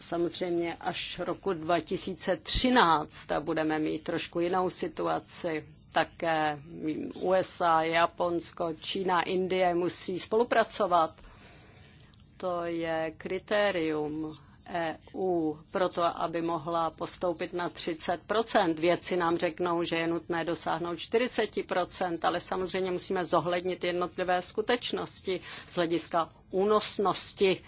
Samozřejmě až roku 2013 budeme mít trošku jinou situaci. Také USA, Japonsko, Čína, Indie musí spolupracovat. To je kritérium EU pro to, aby mohla postoupit na 30 Vědci nám řeknou, že je nutné dosáhnout 40 ale samozřejmě musíme zohlednit jednotlivé skutečnosti z hlediska únosnosti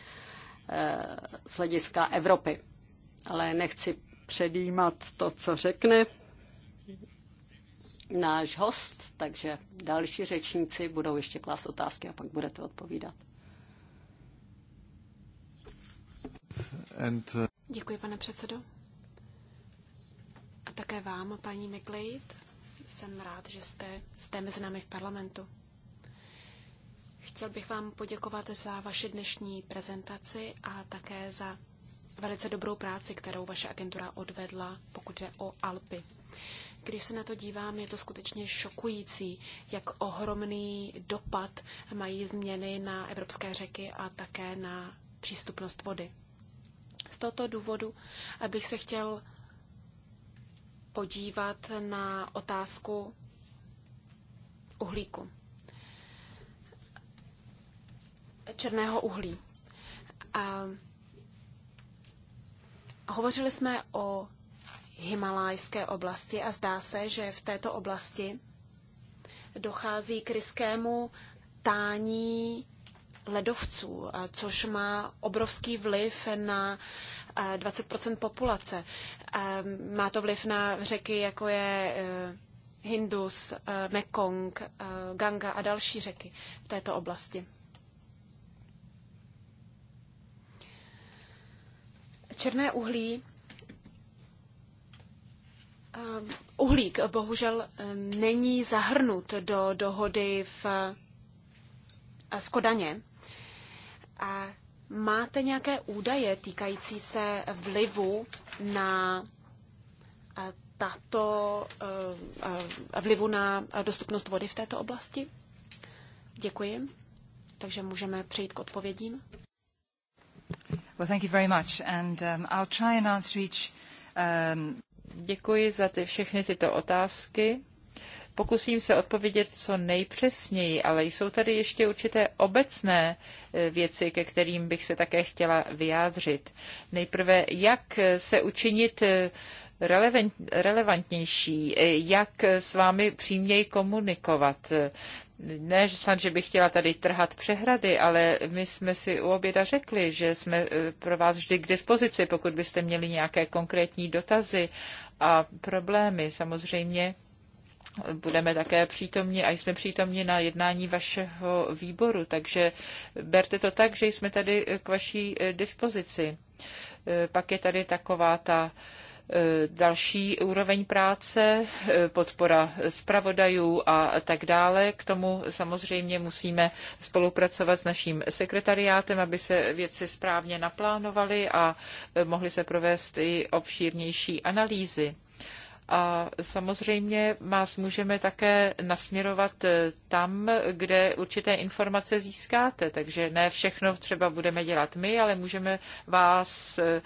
z hlediska Evropy. Ale nechci předjímat to, co řekne náš host, takže další řečníci budou ještě klást otázky a pak budete odpovídat. And, uh... Děkuji, pane předsedo. A také vám, paní McLeod. Jsem rád, že jste, jste mezi námi v parlamentu. Chtěl bych vám poděkovat za vaši dnešní prezentaci a také za velice dobrou práci, kterou vaše agentura odvedla, pokud jde o Alpy. Když se na to dívám, je to skutečně šokující, jak ohromný dopad mají změny na evropské řeky a také na přístupnost vody. Z tohoto důvodu bych se chtěl podívat na otázku uhlíku. černého uhlí. A hovořili jsme o himalajské oblasti a zdá se, že v této oblasti dochází k ryskému tání ledovců, což má obrovský vliv na 20 populace. Má to vliv na řeky, jako je e, Hindus, e, Mekong, e, Ganga a další řeky v této oblasti. černé uhlí, eh, uhlík bohužel eh, není zahrnut do dohody v Skodaně. Eh, A máte nějaké údaje týkající se vlivu na tato vlivu na dostupnost vody v této oblasti? Děkuji. Takže můžeme přejít k odpovědím. Well, thank you very much. And um, I'll try and answer each. Um... Děkuji za ty všechny tyto otázky. Pokusím se odpovědět co nejpřesněji, ale jsou tady ještě určité obecné eh, věci, ke kterým bych se také chtěla vyjádřit. Nejprve, jak se učinit eh, relevantnější, eh, jak s vámi příměji komunikovat ne sám, že bych chtěla tady trhat přehrady, ale my jsme si u oběda řekli, že jsme eh, pro vás vždy k dispozici, pokud byste měli nějaké konkrétní dotazy a problémy. Samozřejmě budeme také přítomni a jsme přítomni na jednání vašeho výboru, takže berte to tak, že jsme tady k vaší eh, dispozici. Eh, pak je tady taková ta Eh, další úroveň práce, eh, podpora zpravodajů a tak dále. K tomu samozřejmě musíme spolupracovat s naším sekretariátem, aby se věci správně naplánovaly a eh, mohly se provést i obšírnější analýzy. A samozřejmě vás můžeme také nasměrovat eh, tam, kde určité informace získáte. Takže ne všechno třeba budeme dělat my, ale můžeme vás eh,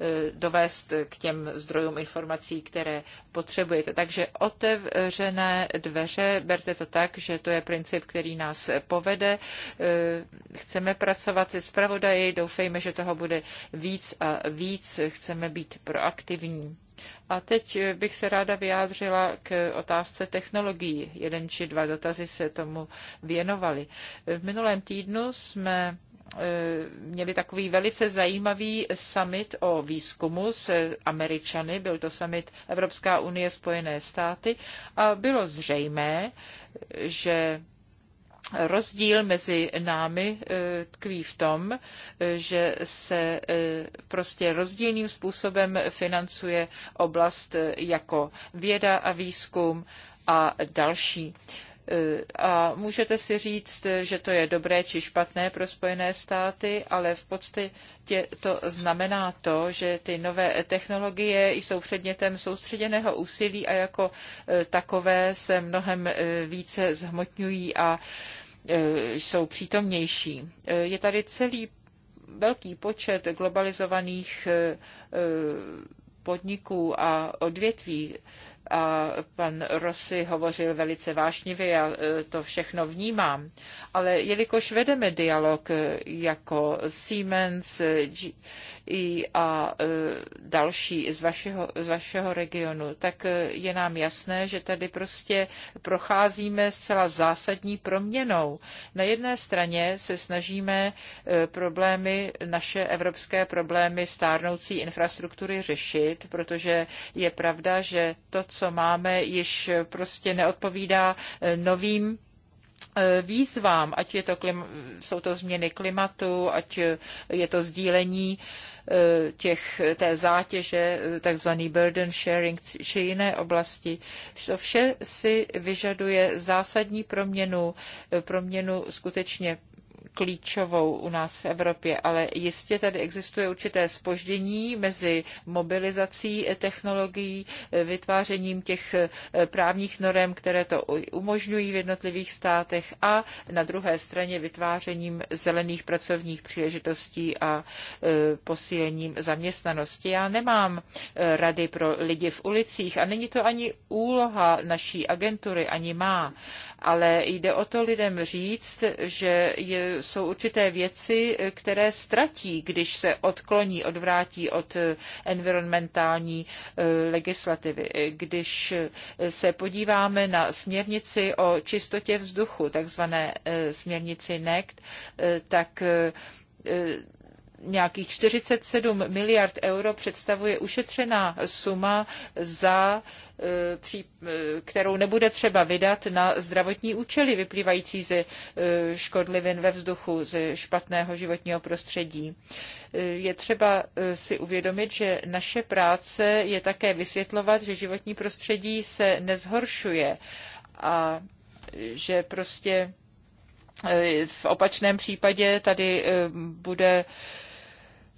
eh, dovést k těm zdrojům informací, které potřebujete. Takže otevřené dveře, berte to tak, že to je princip, který nás povede. Chceme pracovat se zpravodaji, doufejme, že toho bude víc a víc. Chceme být proaktivní. A teď bych se ráda vyjádřila k otázce technologií. Jeden či dva dotazy se tomu věnovaly. V minulém týdnu jsme e, měli takový velice zajímavý summit o výzkumu s Američany. Byl to summit Evropská unie Spojené státy a bylo zřejmé, že Rozdíl mezi námi eh, tkví v tom, eh, že se eh, prostě rozdílným způsobem financuje oblast jako věda a výzkum a další. Eh, a můžete si říct, že to je dobré či špatné pro Spojené státy, ale v podstatě to znamená to, že ty nové technologie jsou předmětem soustředěného úsilí a jako eh, takové se mnohem eh, více zhmotňují a jsou přítomnější. Je tady celý velký počet globalizovaných podniků a odvětví, a pan Rossi hovořil velice vášnivě, já e, to všechno vnímám, ale jelikož vedeme dialog e, jako Siemens i e, a další z vašeho, z vašeho regionu, tak je nám jasné, že tady prostě procházíme zcela zásadní proměnou. Na jedné straně se snažíme problémy, naše evropské problémy stárnoucí infrastruktury řešit, protože je pravda, že to, co máme, již prostě neodpovídá eh, novým eh, výzvám, ať je to klima, jsou to změny klimatu, ať eh, je to sdílení těch, té zátěže, takzvaný burden sharing, či jiné oblasti. To vše si vyžaduje zásadní proměnu, proměnu skutečně klíčovou u nás v Evropě, ale jistě tady existuje určité spoždění mezi mobilizací technologií, vytvářením těch eh, právních norem, které to umožňují v jednotlivých státech a na druhé straně vytvářením zelených pracovních příležitostí a eh, posílením zaměstnanosti. Já nemám eh, rady pro lidi v ulicích a není to ani úloha naší agentury, ani má, ale jde o to lidem říct, že je jsou určité věci, které ztratí, když se odkloní, odvrátí od eh, environmentální eh, legislativy. Když eh, se podíváme na směrnici o čistotě vzduchu, takzvané směrnici NECT, tak nějakých 47 miliard euro představuje ušetřená suma za eh, eh, kterou nebude třeba vydat na zdravotní účely vyplývající ze eh, škodlivin ve vzduchu, ze špatného životního prostředí. Je třeba si uvědomit, že naše práce je také vysvětlovat, že životní prostředí se nezhoršuje a že prostě v opačném případě tady bude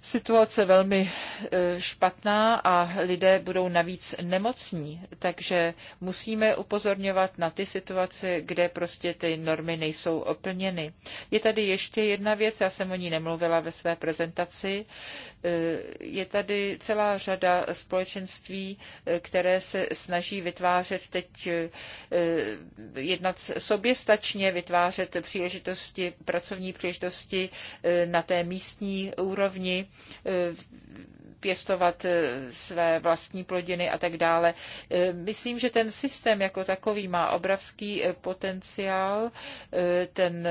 situace velmi e, špatná a lidé budou navíc nemocní, takže musíme upozorňovat na ty situace, kde prostě ty normy nejsou oplněny. Je tady ještě jedna věc, já jsem o ní nemluvila ve své prezentaci. E, je tady celá řada společenství, e, které se snaží vytvářet teď jednat soběstačně, vytvářet příležitosti, pracovní příležitosti na té místní úrovni Eh, pěstovat eh, své vlastní plodiny a tak dále. Eh, myslím, že ten systém jako takový má obrovský potenciál. Ten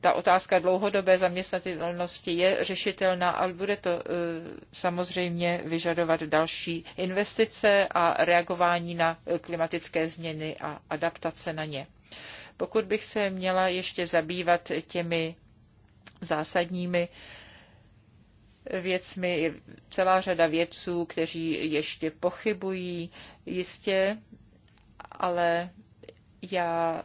ta otázka dlouhodobé zaměstnatelnosti je řešitelná, ale bude to samozřejmě vyžadovat další investice a reagování na klimatické změny a adaptace na ně. Pokud bych se měla ještě zabývat těmi zásadními věcmi. Je celá řada vědců, kteří ještě pochybují, jistě, ale já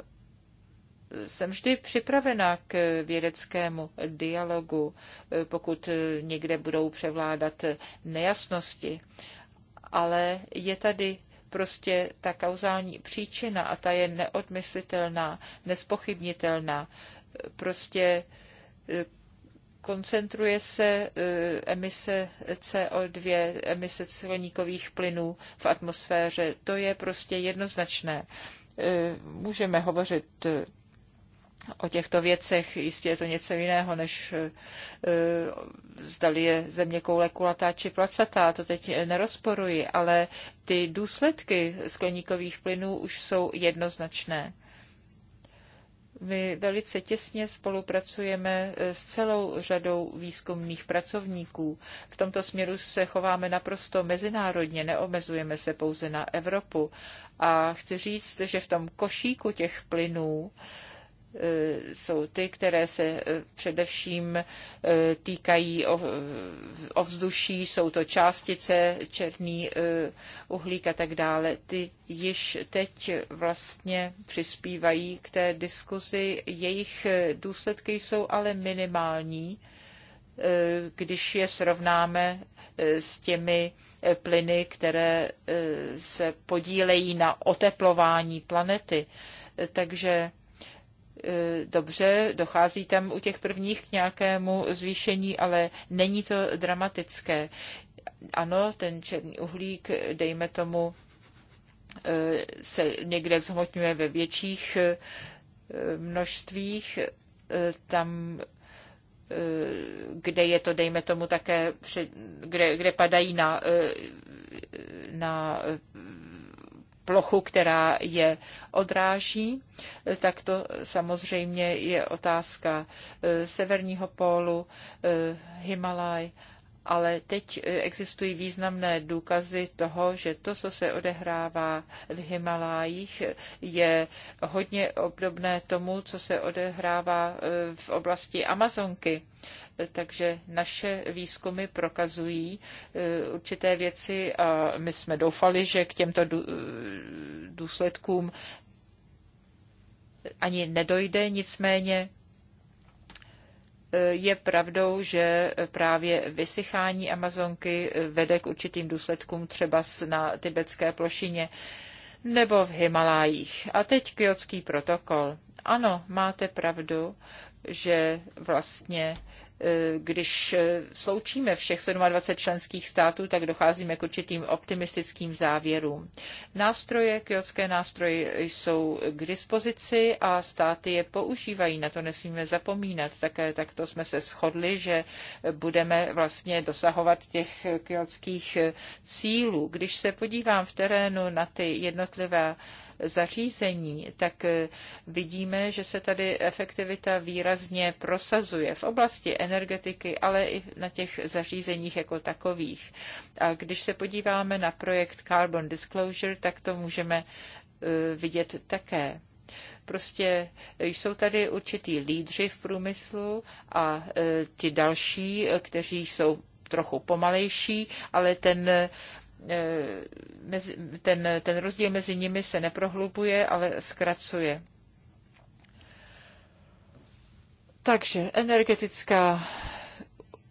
jsem vždy připravena k vědeckému dialogu, pokud někde budou převládat nejasnosti. Ale je tady prostě ta kauzální příčina a ta je neodmyslitelná, nespochybnitelná. Prostě koncentruje se e, emise CO2, emise skleníkových plynů v atmosféře. To je prostě jednoznačné. E, můžeme hovořit e, o těchto věcech. Jistě je to něco jiného, než zdali je země koule kulatá či placatá, to teď nerozporuji, ale ty důsledky skleníkových plynů už jsou jednoznačné. My velice těsně spolupracujeme s celou řadou výzkumných pracovníků. V tomto směru se chováme naprosto mezinárodně, neomezujeme se pouze na Evropu. A chci říct, že v tom košíku těch plynů, Eh, jsou ty, které se eh, především eh, týkají ovzduší, jsou to částice, černý uhlík a tak dále. Ty již teď vlastně přispívají k té diskuzi. Jejich důsledky jsou ale minimální když je srovnáme s těmi plyny, které se podílejí na oteplování planety. Takže Eh, dobře, dochází tam u těch prvních k nějakému zvýšení, ale není to dramatické. Ano, ten černý uhlík, dejme tomu, eh, se někde zhmotňuje ve větších eh, množstvích, tam kde je to, dejme tomu, také, kde, kde padají na, na plochu, která je odráží, tak to samozřejmě je otázka eh, severního pólu, eh, Himalaj, ale teď eh, existují významné důkazy toho, že to, co se odehrává v Himalájích, je hodně obdobné tomu, co se odehrává v oblasti Amazonky takže naše výzkumy prokazují e, určité věci a my jsme doufali, že k těmto e, důsledkům ani nedojde, nicméně e, je pravdou, že právě vysychání Amazonky vede k určitým důsledkům třeba na tibetské plošině nebo v Himalájích. A teď kyotský protokol. Ano, máte pravdu, že vlastně když eh, sloučíme všech 27 členských států, tak docházíme k určitým optimistickým závěrům. Nástroje, kyotské nástroje jsou k dispozici a státy je používají, na to nesmíme zapomínat. Také takto jsme se shodli, že budeme vlastně dosahovat těch kyotských cílů. Když se podívám v terénu na ty jednotlivé zařízení, tak eh, vidíme, že se tady efektivita výrazně prosazuje v oblasti energetiky, ale i na těch zařízeních jako takových. A když se podíváme na projekt Carbon Disclosure, tak to můžeme eh, vidět také prostě jsou tady určitý lídři v průmyslu a eh, ti další, kteří jsou trochu pomalejší, ale ten E, ten, ten rozdíl mezi nimi se neprohlubuje, ale zkracuje. Takže energetická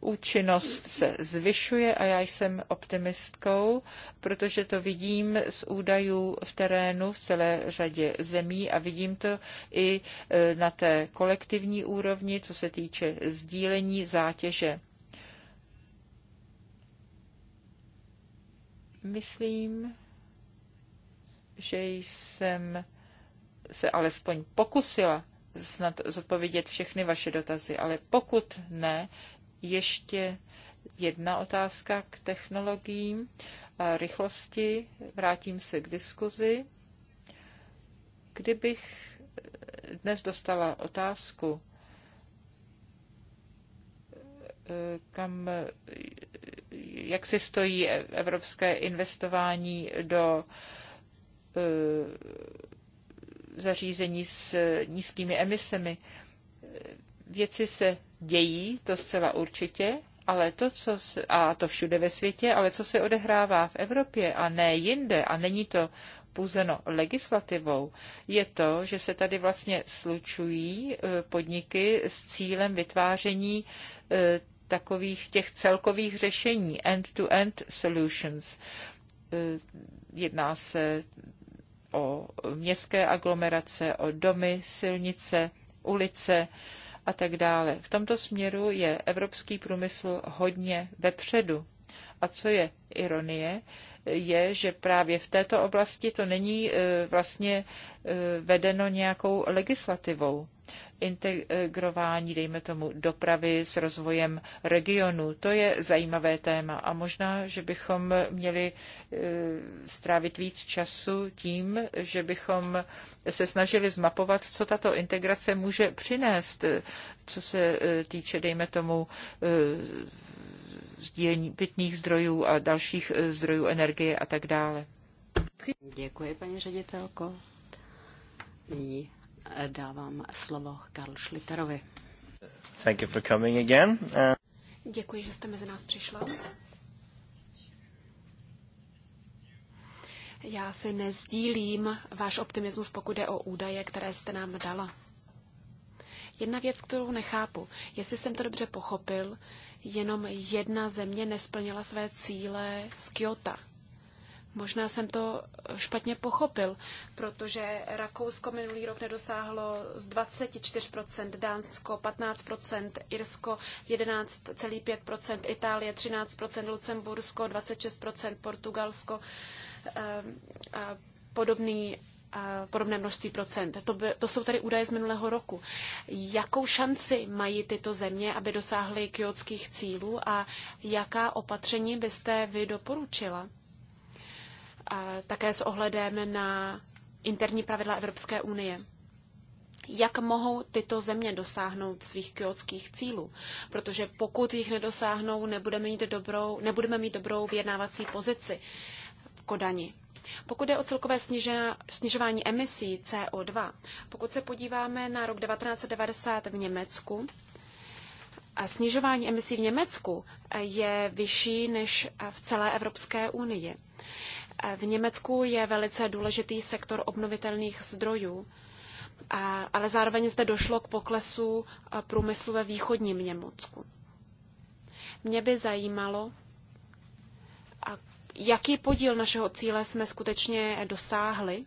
účinnost se zvyšuje a já jsem optimistkou, protože to vidím z údajů v terénu v celé řadě zemí a vidím to i e, na té kolektivní úrovni, co se týče sdílení zátěže. Myslím, že jsem se alespoň pokusila snad zodpovědět všechny vaše dotazy, ale pokud ne, ještě jedna otázka k technologiím a rychlosti. Vrátím se k diskuzi. Kdybych dnes dostala otázku, kam jak si stojí evropské investování do eh, zařízení s nízkými emisemi. Věci se dějí, to zcela určitě, ale to, co se, a to všude ve světě, ale co se odehrává v Evropě a ne jinde, a není to půzeno legislativou, je to, že se tady vlastně slučují eh, podniky s cílem vytváření eh, takových těch celkových řešení, end-to-end -end solutions. E, jedná se o městské aglomerace, o domy, silnice, ulice a tak dále. V tomto směru je evropský průmysl hodně vepředu. A co je ironie, je, že právě v této oblasti to není e, vlastně e, vedeno nějakou legislativou integrování, dejme tomu, dopravy s rozvojem regionu. To je zajímavé téma a možná, že bychom měli e, strávit víc času tím, že bychom se snažili zmapovat, co tato integrace může přinést, co se týče, dejme tomu, sdílení pitných zdrojů a dalších eh, zdrojů energie a tak dále. Děkuji, paní ředitelko. Nyní eh, dávám slovo Karl Schlitterovi. Thank you for coming again. Uh... Děkuji, že jste mezi nás přišla. Já si nezdílím váš optimismus, pokud je o údaje, které jste nám dala. Jedna věc, kterou nechápu, jestli jsem to dobře pochopil, jenom jedna země nesplnila své cíle z Kyoto. Možná jsem to špatně pochopil, protože Rakousko minulý rok nedosáhlo z 24%, Dánsko 15%, Irsko 11,5%, Itálie 13%, Lucembursko 26%, Portugalsko eh, podobný podobné množství procent. To, by, to jsou tady údaje z minulého roku. Jakou šanci mají tyto země, aby dosáhly kyotských cílů a jaká opatření byste vy doporučila? A také s ohledem na interní pravidla Evropské unie. Jak mohou tyto země dosáhnout svých kyotských cílů? Protože pokud jich nedosáhnou, nebudeme mít dobrou, nebudeme mít dobrou vyjednávací pozici v Kodani. Pokud je o celkové snižování emisí CO2, pokud se podíváme na rok 1990 v Německu, a snižování emisí v Německu eh, je vyšší než eh, v celé Evropské unii. Eh, v Německu je velice důležitý sektor obnovitelných zdrojů, ale zároveň zde došlo k poklesu průmyslu ve východním Německu. Mě by zajímalo, jaký podíl našeho cíle jsme skutečně dosáhli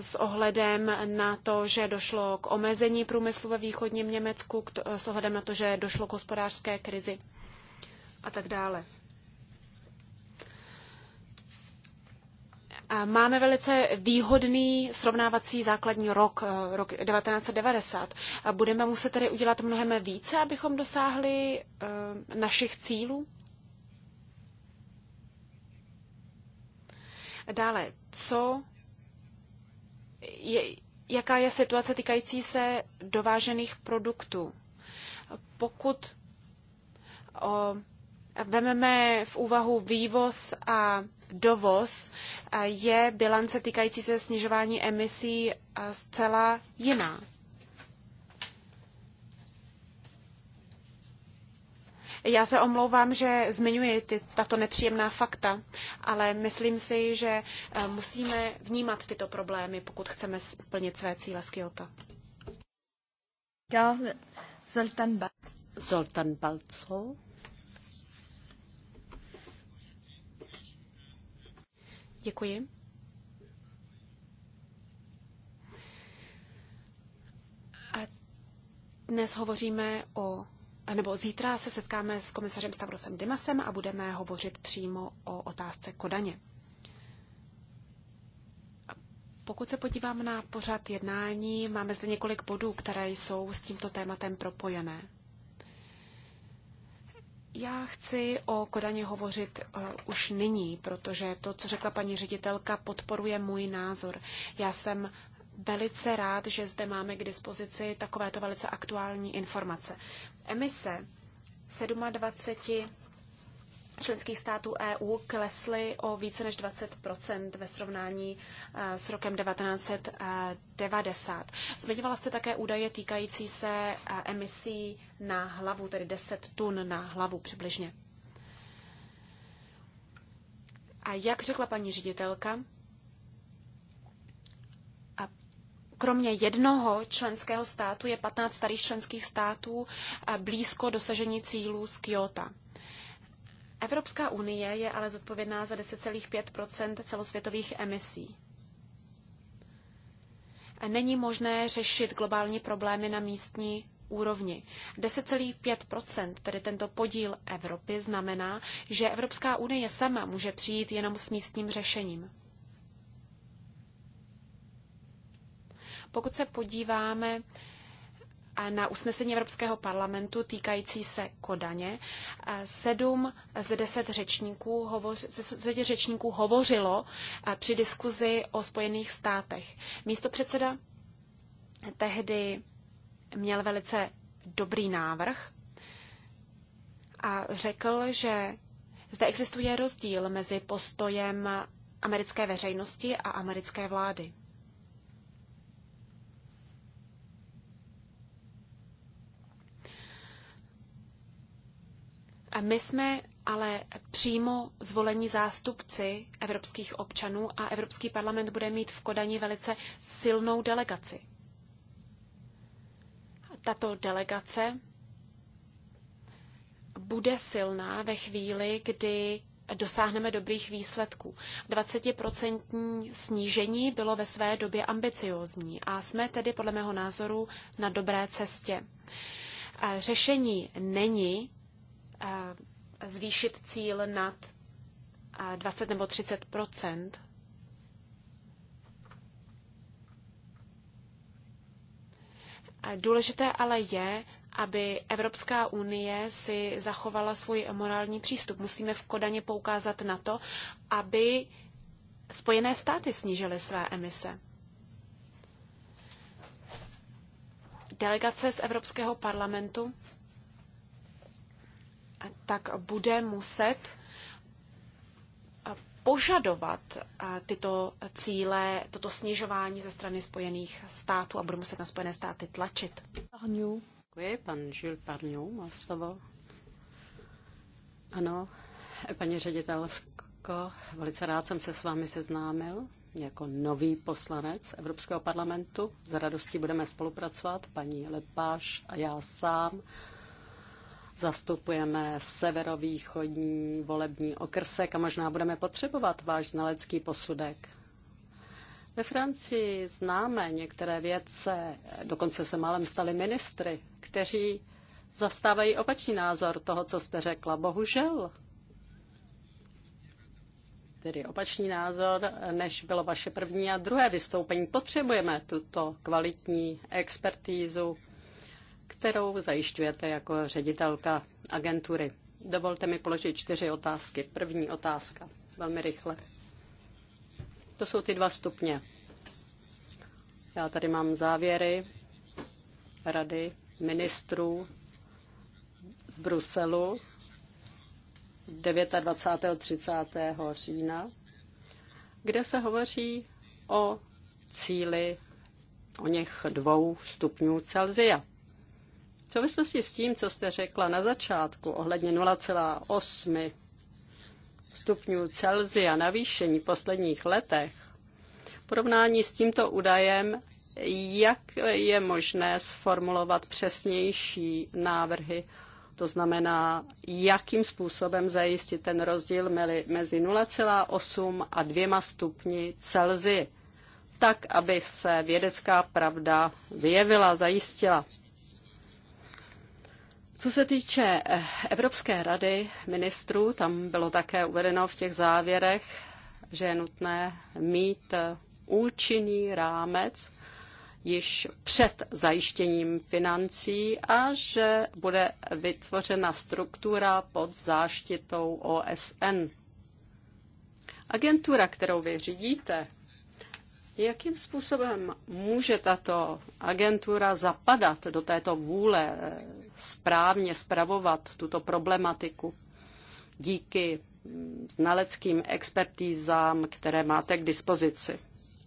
s ohledem na to, že došlo k omezení průmyslu ve východním Německu, s ohledem na to, že došlo k hospodářské krizi a tak dále. Máme velice výhodný srovnávací základní rok, eh, rok 1990. Budeme muset tedy udělat mnohem více, abychom dosáhli eh, našich cílů? Dále, co je, jaká je situace týkající se dovážených produktů? Pokud o, vememe v úvahu vývoz a dovoz, je bilance týkající se snižování emisí zcela jiná. Já se omlouvám, že zmiňuji ty, tato nepříjemná fakta, ale myslím si, že eh, musíme vnímat tyto problémy, pokud chceme splnit své cíle z Kyoto. Zoltán, ba- Zoltán Balco. Děkuji. A dnes hovoříme o nebo zítra se setkáme s komisařem Stavrosem Dimasem a budeme hovořit přímo o otázce Kodaně. Pokud se podívám na pořad jednání, máme zde několik bodů, které jsou s tímto tématem propojené. Já chci o Kodaně hovořit uh, už nyní, protože to, co řekla paní ředitelka, podporuje můj názor. Já jsem velice rád, že zde máme k dispozici takovéto velice aktuální informace. Emise 27 členských států EU klesly o více než 20 ve srovnání eh, s rokem 1990. Zmiňovala jste také údaje týkající se eh, emisí na hlavu, tedy 10 tun na hlavu přibližně. A jak řekla paní ředitelka, kromě jednoho členského státu je 15 starých členských států eh, blízko dosažení cílů z Kyoto. Evropská unie je ale zodpovědná za 10,5 celosvětových emisí. Není možné řešit globální problémy na místní úrovni. 10,5 tedy tento podíl Evropy, znamená, že Evropská unie sama může přijít jenom s místním řešením. Pokud se podíváme na usnesení Evropského parlamentu týkající se Kodaně. Sedm z deset řečníků, hovoř, z řečníků hovořilo při diskuzi o Spojených státech. Místo předseda tehdy měl velice dobrý návrh a řekl, že zde existuje rozdíl mezi postojem americké veřejnosti a americké vlády. My jsme ale přímo zvolení zástupci evropských občanů a Evropský parlament bude mít v Kodani velice silnou delegaci. Tato delegace bude silná ve chvíli, kdy dosáhneme dobrých výsledků. 20% snížení bylo ve své době ambiciozní a jsme tedy podle mého názoru na dobré cestě. Řešení není Eh, zvýšit cíl nad 20 eh, nebo 30 Důležité ale je, aby Evropská unie si zachovala svůj morální přístup. Musíme v Kodaně poukázat na to, aby Spojené státy snížily své emise. Delegace z Evropského parlamentu tak bude muset eh, požadovat eh, tyto cíle, toto snižování ze strany Spojených států a bude muset na Spojené státy tlačit. Děkuji, pan Jules Parňou má slovo. Ano, paní ředitelko, velice rád jsem se s vámi seznámil jako nový poslanec Evropského parlamentu. Za radostí budeme spolupracovat, paní Lepáš a já sám Zastupujeme severovýchodní volební okrsek a možná budeme potřebovat váš znalecký posudek. Ve Francii známe některé vědce, dokonce se málem stali ministry, kteří zastávají opačný názor toho, co jste řekla. Bohužel. Tedy opačný názor, než bylo vaše první a druhé vystoupení. Potřebujeme tuto kvalitní expertízu kterou zajišťujete jako ředitelka agentury. Dovolte mi položit čtyři otázky. První otázka, velmi rychle. To jsou ty dva stupně. Já tady mám závěry rady ministrů v Bruselu 29. 30. října, kde se hovoří o cíli o něch dvou stupňů Celzia. V souvislosti s tím, co jste řekla na začátku ohledně 0,8 stupňů Celsia navýšení výšení posledních letech, v porovnání s tímto údajem, jak je možné sformulovat přesnější návrhy to znamená, jakým způsobem zajistit ten rozdíl mezi 0,8 a 2 stupni Celsia, tak, aby se vědecká pravda vyjevila, zajistila. Co se týče eh, Evropské rady ministrů, tam bylo také uvedeno v těch závěrech, že je nutné mít eh, účinný rámec již před zajištěním financí a že bude vytvořena struktura pod záštitou OSN. Agentura, kterou vy řídíte, Jakým způsobem může tato agentura zapadat do této vůle eh, správně spravovat tuto problematiku díky mm, znaleckým expertízám, které máte k dispozici?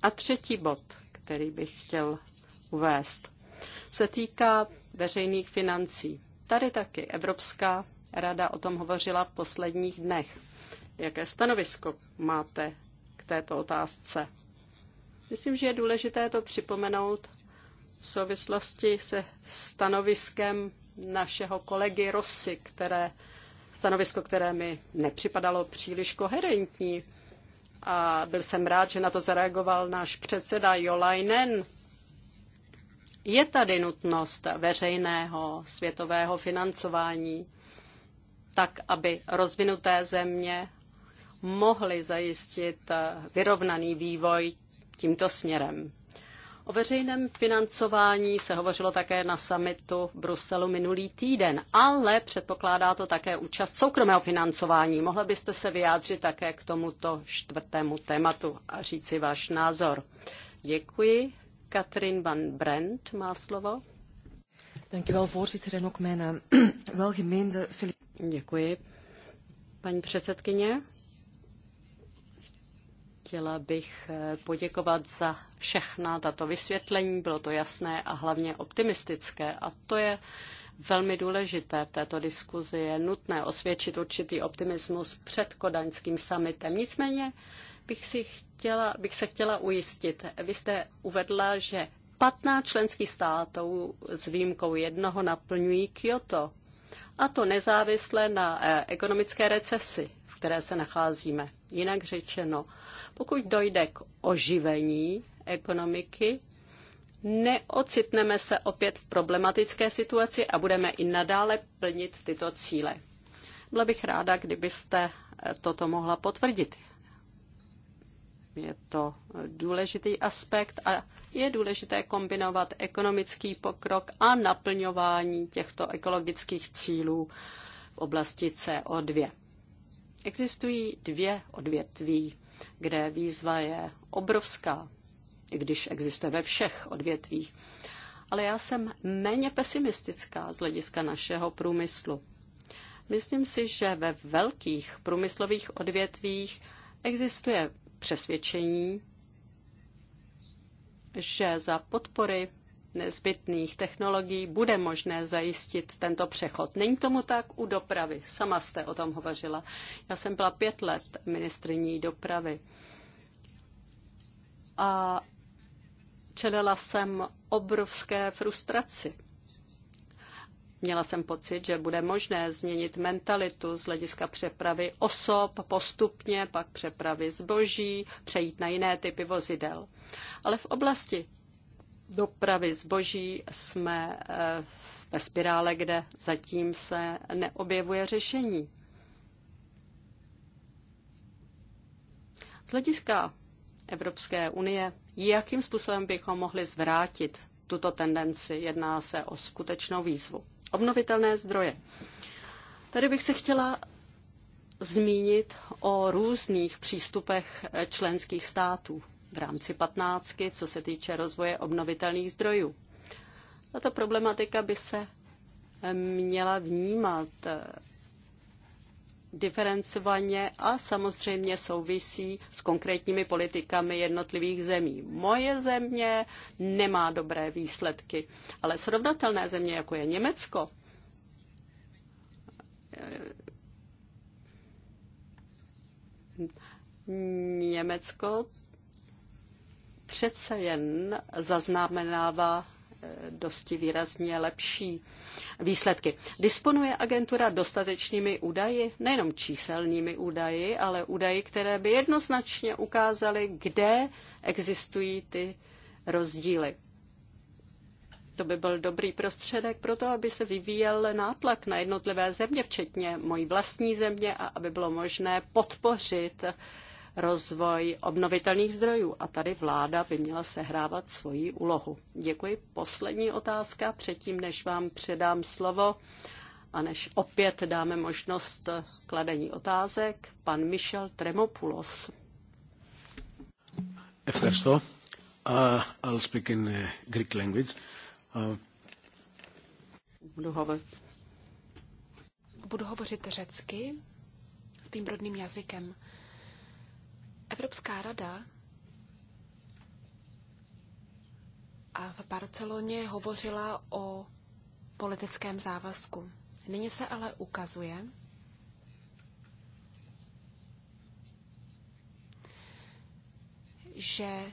A třetí bod, který bych chtěl uvést, se týká veřejných financí. Tady taky Evropská rada o tom hovořila v posledních dnech. Jaké stanovisko máte k této otázce? Myslím, že je důležité to připomenout v souvislosti se stanoviskem našeho kolegy Rosy, které, stanovisko, které mi nepřipadalo příliš koherentní. A byl jsem rád, že na to zareagoval náš předseda Jolajnen. Je tady nutnost veřejného světového financování, tak aby rozvinuté země mohly zajistit vyrovnaný vývoj tímto směrem. O veřejném financování se hovořilo také na summitu v Bruselu minulý týden, ale předpokládá to také účast soukromého financování. Mohla byste se vyjádřit také k tomuto čtvrtému tématu a říci váš názor. Děkuji. Katrin van Brent má slovo. Eh, <clears throat> Děkuji, paní předsedkyně. Chtěla bych eh, poděkovat za všechna tato vysvětlení, bylo to jasné a hlavně optimistické. A to je velmi důležité v této diskuzi. Je nutné osvědčit určitý optimismus před kodaňským summitem. Nicméně bych, si chtěla, bych se chtěla ujistit. Vy jste uvedla, že 15 členských států s výjimkou jednoho naplňují Kyoto. A to nezávisle na eh, ekonomické recesi které se nacházíme. Jinak řečeno, pokud dojde k oživení ekonomiky, neocitneme se opět v problematické situaci a budeme i nadále plnit tyto cíle. Byla bych ráda, kdybyste toto mohla potvrdit. Je to důležitý aspekt a je důležité kombinovat ekonomický pokrok a naplňování těchto ekologických cílů v oblasti CO2. Existují dvě odvětví, kde výzva je obrovská, i když existuje ve všech odvětvích. Ale já jsem méně pesimistická z hlediska našeho průmyslu. Myslím si, že ve velkých průmyslových odvětvích existuje přesvědčení, že za podpory nezbytných technologií bude možné zajistit tento přechod. Není tomu tak u dopravy. Sama jste o tom hovořila. Já jsem byla pět let ministriní dopravy a čelila jsem obrovské frustraci. Měla jsem pocit, že bude možné změnit mentalitu z hlediska přepravy osob, postupně pak přepravy zboží, přejít na jiné typy vozidel. Ale v oblasti dopravy zboží jsme eh, ve spirále, kde zatím se neobjevuje řešení. Z hlediska Evropské unie, jakým způsobem bychom mohli zvrátit tuto tendenci? Jedná se o skutečnou výzvu. Obnovitelné zdroje. Tady bych se chtěla zmínit o různých přístupech eh, členských států v rámci patnáctky, co se týče rozvoje obnovitelných zdrojů. Tato problematika by se měla vnímat eh, diferencovaně a samozřejmě souvisí s konkrétními politikami jednotlivých zemí. Moje země nemá dobré výsledky, ale srovnatelné země, jako je Německo, eh, Německo přece jen zaznamenává eh, dosti výrazně lepší výsledky. Disponuje agentura dostatečnými údaji, nejenom číselnými údaji, ale údaji, které by jednoznačně ukázaly, kde existují ty rozdíly. To by byl dobrý prostředek pro to, aby se vyvíjel nátlak na jednotlivé země, včetně mojí vlastní země, a aby bylo možné podpořit uh, rozvoj obnovitelných zdrojů a tady vláda by měla sehrávat svoji úlohu. Děkuji. Poslední otázka předtím, než vám předám slovo a než opět dáme možnost kladení otázek. Pan Michel Tremopoulos. Ευχαριστώ. Uh, I'll speak in uh, Greek language. Uh... Budu, hovořit. Budu hovořit řecky s tím rodným jazykem. Evropská rada a v Barceloně hovořila o politickém závazku. Nyní se ale ukazuje, že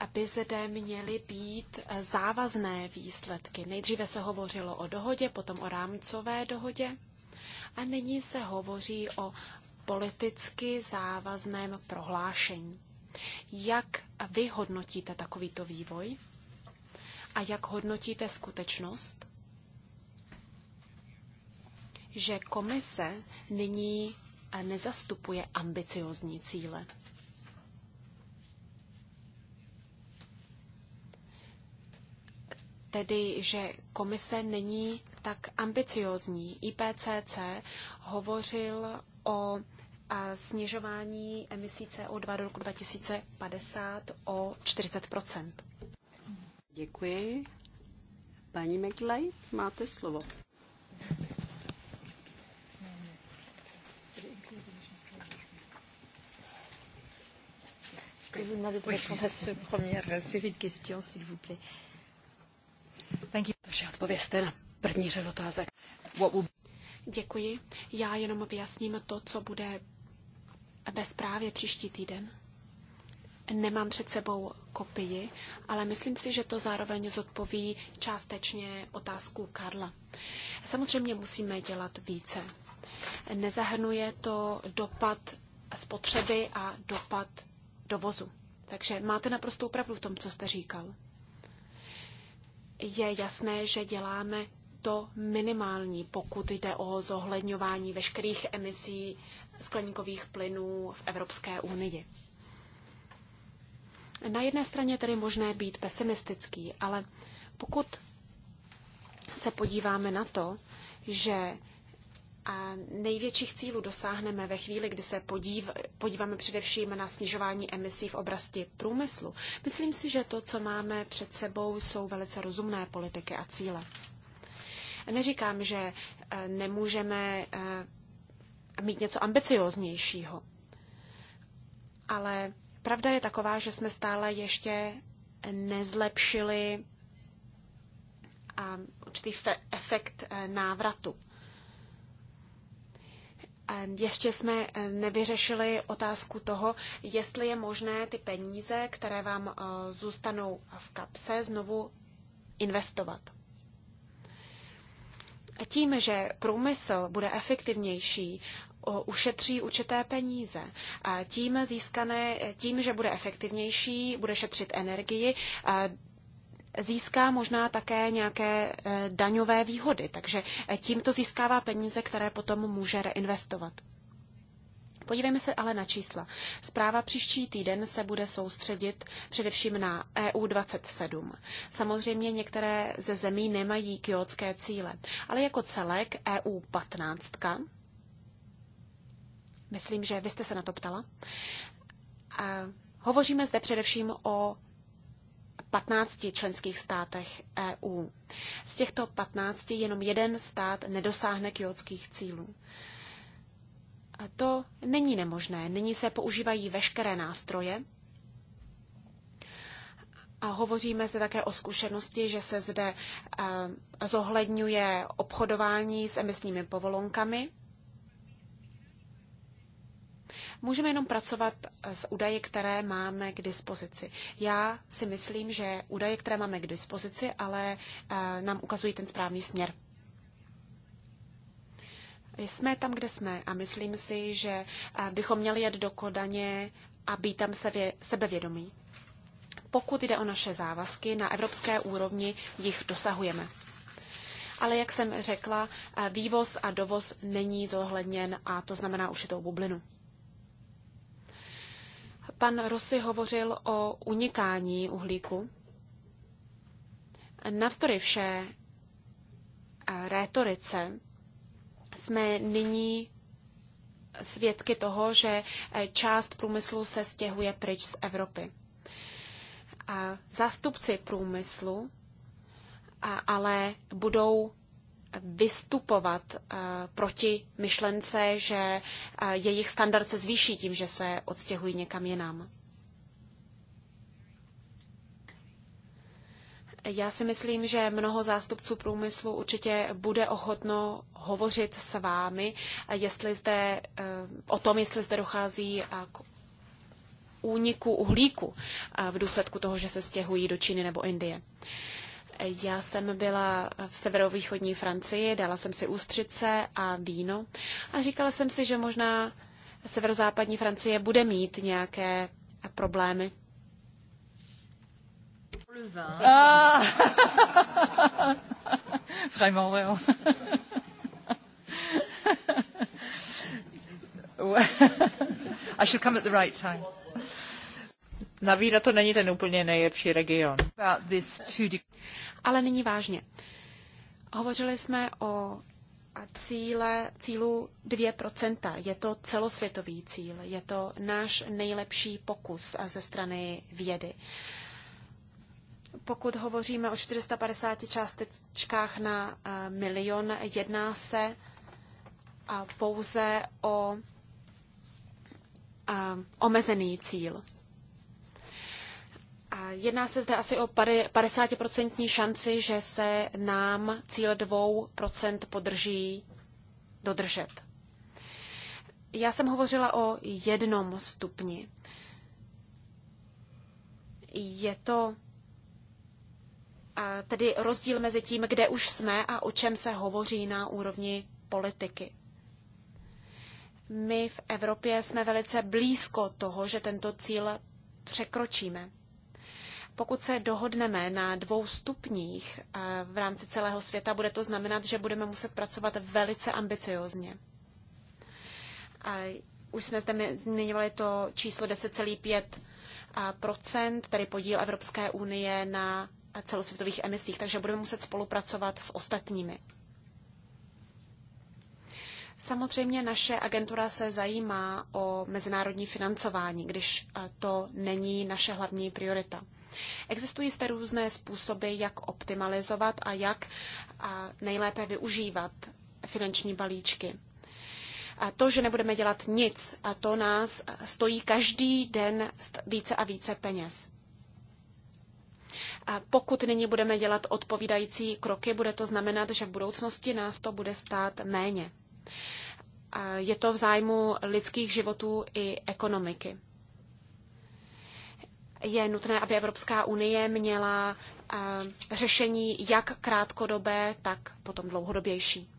aby zde měly být závazné výsledky. Nejdříve se hovořilo o dohodě, potom o rámcové dohodě a nyní se hovoří o politicky závazném prohlášení. Jak vy hodnotíte takovýto vývoj? A jak hodnotíte skutečnost, že komise nyní nezastupuje ambiciozní cíle? Tedy, že komise není tak ambiciozní. IPCC hovořil o snižování emisí CO2 do roku 2050 o 40 Děkuji. Paní McLeod, máte slovo. Je euh, série Takže na první řadu otázek. Děkuji. Já jenom vyjasním to, co bude ve zprávě příští týden. Nemám před sebou kopii, ale myslím si, že to zároveň zodpoví částečně otázku Karla. Samozřejmě musíme dělat více. Nezahrnuje to dopad spotřeby a dopad dovozu. Takže máte naprostou pravdu v tom, co jste říkal. Je jasné, že děláme to minimální, pokud jde o zohledňování veškerých emisí skleníkových plynů v Evropské unii. Na jedné straně tedy možné být pesimistický, ale pokud se podíváme na to, že a největších cílů dosáhneme ve chvíli, kdy se podív, podíváme především na snižování emisí v oblasti průmyslu. Myslím si, že to, co máme před sebou, jsou velice rozumné politiky a cíle. Neříkám, že eh, nemůžeme eh, mít něco ambicioznějšího, ale pravda je taková, že jsme stále ještě nezlepšili eh, určitý efekt návratu. Ještě jsme nevyřešili otázku toho, jestli je možné ty peníze, které vám zůstanou v kapse, znovu investovat. Tím, že průmysl bude efektivnější, ušetří určité peníze. A tím, získané, tím, že bude efektivnější, bude šetřit energii, získá možná také nějaké e, daňové výhody, takže e, tímto získává peníze, které potom může reinvestovat. Podívejme se ale na čísla. Zpráva příští týden se bude soustředit především na EU27. Samozřejmě některé ze zemí nemají kyotské cíle, ale jako celek EU15. Myslím, že vy jste se na to ptala. A hovoříme zde především o 15 členských státech EU. Z těchto 15 jenom jeden stát nedosáhne kyotských cílů to není nemožné. Nyní se používají veškeré nástroje. A hovoříme zde také o zkušenosti, že se zde eh, zohledňuje obchodování s emisními povolonkami. Můžeme jenom pracovat s údaji, které máme k dispozici. Já si myslím, že údaje, které máme k dispozici, ale eh, nám ukazují ten správný směr. Jsme tam, kde jsme a myslím si, že eh, bychom měli jet do Kodaně a být tam sebe, sebevědomí. Pokud jde o naše závazky, na evropské úrovni jich dosahujeme. Ale jak jsem řekla, eh, vývoz a dovoz není zohledněn a to znamená ušitou bublinu. Pan Rossi hovořil o unikání uhlíku. Navzdory vše eh, rétorice jsme nyní svědky toho, že eh, část průmyslu se stěhuje pryč z Evropy. A zástupci průmyslu a, ale budou vystupovat eh, proti myšlence, že eh, jejich standard se zvýší tím, že se odstěhují někam jinam. Já si myslím, že mnoho zástupců průmyslu určitě bude ochotno hovořit s vámi, jestli zde, eh, o tom, jestli zde dochází eh, k úniku uhlíku eh, v důsledku toho, že se stěhují do Číny nebo Indie. Já jsem byla v severovýchodní Francii, dala jsem si ústřice a víno a říkala jsem si, že možná severozápadní Francie bude mít nějaké problémy le vin. Ah <laughs> Vraiment, vraiment. I should come at the right time. Na víno to není ten úplně nejlepší region. Ale nyní vážně. Hovořili jsme o cíle, cílu 2%. Je to celosvětový cíl, je to náš nejlepší pokus ze strany vědy. Pokud hovoříme o 450 částečkách na eh, milion, jedná se pouze o eh, omezený cíl. A jedná se zde asi o 50% šanci, že se nám cíl 2% podrží dodržet. Já jsem hovořila o jednom stupni. Je to tedy rozdíl mezi tím, kde už jsme a o čem se hovoří na úrovni politiky. My v Evropě jsme velice blízko toho, že tento cíl překročíme. Pokud se dohodneme na dvou stupních eh, v rámci celého světa, bude to znamenat, že budeme muset pracovat velice ambiciozně. A už jsme zde zmiňovali to číslo 10,5 eh, procent, tedy podíl Evropské unie na celosvětových emisích, takže budeme muset spolupracovat s ostatními. Samozřejmě naše agentura se zajímá o mezinárodní financování, když eh, to není naše hlavní priorita. Existují zde různé způsoby, jak optimalizovat a jak eh, nejlépe využívat finanční balíčky. A to, že nebudeme dělat nic, a to nás stojí každý den více a více peněz. Pokud nyní budeme dělat odpovídající kroky, bude to znamenat, že v budoucnosti nás to bude stát méně. Je to v zájmu lidských životů i ekonomiky. Je nutné, aby Evropská unie měla řešení jak krátkodobé, tak potom dlouhodobější.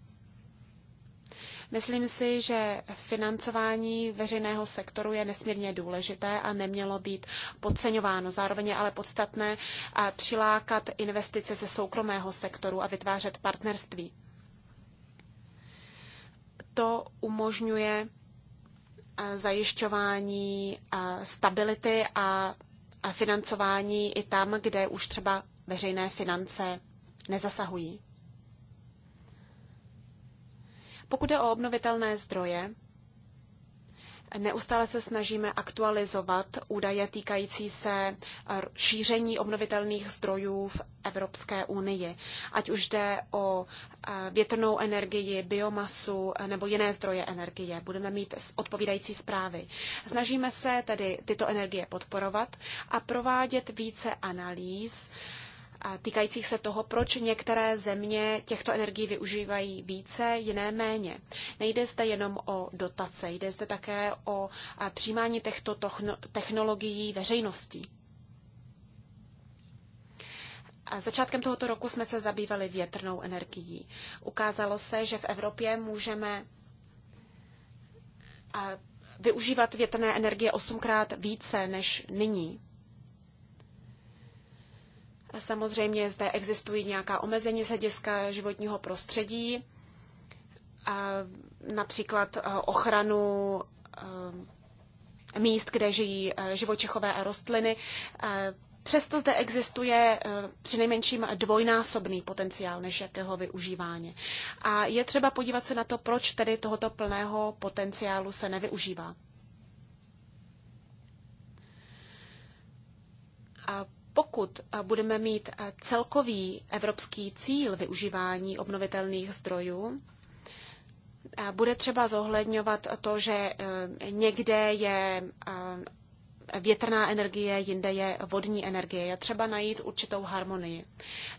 Myslím si, že financování veřejného sektoru je nesmírně důležité a nemělo být podceňováno. Zároveň je ale podstatné eh, přilákat investice ze soukromého sektoru a vytvářet partnerství. To umožňuje eh, zajišťování eh, stability a financování i tam, kde už třeba veřejné finance nezasahují. Pokud je o obnovitelné zdroje, Neustále se snažíme aktualizovat údaje týkající se eh, šíření obnovitelných zdrojů v Evropské unii, ať už jde o eh, větrnou energii, biomasu eh, nebo jiné zdroje energie. Budeme mít odpovídající zprávy. Snažíme se tedy tyto energie podporovat a provádět více analýz týkajících se toho, proč některé země těchto energií využívají více, jiné méně. Nejde zde jenom o dotace, jde zde také o přijímání těchto technologií veřejností. A začátkem tohoto roku jsme se zabývali větrnou energií. Ukázalo se, že v Evropě můžeme využívat větrné energie osmkrát více než nyní. Samozřejmě zde existují nějaká omezení z hlediska životního prostředí, například eh, ochranu eh, míst, kde žijí eh, živočichové a rostliny. Přesto zde existuje přinejmenším dvojnásobný potenciál než jakého využívání. A je třeba podívat se na to, proč tedy tohoto plného potenciálu se nevyužívá. A pokud eh, budeme mít eh, celkový evropský cíl využívání obnovitelných zdrojů, eh, bude třeba zohledňovat to, že někde je větrná energie, jinde je vodní energie. Je třeba najít určitou harmonii.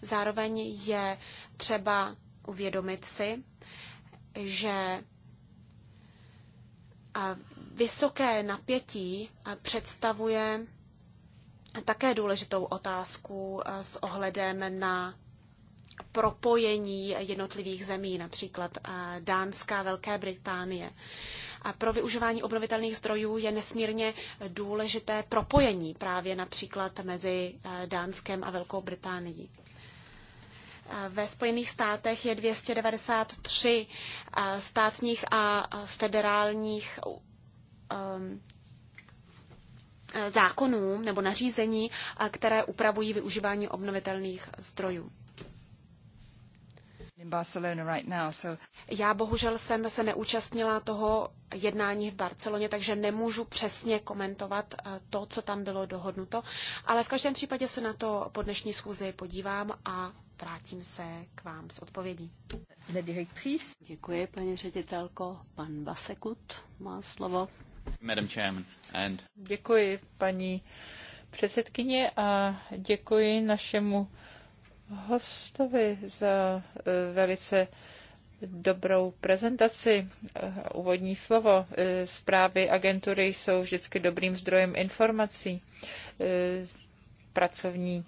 Zároveň je třeba uvědomit si, že vysoké napětí představuje také důležitou otázku eh, s ohledem na propojení jednotlivých zemí, například eh, Dánska, Velké Británie. A pro využívání obnovitelných zdrojů je nesmírně důležité propojení právě například mezi eh, Dánskem a Velkou Británií. Ve Spojených státech je 293 státních a federálních Eh, zákonů nebo nařízení, eh, které upravují využívání obnovitelných zdrojů. Já bohužel jsem se neúčastnila toho jednání v Barceloně, takže nemůžu přesně komentovat eh, to, co tam bylo dohodnuto, ale v každém případě se na to po dnešní schůzi podívám a vrátím se k vám s odpovědí. Děkuji, paní ředitelko. Pan Vasekut má slovo. Děkuji, paní předsedkyně, a děkuji našemu hostovi za eh, velice dobrou prezentaci. Eh, úvodní slovo. Eh, zprávy agentury jsou vždycky dobrým zdrojem informací. Pracovní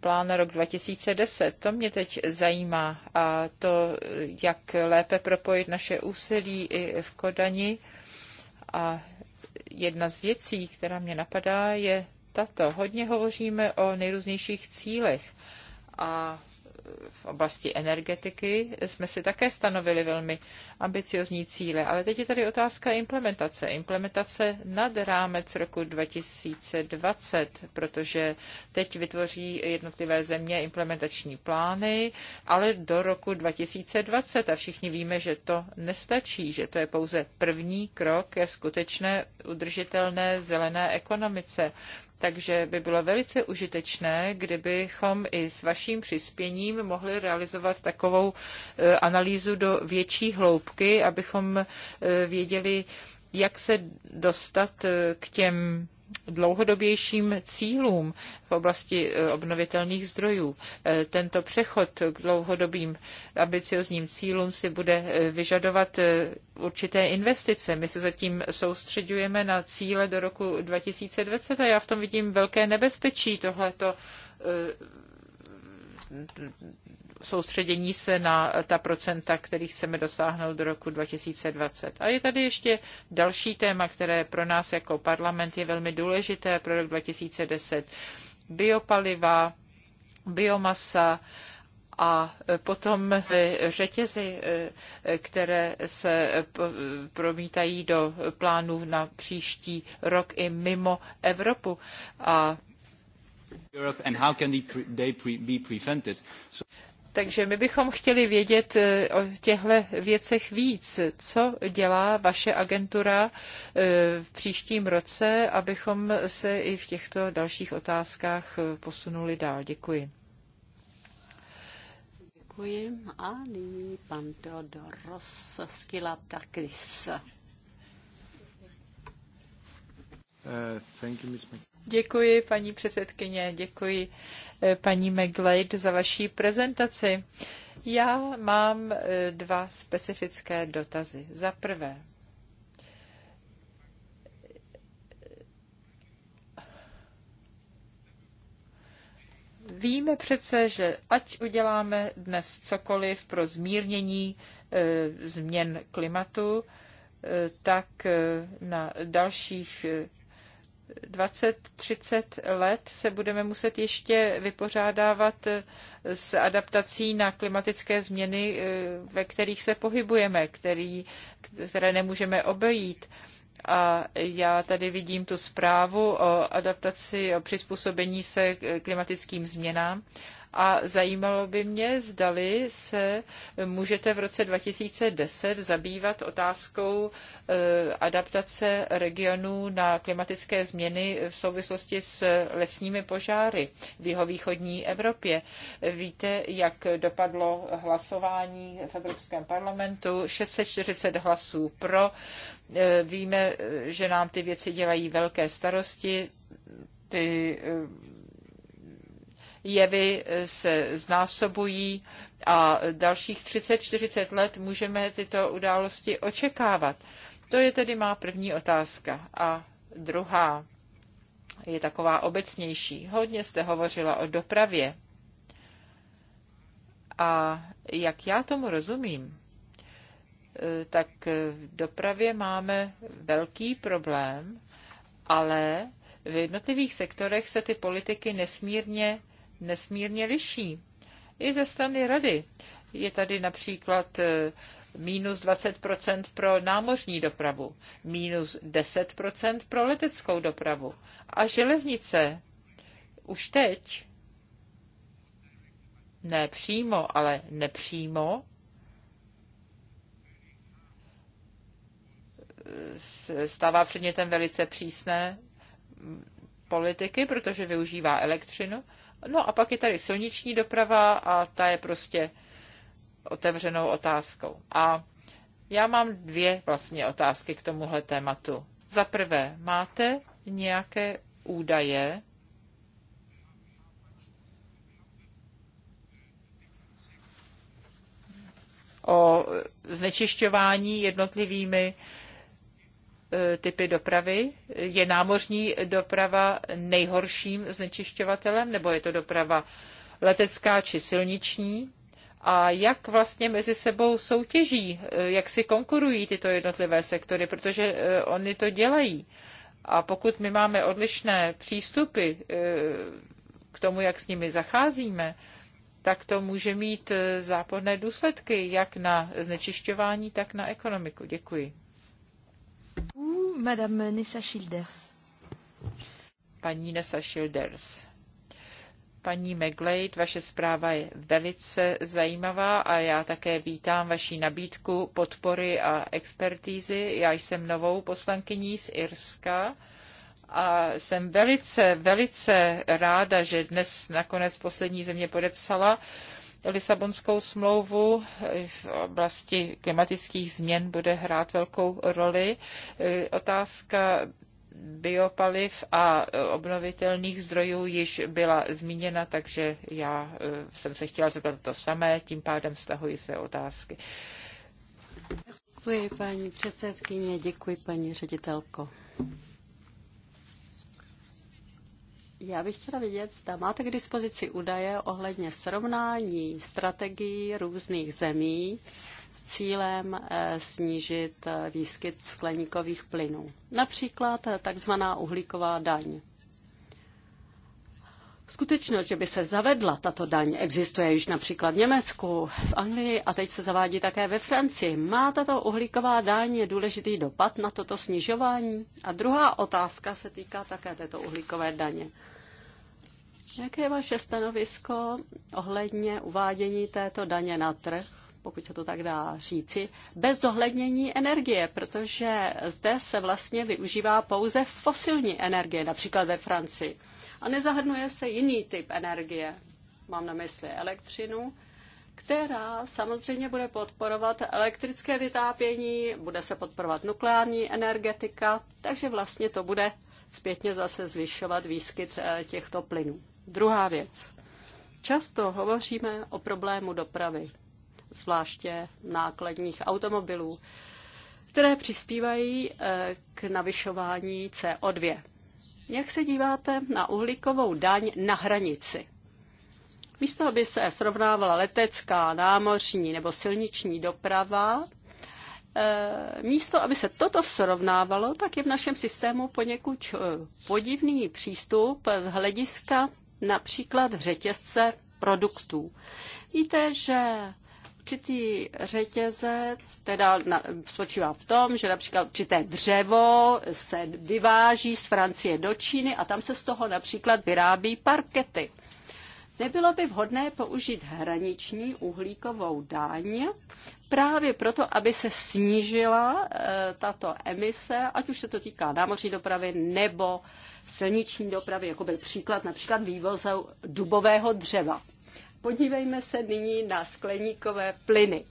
plán na rok 2010. To mě teď zajímá a to, jak lépe propojit naše úsilí i v Kodani a jedna z věcí, která mě napadá, je tato. Hodně hovoříme o nejrůznějších cílech a v oblasti energetiky jsme si také stanovili velmi ambiciozní cíle, ale teď je tady otázka implementace. Implementace nad rámec roku 2020, protože teď vytvoří jednotlivé země implementační plány, ale do roku 2020 a všichni víme, že to nestačí, že to je pouze první krok ke skutečné udržitelné zelené ekonomice takže by bylo velice užitečné, kdybychom i s vaším přispěním mohli realizovat takovou eh, analýzu do větší hloubky, abychom eh, věděli, jak se dostat eh, k těm dlouhodobějším cílům v oblasti eh, obnovitelných zdrojů. Eh, tento přechod k dlouhodobým ambiciozním cílům si bude eh, vyžadovat určité investice. My se zatím soustředujeme na cíle do roku 2020 a já v tom vidím velké nebezpečí tohleto soustředění se na ta procenta, který chceme dosáhnout do roku 2020. A je tady ještě další téma, které pro nás jako parlament je velmi důležité pro rok 2010. Biopaliva, biomasa, a potom řetězy, které se promítají do plánů na příští rok i mimo Evropu. A takže my bychom chtěli vědět eh, o těchto věcech víc. Co dělá vaše agentura eh, v příštím roce, abychom se i v těchto dalších otázkách eh, posunuli dál? Děkuji. Děkuji. A nyní pan Teodor Skilatakis. Děkuji, paní předsedkyně, děkuji Eh, paní McGlade, za vaší prezentaci. Já mám eh, dva specifické dotazy. Za prvé, víme přece, že ať uděláme dnes cokoliv pro zmírnění eh, změn klimatu, tak na dalších 20-30 let se budeme muset ještě vypořádávat s adaptací na klimatické změny, eh, ve kterých se pohybujeme, který, které nemůžeme obejít. A já tady vidím tu zprávu o adaptaci, o přizpůsobení se klimatickým změnám a zajímalo by mě, zdali se můžete v roce 2010 zabývat otázkou e, adaptace regionů na klimatické změny v souvislosti s lesními požáry v jihovýchodní Evropě. Víte, jak dopadlo hlasování v Evropském parlamentu? 640 hlasů pro. E, víme, že nám ty věci dělají velké starosti. Ty e, jevy eh, se znásobují a dalších 30-40 let můžeme tyto události očekávat. To je tedy má první otázka. A druhá je taková obecnější. Hodně jste hovořila o dopravě. A jak já tomu rozumím, eh, tak v dopravě máme velký problém, ale v jednotlivých sektorech se ty politiky nesmírně nesmírně liší. I ze strany rady je tady například eh, minus 20 pro námořní dopravu, minus 10 pro leteckou dopravu. A železnice už teď, ne přímo, ale nepřímo, stává předmětem velice přísné politiky, protože využívá elektřinu No a pak je tady silniční doprava a ta je prostě otevřenou otázkou. A já mám dvě vlastně otázky k tomuhle tématu. Za prvé, máte nějaké údaje o znečišťování jednotlivými E, typy dopravy? Je námořní doprava nejhorším znečišťovatelem, nebo je to doprava letecká či silniční? A jak vlastně mezi sebou soutěží, e, jak si konkurují tyto jednotlivé sektory, protože e, oni to dělají. A pokud my máme odlišné přístupy k tomu, jak s nimi zacházíme, tak to může mít záporné důsledky jak na znečišťování, tak na ekonomiku. Děkuji. Madame Nessa Schilders. Paní Nessa Schilders. Paní McGlade, vaše zpráva je velice zajímavá a já také vítám vaši nabídku podpory a expertízy. Já jsem novou poslankyní z Irska a jsem velice, velice ráda, že dnes nakonec poslední země podepsala uh, Lisabonskou smlouvu v oblasti klimatických změn bude hrát velkou roli. E, otázka biopaliv a obnovitelných zdrojů již byla zmíněna, takže já e, jsem se chtěla zeptat to samé, tím pádem stahuji své otázky. Děkuji paní předsedkyně, děkuji paní ředitelko. Já bych chtěla vědět, zda máte k dispozici údaje ohledně srovnání strategií různých zemí s cílem eh, snížit eh, výskyt skleníkových plynů. Například eh, takzvaná uhlíková daň. Skutečnost, že by se zavedla tato daň, existuje již například v Německu, v Anglii a teď se zavádí také ve Francii. Má tato uhlíková daň důležitý dopad na toto snižování? A druhá otázka se týká také této uhlíkové daně. Jaké je vaše stanovisko ohledně uvádění této daně na trh, pokud se to tak dá říci, bez zohlednění energie, protože zde se vlastně využívá pouze fosilní energie, například ve Francii a nezahrnuje se jiný typ energie, mám na mysli elektřinu, která samozřejmě bude podporovat elektrické vytápění, bude se podporovat nukleární energetika, takže vlastně to bude zpětně zase zvyšovat výskyt eh, těchto plynů. Druhá věc. Často hovoříme o problému dopravy, zvláště nákladních automobilů, které přispívají eh, k navyšování CO2. Jak se díváte na uhlíkovou daň na hranici? Místo, aby se srovnávala letecká, námořní nebo silniční doprava, eh, místo, aby se toto srovnávalo, tak je v našem systému poněkud eh, podivný přístup z hlediska například řetězce produktů. Víte, že určitý řetězec teda na, spočívá v tom, že například určité dřevo se vyváží z Francie do Číny a tam se z toho například vyrábí parkety. Nebylo by vhodné použít hraniční uhlíkovou daň právě proto, aby se snížila e, tato emise, ať už se to týká námořní dopravy nebo silniční dopravy, jako byl příklad například vývozu dubového dřeva. Podívejme se nyní na skleníkové plyny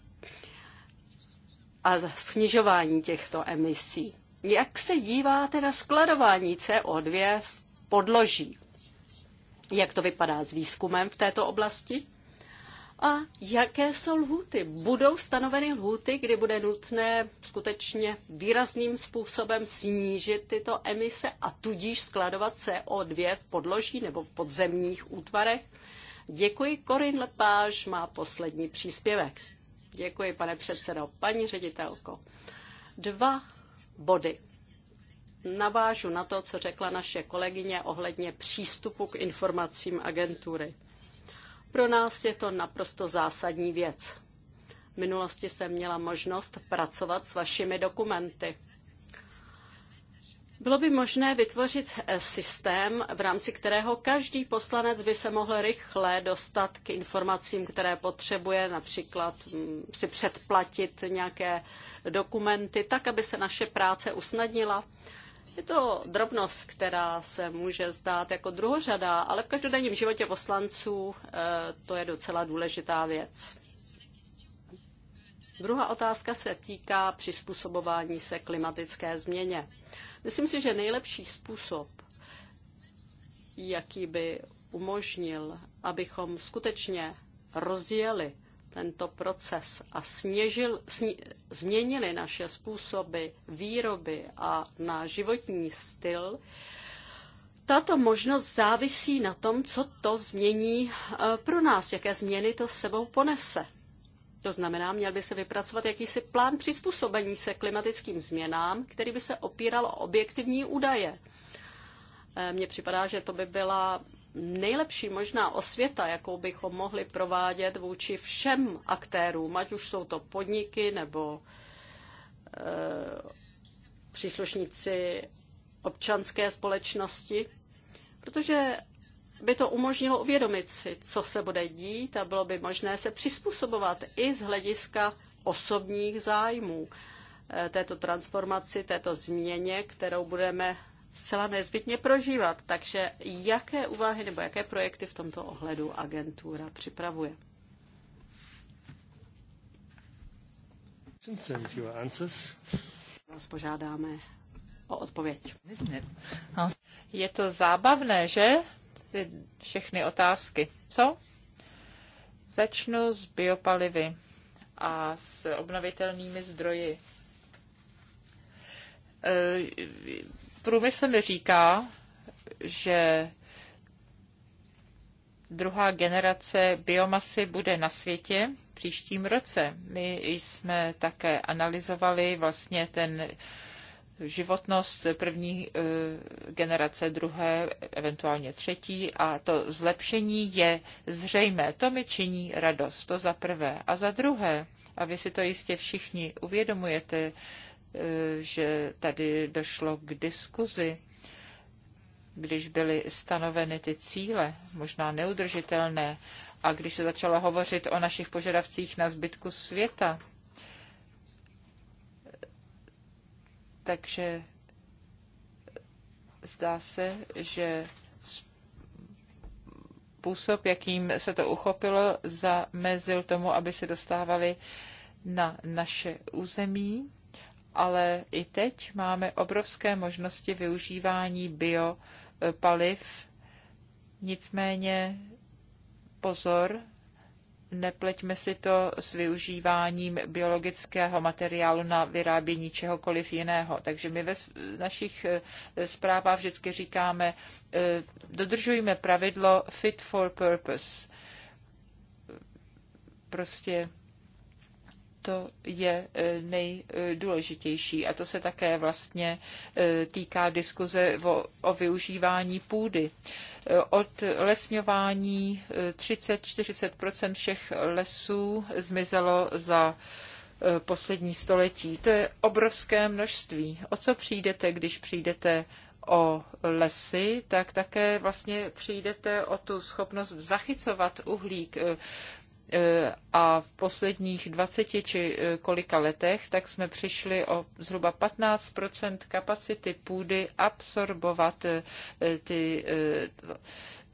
a snižování těchto emisí. Jak se díváte na skladování CO2 v podloží? Jak to vypadá s výzkumem v této oblasti? A jaké jsou lhuty? Budou stanoveny lhuty, kdy bude nutné skutečně výrazným způsobem snížit tyto emise a tudíž skladovat CO2 v podloží nebo v podzemních útvarech? Děkuji, Korin Lepáš má poslední příspěvek. Děkuji, pane předsedo. Paní ředitelko, dva body. Navážu na to, co řekla naše kolegyně ohledně přístupu k informacím agentury. Pro nás je to naprosto zásadní věc. V minulosti jsem měla možnost pracovat s vašimi dokumenty bylo by možné vytvořit eh, systém, v rámci kterého každý poslanec by se mohl rychle dostat k informacím, které potřebuje, například mm, si předplatit nějaké dokumenty, tak, aby se naše práce usnadnila. Je to drobnost, která se může zdát jako druhořadá, ale v každodenním životě poslanců eh, to je docela důležitá věc. Druhá otázka se týká přizpůsobování se klimatické změně. Myslím si, že nejlepší způsob, jaký by umožnil, abychom skutečně rozjeli tento proces a sněžil, sni, změnili naše způsoby výroby a na životní styl, tato možnost závisí na tom, co to změní eh, pro nás, jaké změny to sebou ponese. To znamená, měl by se vypracovat jakýsi plán přizpůsobení se klimatickým změnám, který by se opíral o objektivní údaje. Eh, mně připadá, že to by byla nejlepší možná osvěta, jakou bychom mohli provádět vůči všem aktérům, ať už jsou to podniky nebo e, příslušníci občanské společnosti, protože by to umožnilo uvědomit si, co se bude dít a bylo by možné se přizpůsobovat i z hlediska osobních zájmů eh, této transformaci, této změně, kterou budeme zcela nezbytně prožívat. Takže jaké úvahy nebo jaké projekty v tomto ohledu agentura připravuje? Vás požádáme o odpověď. Je to zábavné, že? ty všechny otázky. Co? Začnu s biopalivy a s obnovitelnými zdroji. E, průmysl mi říká, že druhá generace biomasy bude na světě příštím roce. My jsme také analyzovali vlastně ten životnost první eh, generace, druhé, eventuálně třetí a to zlepšení je zřejmé. To mi činí radost, to za prvé. A za druhé, a vy si to jistě všichni uvědomujete, eh, že tady došlo k diskuzi, když byly stanoveny ty cíle, možná neudržitelné, a když se začalo hovořit o našich požadavcích na zbytku světa, Takže zdá se, že způsob, jakým se to uchopilo, zamezil tomu, aby se dostávali na naše území, ale i teď máme obrovské možnosti využívání biopaliv. Nicméně pozor, nepleťme si to s využíváním biologického materiálu na vyrábění čehokoliv jiného. Takže my ve našich eh, zprávách vždycky říkáme, eh, dodržujme pravidlo fit for purpose. Prostě to je e, nejdůležitější. A to se také vlastně e, týká diskuze o, o využívání půdy. Od lesňování 30-40 všech lesů zmizelo za e, poslední století. To je obrovské množství. O co přijdete, když přijdete o lesy, tak také vlastně přijdete o tu schopnost zachycovat uhlík, E, a v posledních 20 či e, kolika letech, tak jsme přišli o zhruba 15 kapacity půdy absorbovat e, ty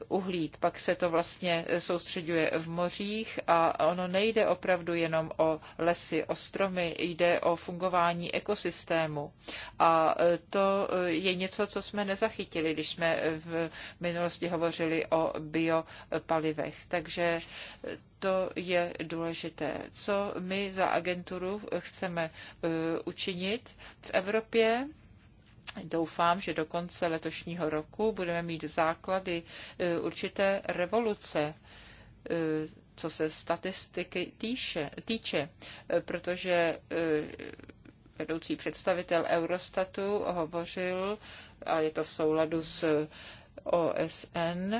uhlík, pak se to vlastně soustředuje v mořích a ono nejde opravdu jenom o lesy, o stromy, jde o fungování ekosystému. A e, to je něco, co jsme nezachytili, když jsme v minulosti hovořili o biopalivech. Takže e, to je důležité. Co my za agenturu chceme e, učinit v Evropě? Doufám, že do konce letošního roku budeme mít základy e, určité revoluce e, co se statistiky týše, týče e, protože vedoucí představitel Eurostatu hovořil, a je to v souladu s OSN,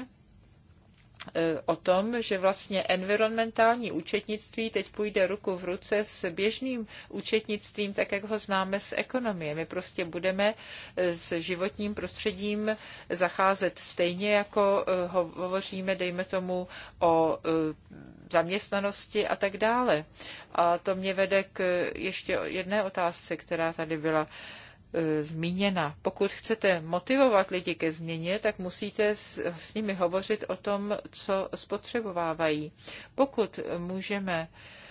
E, o tom, že vlastně environmentální účetnictví teď půjde ruku v ruce s běžným účetnictvím, tak jak ho známe z ekonomie. My prostě budeme e, s životním prostředím zacházet stejně, jako e, hovoříme, dejme tomu, o zaměstnanosti a tak dále. A to mě vede k ještě jedné otázce, která tady byla E, zmíněna. Pokud chcete motivovat lidi ke změně, tak musíte s, s nimi hovořit o tom, co spotřebovávají. Pokud můžeme uh,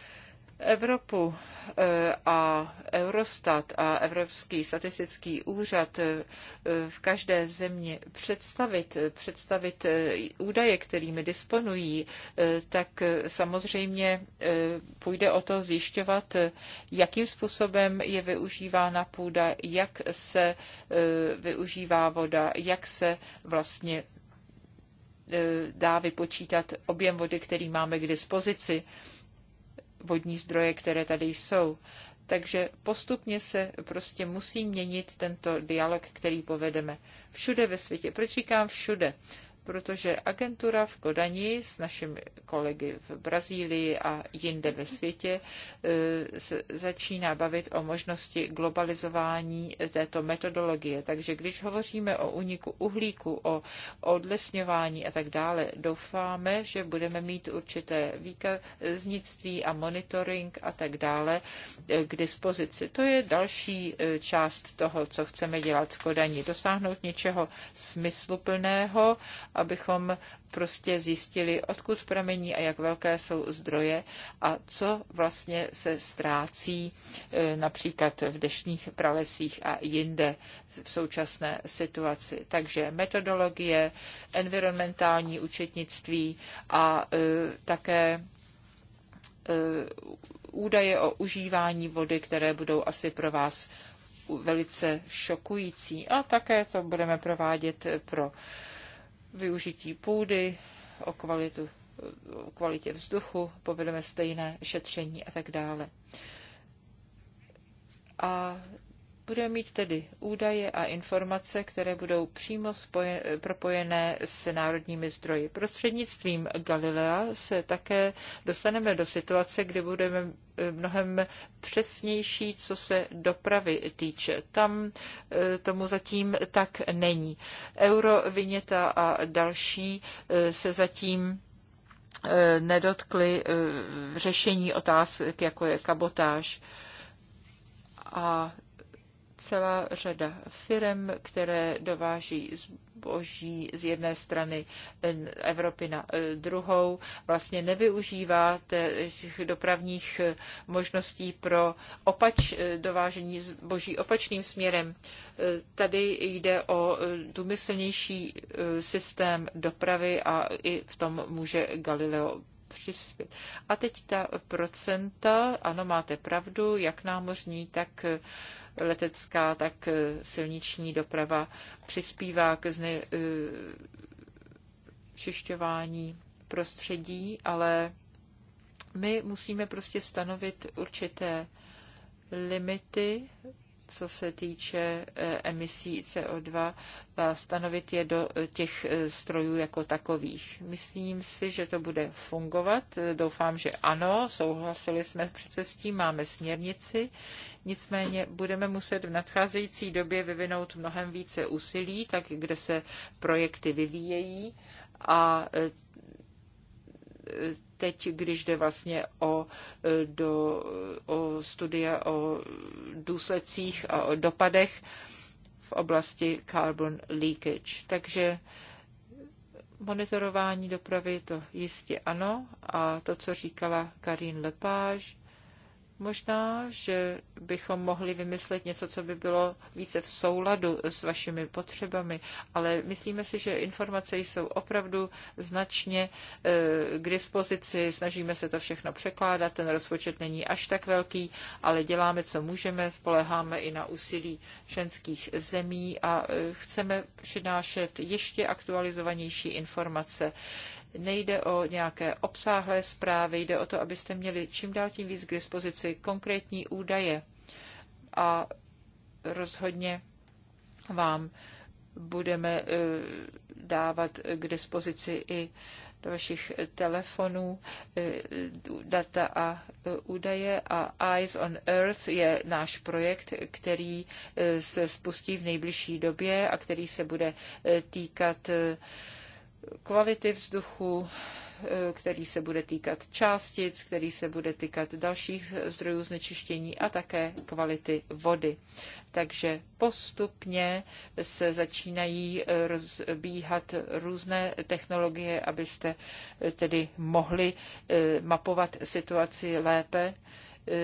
Evropu eh, a Eurostat a Evropský statistický úřad eh, v každé zemi představit, představit eh, údaje, kterými disponují, tak samozřejmě půjde o to zjišťovat, jakým způsobem je využívána půda, jak se využívá voda, jak se vlastně dá vypočítat objem vody, který máme k dispozici vodní zdroje, které tady jsou. Takže postupně se prostě musí měnit tento dialog, který povedeme všude ve světě. Proč říkám všude? protože agentura v Kodani s našimi kolegy v Brazílii a jinde ve světě e, se začíná bavit o možnosti globalizování této metodologie. Takže když hovoříme o uniku uhlíku, o odlesňování a tak dále, doufáme, že budeme mít určité výkaznictví a monitoring a tak dále e, k dispozici. To je další e, část toho, co chceme dělat v Kodani. Dosáhnout něčeho smysluplného abychom prostě zjistili, odkud pramení a jak velké jsou zdroje a co vlastně se ztrácí e, například v dešních pralesích a jinde v současné situaci. Takže metodologie, environmentální účetnictví a e, také e, údaje o užívání vody, které budou asi pro vás velice šokující. A také to budeme provádět pro využití půdy, o, kvalitu, o kvalitě vzduchu, povedeme stejné šetření a tak dále. A Budeme mít tedy údaje a informace, které budou přímo spoje, propojené s národními zdroji. Prostřednictvím Galilea se také dostaneme do situace, kdy budeme eh, mnohem přesnější, co se dopravy týče. Tam eh, tomu zatím tak není. Euroviněta a další eh, se zatím nedotkly řešení otázek, jako je kabotáž. A celá řada firm, které dováží zboží z jedné strany eh, Evropy na eh, druhou, vlastně nevyužívá těch dopravních eh, možností pro opač, dovážení zboží opačným směrem. Tady jde o důmyslnější systém dopravy a i v tom může Galileo přispět. A teď ta procenta, ano, máte pravdu, jak námořní, tak letecká, tak eh, silniční doprava přispívá k eh, znečišťování prostředí, ale my musíme prostě stanovit určité limity co se týče e, emisí CO2 e, stanovit je do e, těch strojů jako takových. Myslím si, že to bude fungovat. Doufám, že ano, souhlasili jsme přece s tím, máme směrnici. Nicméně budeme muset v nadcházející době vyvinout mnohem více úsilí, tak kde se projekty vyvíjejí a teď, když jde vlastně o, do, o studia o důsledcích a o dopadech v oblasti carbon leakage. Takže monitorování dopravy to jistě ano. A to, co říkala Karin Lepage, Možná, že bychom mohli vymyslet něco, co by bylo více v souladu s vašimi potřebami, ale myslíme si, že informace jsou opravdu značně e, k dispozici, snažíme se to všechno překládat, ten rozpočet není až tak velký, ale děláme, co můžeme, spoleháme i na úsilí členských zemí a e, chceme přinášet ještě aktualizovanější informace Nejde o nějaké obsáhlé zprávy, jde o to, abyste měli čím dál tím víc k dispozici konkrétní údaje. A rozhodně vám budeme eh, dávat k dispozici i do vašich telefonů eh, data a eh, údaje a Eyes on Earth je náš projekt, který se spustí v nejbližší době a který se bude týkat kvality vzduchu, eh, který se bude týkat částic, který se bude týkat dalších zdrojů znečištění a také kvality vody. Takže postupně se začínají eh, rozbíhat různé technologie, abyste eh, tedy mohli mapovat situaci lépe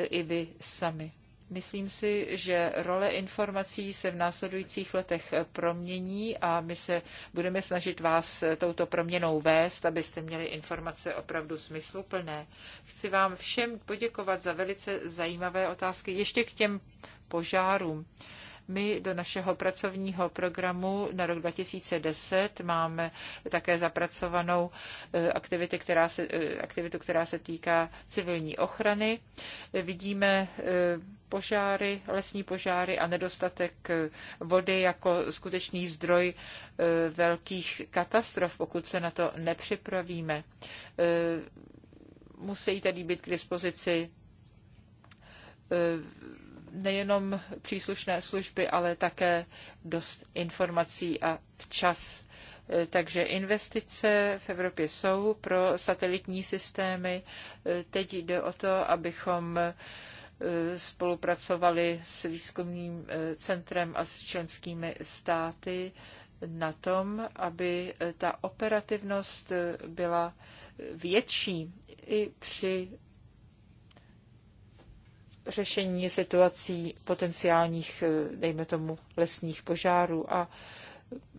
i vy sami. Myslím si, že role informací se v následujících letech promění a my se budeme snažit vás touto proměnou vést, abyste měli informace opravdu smysluplné. Chci vám všem poděkovat za velice zajímavé otázky. Ještě k těm požárům. My do našeho pracovního programu na rok 2010 máme také zapracovanou eh, aktivity, která se, eh, aktivitu, která se týká civilní ochrany. Vidíme eh, požáry, lesní požáry a nedostatek vody jako skutečný zdroj velkých katastrof, pokud se na to nepřipravíme. Musí tedy být k dispozici nejenom příslušné služby, ale také dost informací a včas. E, takže investice v Evropě jsou pro satelitní systémy. E, teď jde o to, abychom e, spolupracovali s výzkumným centrem a s členskými státy na tom, aby ta operativnost byla větší i při řešení situací potenciálních, eh, dejme tomu, lesních požárů a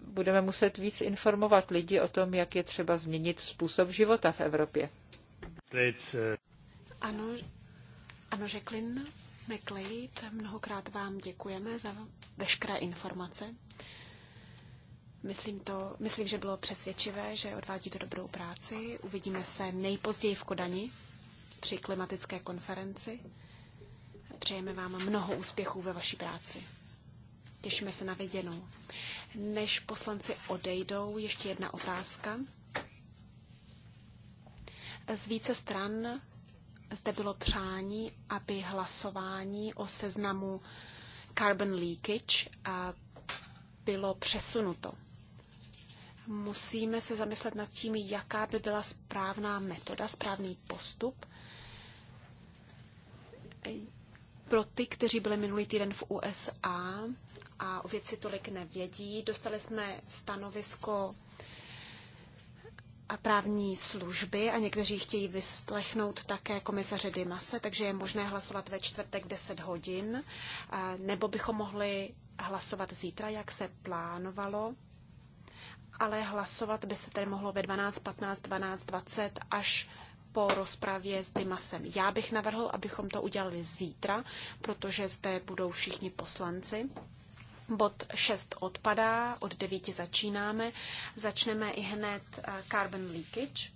budeme muset víc informovat lidi o tom, jak je třeba změnit způsob života v Evropě. Eh, ano, ano, Žeklin McLeod, mnohokrát vám děkujeme za veškeré informace. Myslím, to, myslím, že bylo přesvědčivé, že odvádíte dobrou práci. Uvidíme se nejpozději v Kodani při klimatické konferenci. Přejeme vám mnoho úspěchů ve vaší práci. Těšíme se na viděnou. Než poslanci odejdou, ještě jedna otázka. Z více stran zde bylo přání, aby hlasování o seznamu carbon leakage bylo přesunuto. Musíme se zamyslet nad tím, jaká by byla správná metoda, správný postup pro ty, kteří byli minulý týden v USA a o věci tolik nevědí, dostali jsme stanovisko a právní služby a někteří chtějí vyslechnout také komisaře Dimase, takže je možné hlasovat ve čtvrtek 10 hodin, nebo bychom mohli hlasovat zítra, jak se plánovalo, ale hlasovat by se tedy mohlo ve 12, 15, 12, 20 až po rozpravě s Dimasem. Já bych navrhl, abychom to udělali zítra, protože zde budou všichni poslanci. Bod 6 odpadá, od 9 začínáme. Začneme i hned eh, carbon leakage.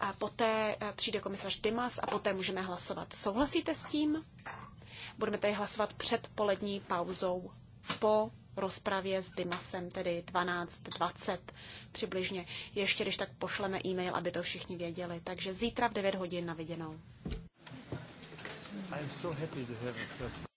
A poté eh, přijde komisař Dimas a poté můžeme hlasovat. Souhlasíte s tím? Budeme tady hlasovat před polední pauzou po rozpravě s Dimasem, tedy 12.20 přibližně. Ještě když tak pošleme e-mail, aby to všichni věděli. Takže zítra v 9 hodin na viděnou. so happy to have a